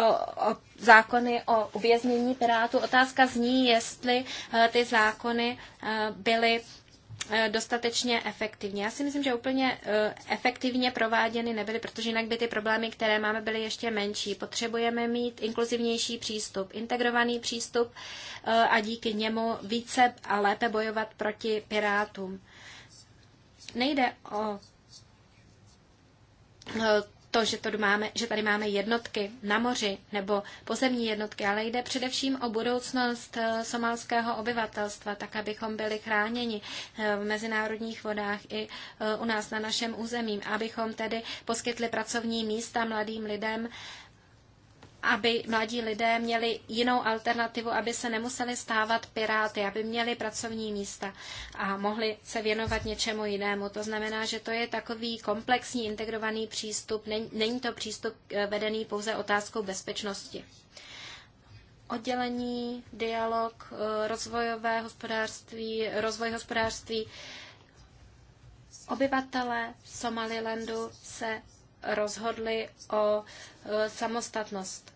o, o zákony o uvěznění pirátů. Otázka zní, jestli eh, ty zákony eh, byly eh, dostatečně efektivně. Já si myslím, že úplně efektivně prováděny nebyly, protože jinak by ty problémy, které máme, byly ještě menší. Potřebujeme mít inkluzivnější přístup, integrovaný přístup a díky němu více a lépe bojovat proti pirátům. Nejde o Eh, to, že, to máme, že tady máme jednotky na moři nebo pozemní jednotky, ale jde především o budoucnost eh, somalského obyvatelstva, tak abychom byli chráněni eh, v mezinárodních vodách i u nás na našem území, abychom tedy poskytli pracovní místa mladým lidem, aby mladí lidé měli jinou alternativu, aby se nemuseli stávat piráty, aby měli pracovní místa a mohli se věnovat něčemu jinému. To znamená, že to je takový komplexní integrovaný přístup, není to přístup eh, vedený pouze otázkou bezpečnosti. Oddělení, dialog, eh, rozvojové hospodářství, rozvoj hospodářství, Obyvatele Somalilandu se rozhodli o e, samostatnost,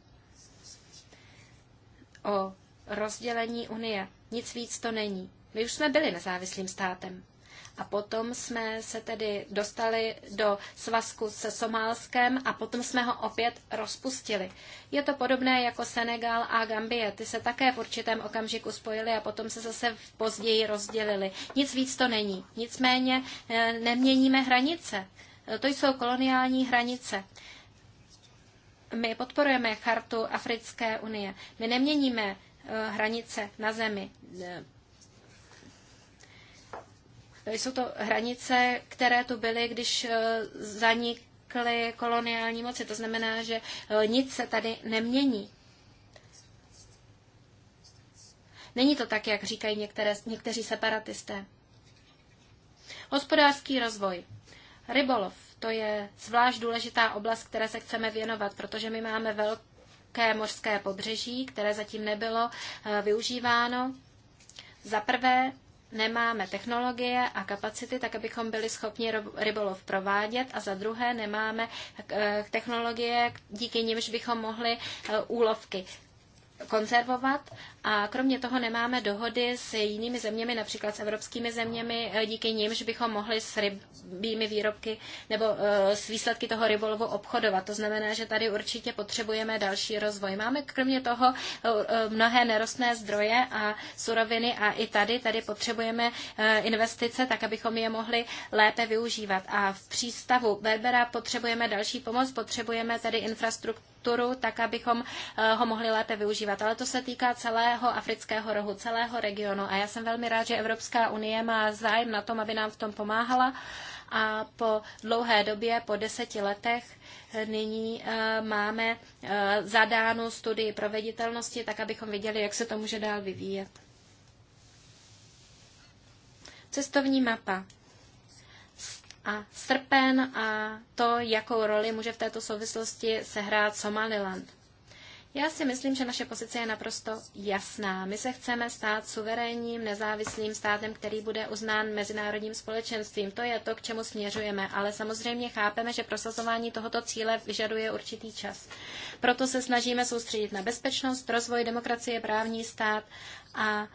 o rozdělení Unie. Nic víc to není. My už jsme byli nezávislým státem. A potom jsme se tedy dostali do svazku se Somálskem a potom jsme ho opět rozpustili. Je to podobné jako Senegal a Gambie. Ty se také v určitém okamžiku spojili a potom se zase později rozdělili. Nic víc to není. Nicméně e, neměníme hranice. To jsou koloniální hranice. My podporujeme chartu Africké unie. My neměníme eh, hranice na zemi. Eh, jsou to hranice, které tu byly, když eh, zanikly koloniální moci. To znamená, že nic se tady nemění. Není to tak, jak říkají některé, někteří separatisté. Hospodářský rozvoj. Rybolov, to je zvlášť důležitá oblast, které se chceme věnovat, protože my máme velké mořské pobřeží, které zatím nebylo eh, využíváno. Za prvé, nemáme technologie a kapacity, tak abychom byli schopni rybolov provádět a za druhé nemáme eh, technologie, díky nimž bychom mohli eh, úlovky konzervovat a kromě toho nemáme dohody s jinými zeměmi, například s evropskými zeměmi, eh, díky nimž bychom mohli s rybými výrobky nebo eh, s výsledky toho rybolovu obchodovat. To znamená, že tady určitě potřebujeme další rozvoj. Máme kromě toho eh, mnohé nerostné zdroje a suroviny a i tady, tady potřebujeme investice, tak abychom je mohli lépe využívat. A v přístavu Berbera potřebujeme další pomoc, potřebujeme tady infrastrukturu strukturu, tak abychom eh, ho mohli lépe využívat. Ale to se týká celého afrického rohu, celého regionu. A já jsem velmi rád, že Evropská unie má zájem na tom, aby nám v tom pomáhala. A po dlouhé době, po deseti letech, eh, nyní eh, máme zadánu studii proveditelnosti, tak abychom viděli, jak se to může dál vyvíjet. Cestovní mapa a srpen a to, jakou roli může v této souvislosti sehrát Somaliland. Já si myslím, že naše pozice je naprosto jasná. My se chceme stát suverénním, nezávislým státem, který bude uznán mezinárodním společenstvím. To je to, k čemu směřujeme, ale samozřejmě chápeme, že prosazování tohoto cíle vyžaduje určitý čas. Proto se snažíme soustředit na bezpečnost, rozvoj demokracie, právní stát a e,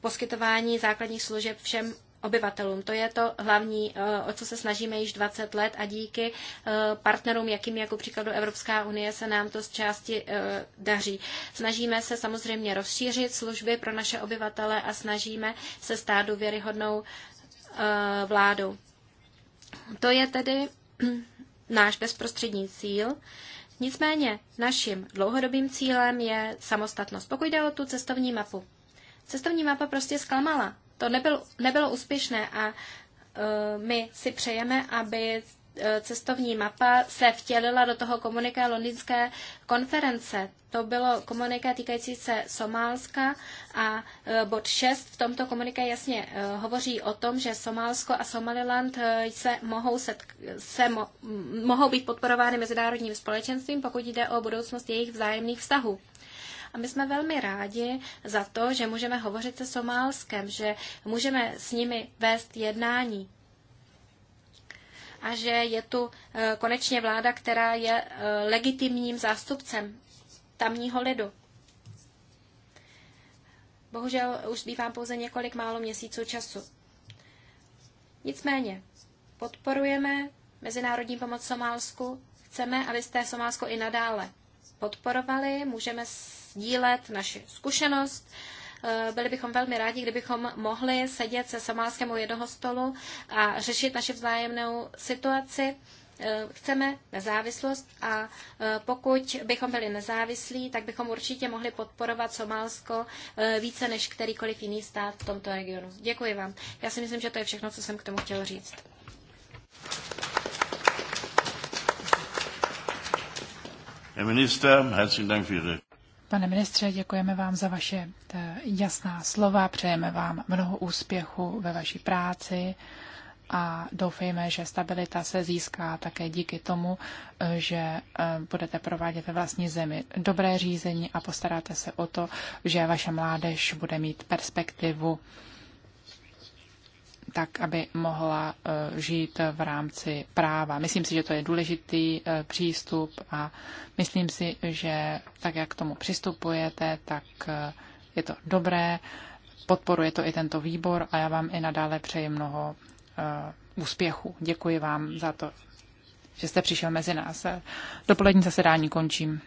poskytování základních služeb všem obyvatelům. To je to hlavní, eh, o co se snažíme již 20 let a díky eh, partnerům, jakým jako příkladu Evropská unie, se nám to z části eh, daří. Snažíme se samozřejmě rozšířit služby pro naše obyvatele a snažíme se stát důvěryhodnou vládou. To je tedy [clears throat] náš bezprostřední cíl. Nicméně naším dlouhodobým cílem je samostatnost, pokud jde o tu cestovní mapu. Cestovní mapa prostě zklamala to nebylo, nebylo úspěšné a e, my si přejeme, aby e, cestovní mapa se vtělila do toho komuniké londýnské konference. To bylo komuniké týkající se Somálska a e, bod 6 v tomto komuniké jasně hovoří o tom, že Somálsko a Somaliland se mohou, set, se mo, mohou být podporovány mezinárodním společenstvím, pokud jde o budoucnost jejich vzájemných vztahů. A my jsme velmi rádi za to, že můžeme hovořit se Somálskem, že můžeme s nimi vést jednání a že je tu eh, konečně vláda, která je eh, legitimním zástupcem tamního lidu. Bohužel už bývám pouze několik málo měsíců času. Nicméně, podporujeme mezinárodní pomoc Somálsku, chceme, abyste Somálsko i nadále podporovali, můžeme sdílet naši zkušenost. Eh, byli bychom velmi rádi, kdybychom mohli sedět se somálskému u jednoho stolu a řešit naši vzájemnou situaci. Eh, chceme nezávislost a eh, pokud bychom byli nezávislí, tak bychom určitě mohli podporovat Somálsko více než kterýkoliv jiný stát v tomto regionu. Děkuji vám. Já si myslím, že to je všechno, co jsem k tomu chtěl říct. Pane ministře, děkujeme vám za vaše eh, jasná slova, přejeme vám mnoho úspěchu ve vaší práci a doufejme, že stabilita se získá také díky tomu, eh, že eh, budete provádět ve vlastní zemi dobré řízení a postaráte se o to, že vaše mládež bude mít perspektivu tak, aby mohla eh, žít v rámci práva. Myslím si, že to je důležitý eh, přístup a myslím si, že tak, jak k tomu přistupujete, tak eh, je to dobré. Podporuje to i tento výbor a já vám i nadále přeji mnoho úspěchu. Děkuji vám za to, že jste přišel mezi nás. Dopolední zasedání končím.